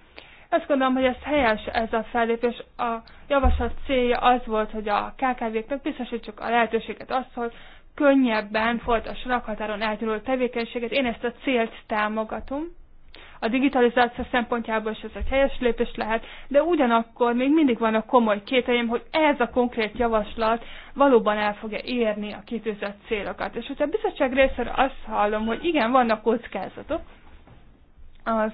azt gondolom, hogy ez helyes ez a fellépés. A javaslat célja az volt, hogy a KKV-knek biztosítsuk a lehetőséget azt, hogy könnyebben folytass rakhatáron eltűnő tevékenységet. Én ezt a célt támogatom. A digitalizáció szempontjából is ez egy helyes lépés lehet, de ugyanakkor még mindig van a komoly kételjem, hogy ez a konkrét javaslat valóban el fogja érni a kitűzött célokat. És hogyha a bizottság részéről azt hallom, hogy igen, vannak kockázatok, az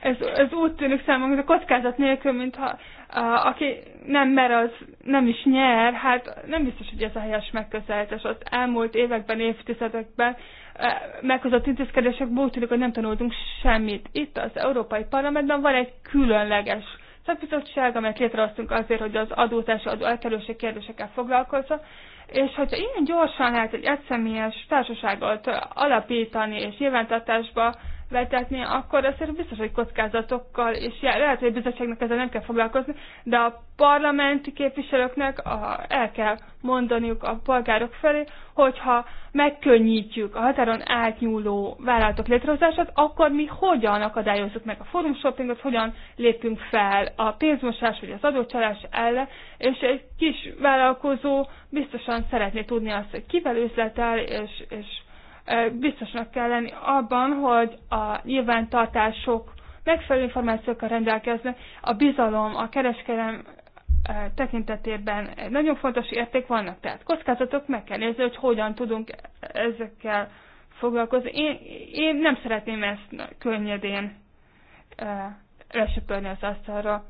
ez, ez úgy tűnik a kockázat nélkül, mintha a, aki nem mer, az nem is nyer, hát nem biztos, hogy ez a helyes megközelítés. Az elmúlt években, évtizedekben e, meghozott intézkedések tűnik, hogy nem tanultunk semmit. Itt az Európai Parlamentben van egy különleges szakbizottság, amelyet létrehoztunk azért, hogy az adótás, adó elkerülési kérdésekkel foglalkozza, és hogyha ilyen gyorsan lehet egy egyszemélyes társaságot alapítani és nyilvántartásba vetetni, akkor azért biztos, hogy kockázatokkal és jár. Lehet, hogy a bizottságnak ezzel nem kell foglalkozni, de a parlamenti képviselőknek a, el kell mondaniuk a polgárok felé, hogyha megkönnyítjük a határon átnyúló vállalatok létrehozását, akkor mi hogyan akadályozzuk meg a forum shoppingot, hogyan lépünk fel a pénzmosás vagy az adócsalás ellen, és egy kis vállalkozó biztosan szeretné tudni azt, hogy kivel üzletel, és, és biztosnak kell lenni abban, hogy a nyilvántartások megfelelő információkkal rendelkeznek. A bizalom, a kereskedelem tekintetében egy nagyon fontos érték vannak, tehát kockázatok meg kell nézni, hogy hogyan tudunk ezekkel foglalkozni. Én, én nem szeretném ezt könnyedén lesöpörni az asztalra.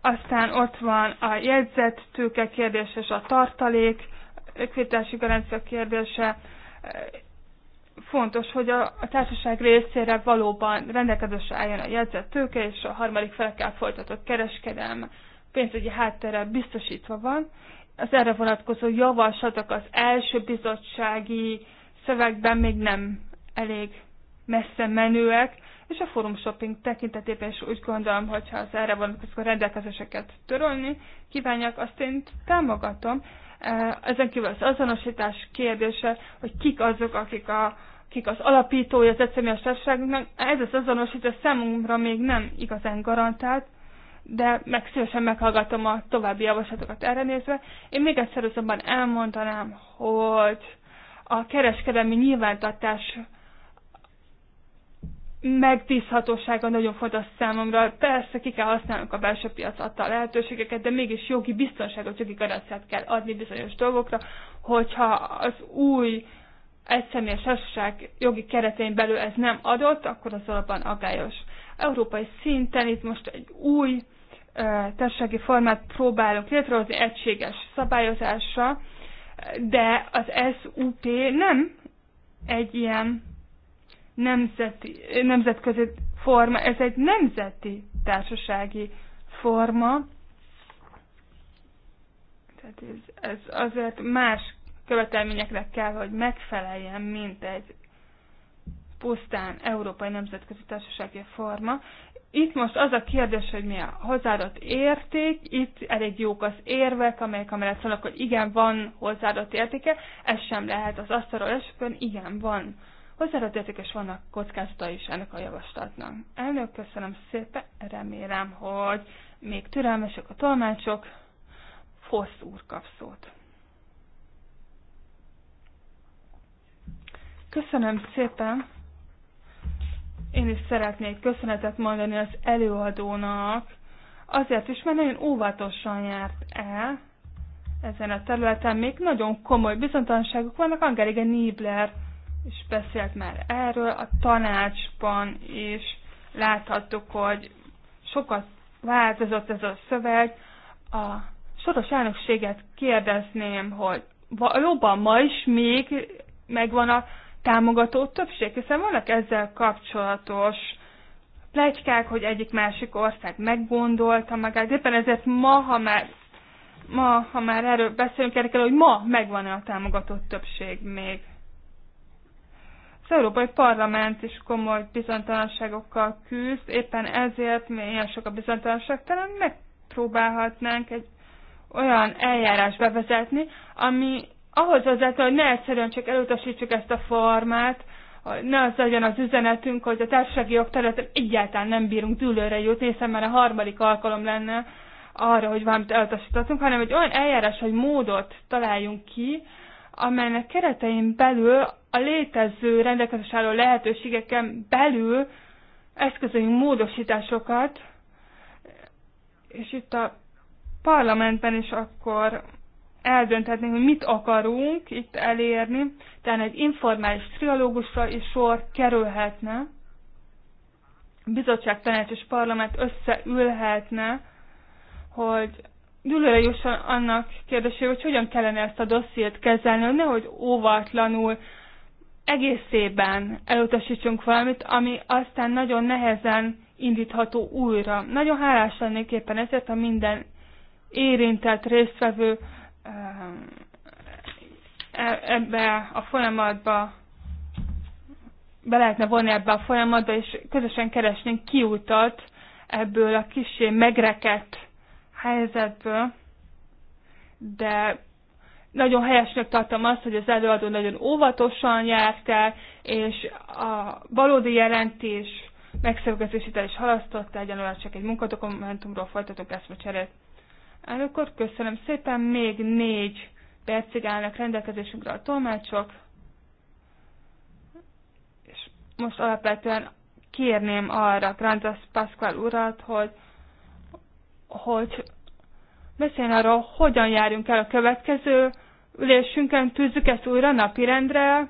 Aztán ott van a jegyzett tőke kérdés és a tartalék likviditási garancia kérdése fontos, hogy a, a társaság részére valóban rendelkezésre álljon a jegyzett tőke, és a harmadik felekkel folytatott kereskedelme pénzügyi háttere biztosítva van. Az erre vonatkozó javaslatok az első bizottsági szövegben még nem elég messze menőek, és a forum shopping tekintetében is úgy gondolom, hogyha az erre vonatkozó rendelkezéseket törölni kívánják, azt én támogatom, ezen kívül az azonosítás kérdése, hogy kik azok, akik, a, kik az alapítója az egyszerűen társaságunknak, ez az azonosítás számunkra még nem igazán garantált, de meg szívesen meghallgatom a további javaslatokat erre nézve. Én még egyszer azonban elmondanám, hogy a kereskedelmi nyilvántartás megbízhatósága nagyon fontos számomra. Persze ki kell használnunk a belső piac adta lehetőségeket, de mégis jogi biztonságot, jogi garanciát kell adni bizonyos dolgokra, hogyha az új egyszemélyes társaság jogi keretein belül ez nem adott, akkor az valóban agályos. Európai szinten itt most egy új társasági formát próbálunk létrehozni egységes szabályozásra, de az SUP nem egy ilyen nemzeti, nemzetközi forma, ez egy nemzeti társasági forma, tehát ez, ez azért más követelményeknek kell, hogy megfeleljen, mint egy pusztán európai nemzetközi társasági forma. Itt most az a kérdés, hogy mi a hozzáadott érték, itt elég jók az érvek, amelyek amellett szólnak, hogy igen, van hozzáadott értéke, ez sem lehet az asztalról esetben, igen, van hozzáadott és vannak kockázata is ennek a javaslatnak. Elnök, köszönöm szépen, remélem, hogy még türelmesek a tolmácsok. Fosz úr kap szót. Köszönöm szépen. Én is szeretnék köszönetet mondani az előadónak, azért is, mert nagyon óvatosan járt el ezen a területen. Még nagyon komoly bizonytalanságok vannak. Angeliga Niebler és beszélt már erről, a tanácsban is láthattuk, hogy sokat változott ez a szöveg. A soros elnökséget kérdezném, hogy valóban ma is még megvan a támogató többség, hiszen vannak ezzel kapcsolatos plegykák, hogy egyik másik ország meggondolta magát. Éppen ezért ma, ha már, ma, ha már erről beszélünk, kell, hogy ma megvan-e a támogatott többség még. Európai Parlament is komoly bizonytalanságokkal küzd, éppen ezért milyen sok a bizonytalanság, talán megpróbálhatnánk egy olyan eljárás bevezetni, ami ahhoz vezetne, hogy ne egyszerűen csak elutasítsuk ezt a formát, ne az legyen az üzenetünk, hogy a társasági jogterületen egyáltalán nem bírunk dűlőre jutni, hiszen már a harmadik alkalom lenne arra, hogy valamit elutasítottunk, hanem egy olyan eljárás, hogy módot találjunk ki, amelynek keretein belül a létező rendelkezés álló lehetőségeken belül eszközöljünk módosításokat, és itt a parlamentben is akkor eldönthetnénk, hogy mit akarunk itt elérni, tehát egy informális trialógusra is sor kerülhetne, bizottság, tanács és parlament összeülhetne, hogy gyűlőre jusson annak kérdésével, hogy hogyan kellene ezt a dossziét kezelni, hogy nehogy óvatlanul egészében elutasítsunk valamit, ami aztán nagyon nehezen indítható újra. Nagyon hálás lennék éppen ezért a minden érintett résztvevő ehm, e, ebbe a folyamatba be lehetne vonni ebbe a folyamatba, és közösen keresnénk kiutat ebből a kisé megrekedt helyzetből, de nagyon helyesnek tartom azt, hogy az előadó nagyon óvatosan járt el, és a valódi jelentés megszervezését el is halasztotta, egyenlően csak egy munkadokumentumról ezt eszmecserét. cserét. úr, köszönöm szépen, még négy percig állnak rendelkezésünkre a tolmácsok, és most alapvetően kérném arra Grandas Pascual urat, hogy, hogy beszéljen arról, hogyan járjunk el a következő ülésünkön tűzzük ezt újra napirendre,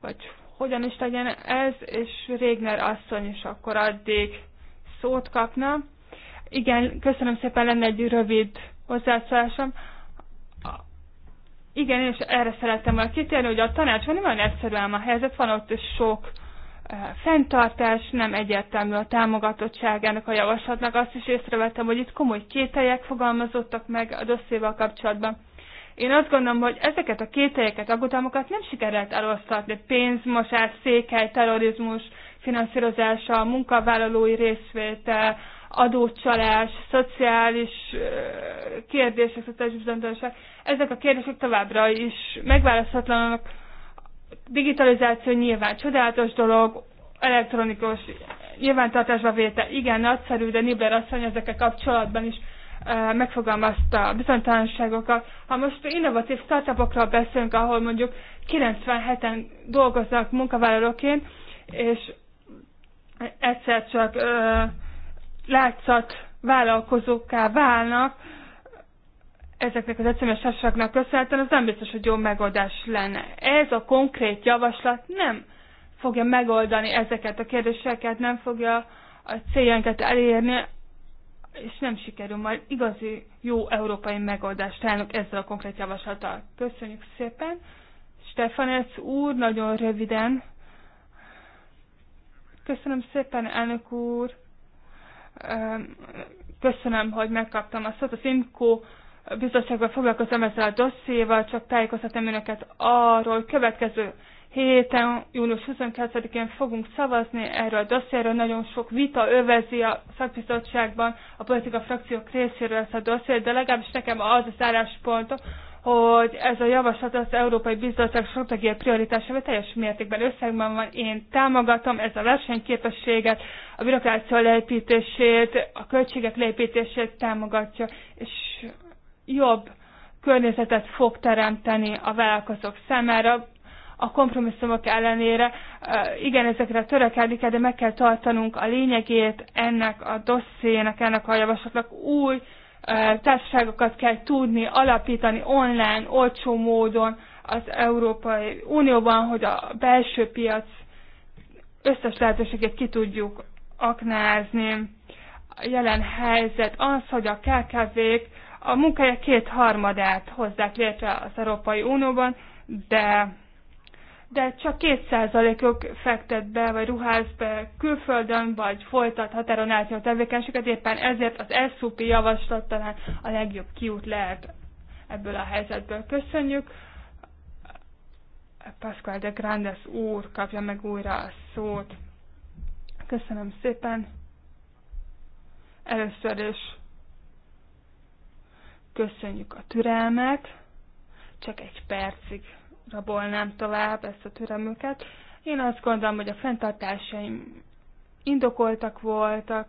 vagy hogyan is legyen ez, és Régner asszony is akkor addig szót kapna. Igen, köszönöm szépen, lenne egy rövid hozzászólásom. Igen, és erre szerettem volna kitérni, hogy a tanács van nagyon egyszerűen a helyzet, van ott is sok eh, fenntartás, nem egyértelmű a ennek a javaslatnak. Azt is észrevettem, hogy itt komoly kételjek fogalmazottak meg a dosszéval kapcsolatban. Én azt gondolom, hogy ezeket a kételyeket, aggodalmakat nem sikerült elosztatni. Pénzmosás, székely, terrorizmus, finanszírozása, munkavállalói részvétel, adócsalás, szociális kérdések, szociális bizonytalanság. Ezek a kérdések továbbra is megválaszthatlanak. Digitalizáció nyilván csodálatos dolog, elektronikus nyilvántartásba vétel igen nagyszerű, de Nibler asszony ezekkel kapcsolatban is megfogalmazta a bizonytalanságokat. Ha most innovatív startupokról beszélünk, ahol mondjuk 97-en dolgoznak munkavállalóként, és egyszer csak látszat vállalkozókká válnak, ezeknek az egyszerűen sasaknak köszönhetően, az nem biztos, hogy jó megoldás lenne. Ez a konkrét javaslat nem fogja megoldani ezeket a kérdéseket, nem fogja a céljainkat elérni, és nem sikerül majd igazi jó európai megoldást találnunk ezzel a konkrét javaslattal. Köszönjük szépen. Stefanec úr, nagyon röviden. Köszönöm szépen, elnök úr. Köszönöm, hogy megkaptam a szót. Az IMCO bizottságban foglalkozom ezzel a dossziéval, csak tájékoztatom önöket arról, következő héten, június 22-én fogunk szavazni erről a dossziéről. Nagyon sok vita övezi a szakbizottságban a politika frakciók részéről ezt a dossziét, de legalábbis nekem az az álláspontom, hogy ez a javaslat az Európai Bizottság stratégiai prioritásával teljes mértékben összegben van. Én támogatom ez a versenyképességet, a bürokrácia leépítését, a költségek leépítését támogatja, és jobb környezetet fog teremteni a vállalkozók számára, a kompromisszumok ellenére. Igen, ezekre törekedni kell, de meg kell tartanunk a lényegét ennek a dossziének, ennek a javaslatnak új társaságokat kell tudni alapítani online, olcsó módon az Európai Unióban, hogy a belső piac összes lehetőséget ki tudjuk aknázni. A jelen helyzet az, hogy a KKV-k a munkája kétharmadát hozzák létre az Európai Unióban, de de csak 2%-uk fektet be, vagy ruház be külföldön, vagy folytat határon átnyúló tevékenységet, éppen ezért az SUP javaslat talán a legjobb kiút lehet ebből a helyzetből. Köszönjük! Pascal de Grandes úr kapja meg újra a szót. Köszönöm szépen! Először is köszönjük a türelmet, csak egy percig rabolnám tovább ezt a türemüket. Én azt gondolom, hogy a fenntartásaim indokoltak voltak.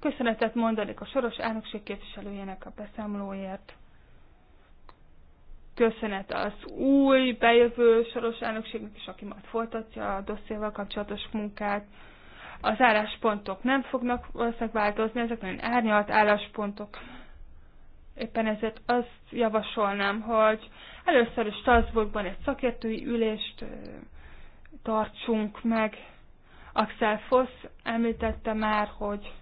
Köszönetet mondanék a soros elnökség képviselőjének a beszámolóért. Köszönet az új, bejövő soros elnökségnek is, aki majd folytatja a dosszéval kapcsolatos munkát. Az álláspontok nem fognak valószínűleg változni, ezek nagyon árnyalt álláspontok Éppen ezért azt javasolnám, hogy először is Strasbourgban egy szakértői ülést tartsunk meg. Axel Foss említette már, hogy,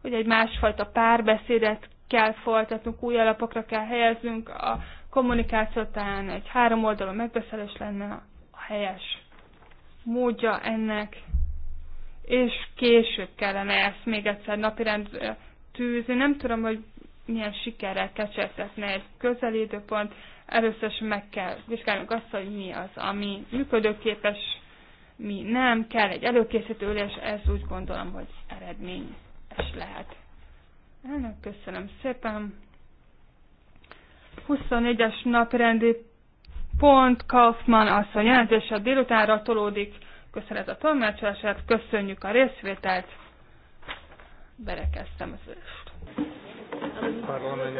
hogy egy másfajta párbeszédet kell folytatnunk, új alapokra kell helyeznünk, a kommunikáció talán egy három oldalú megbeszélés lenne a helyes módja ennek, és később kellene ezt még egyszer napirend tűzni. Nem tudom, hogy milyen sikerrel kecsegtetne egy közeli időpont. Először is meg kell vizsgálnunk azt, hogy mi az, ami működőképes, mi nem, kell egy előkészítő ülés, ez úgy gondolom, hogy eredményes lehet. Elnök, köszönöm szépen. 24-es naprendi pont Kaufmann asszony jelentése délutánra tolódik. Köszönet a tolmácsolását, köszönjük a részvételt. Berekeztem az ülést parlament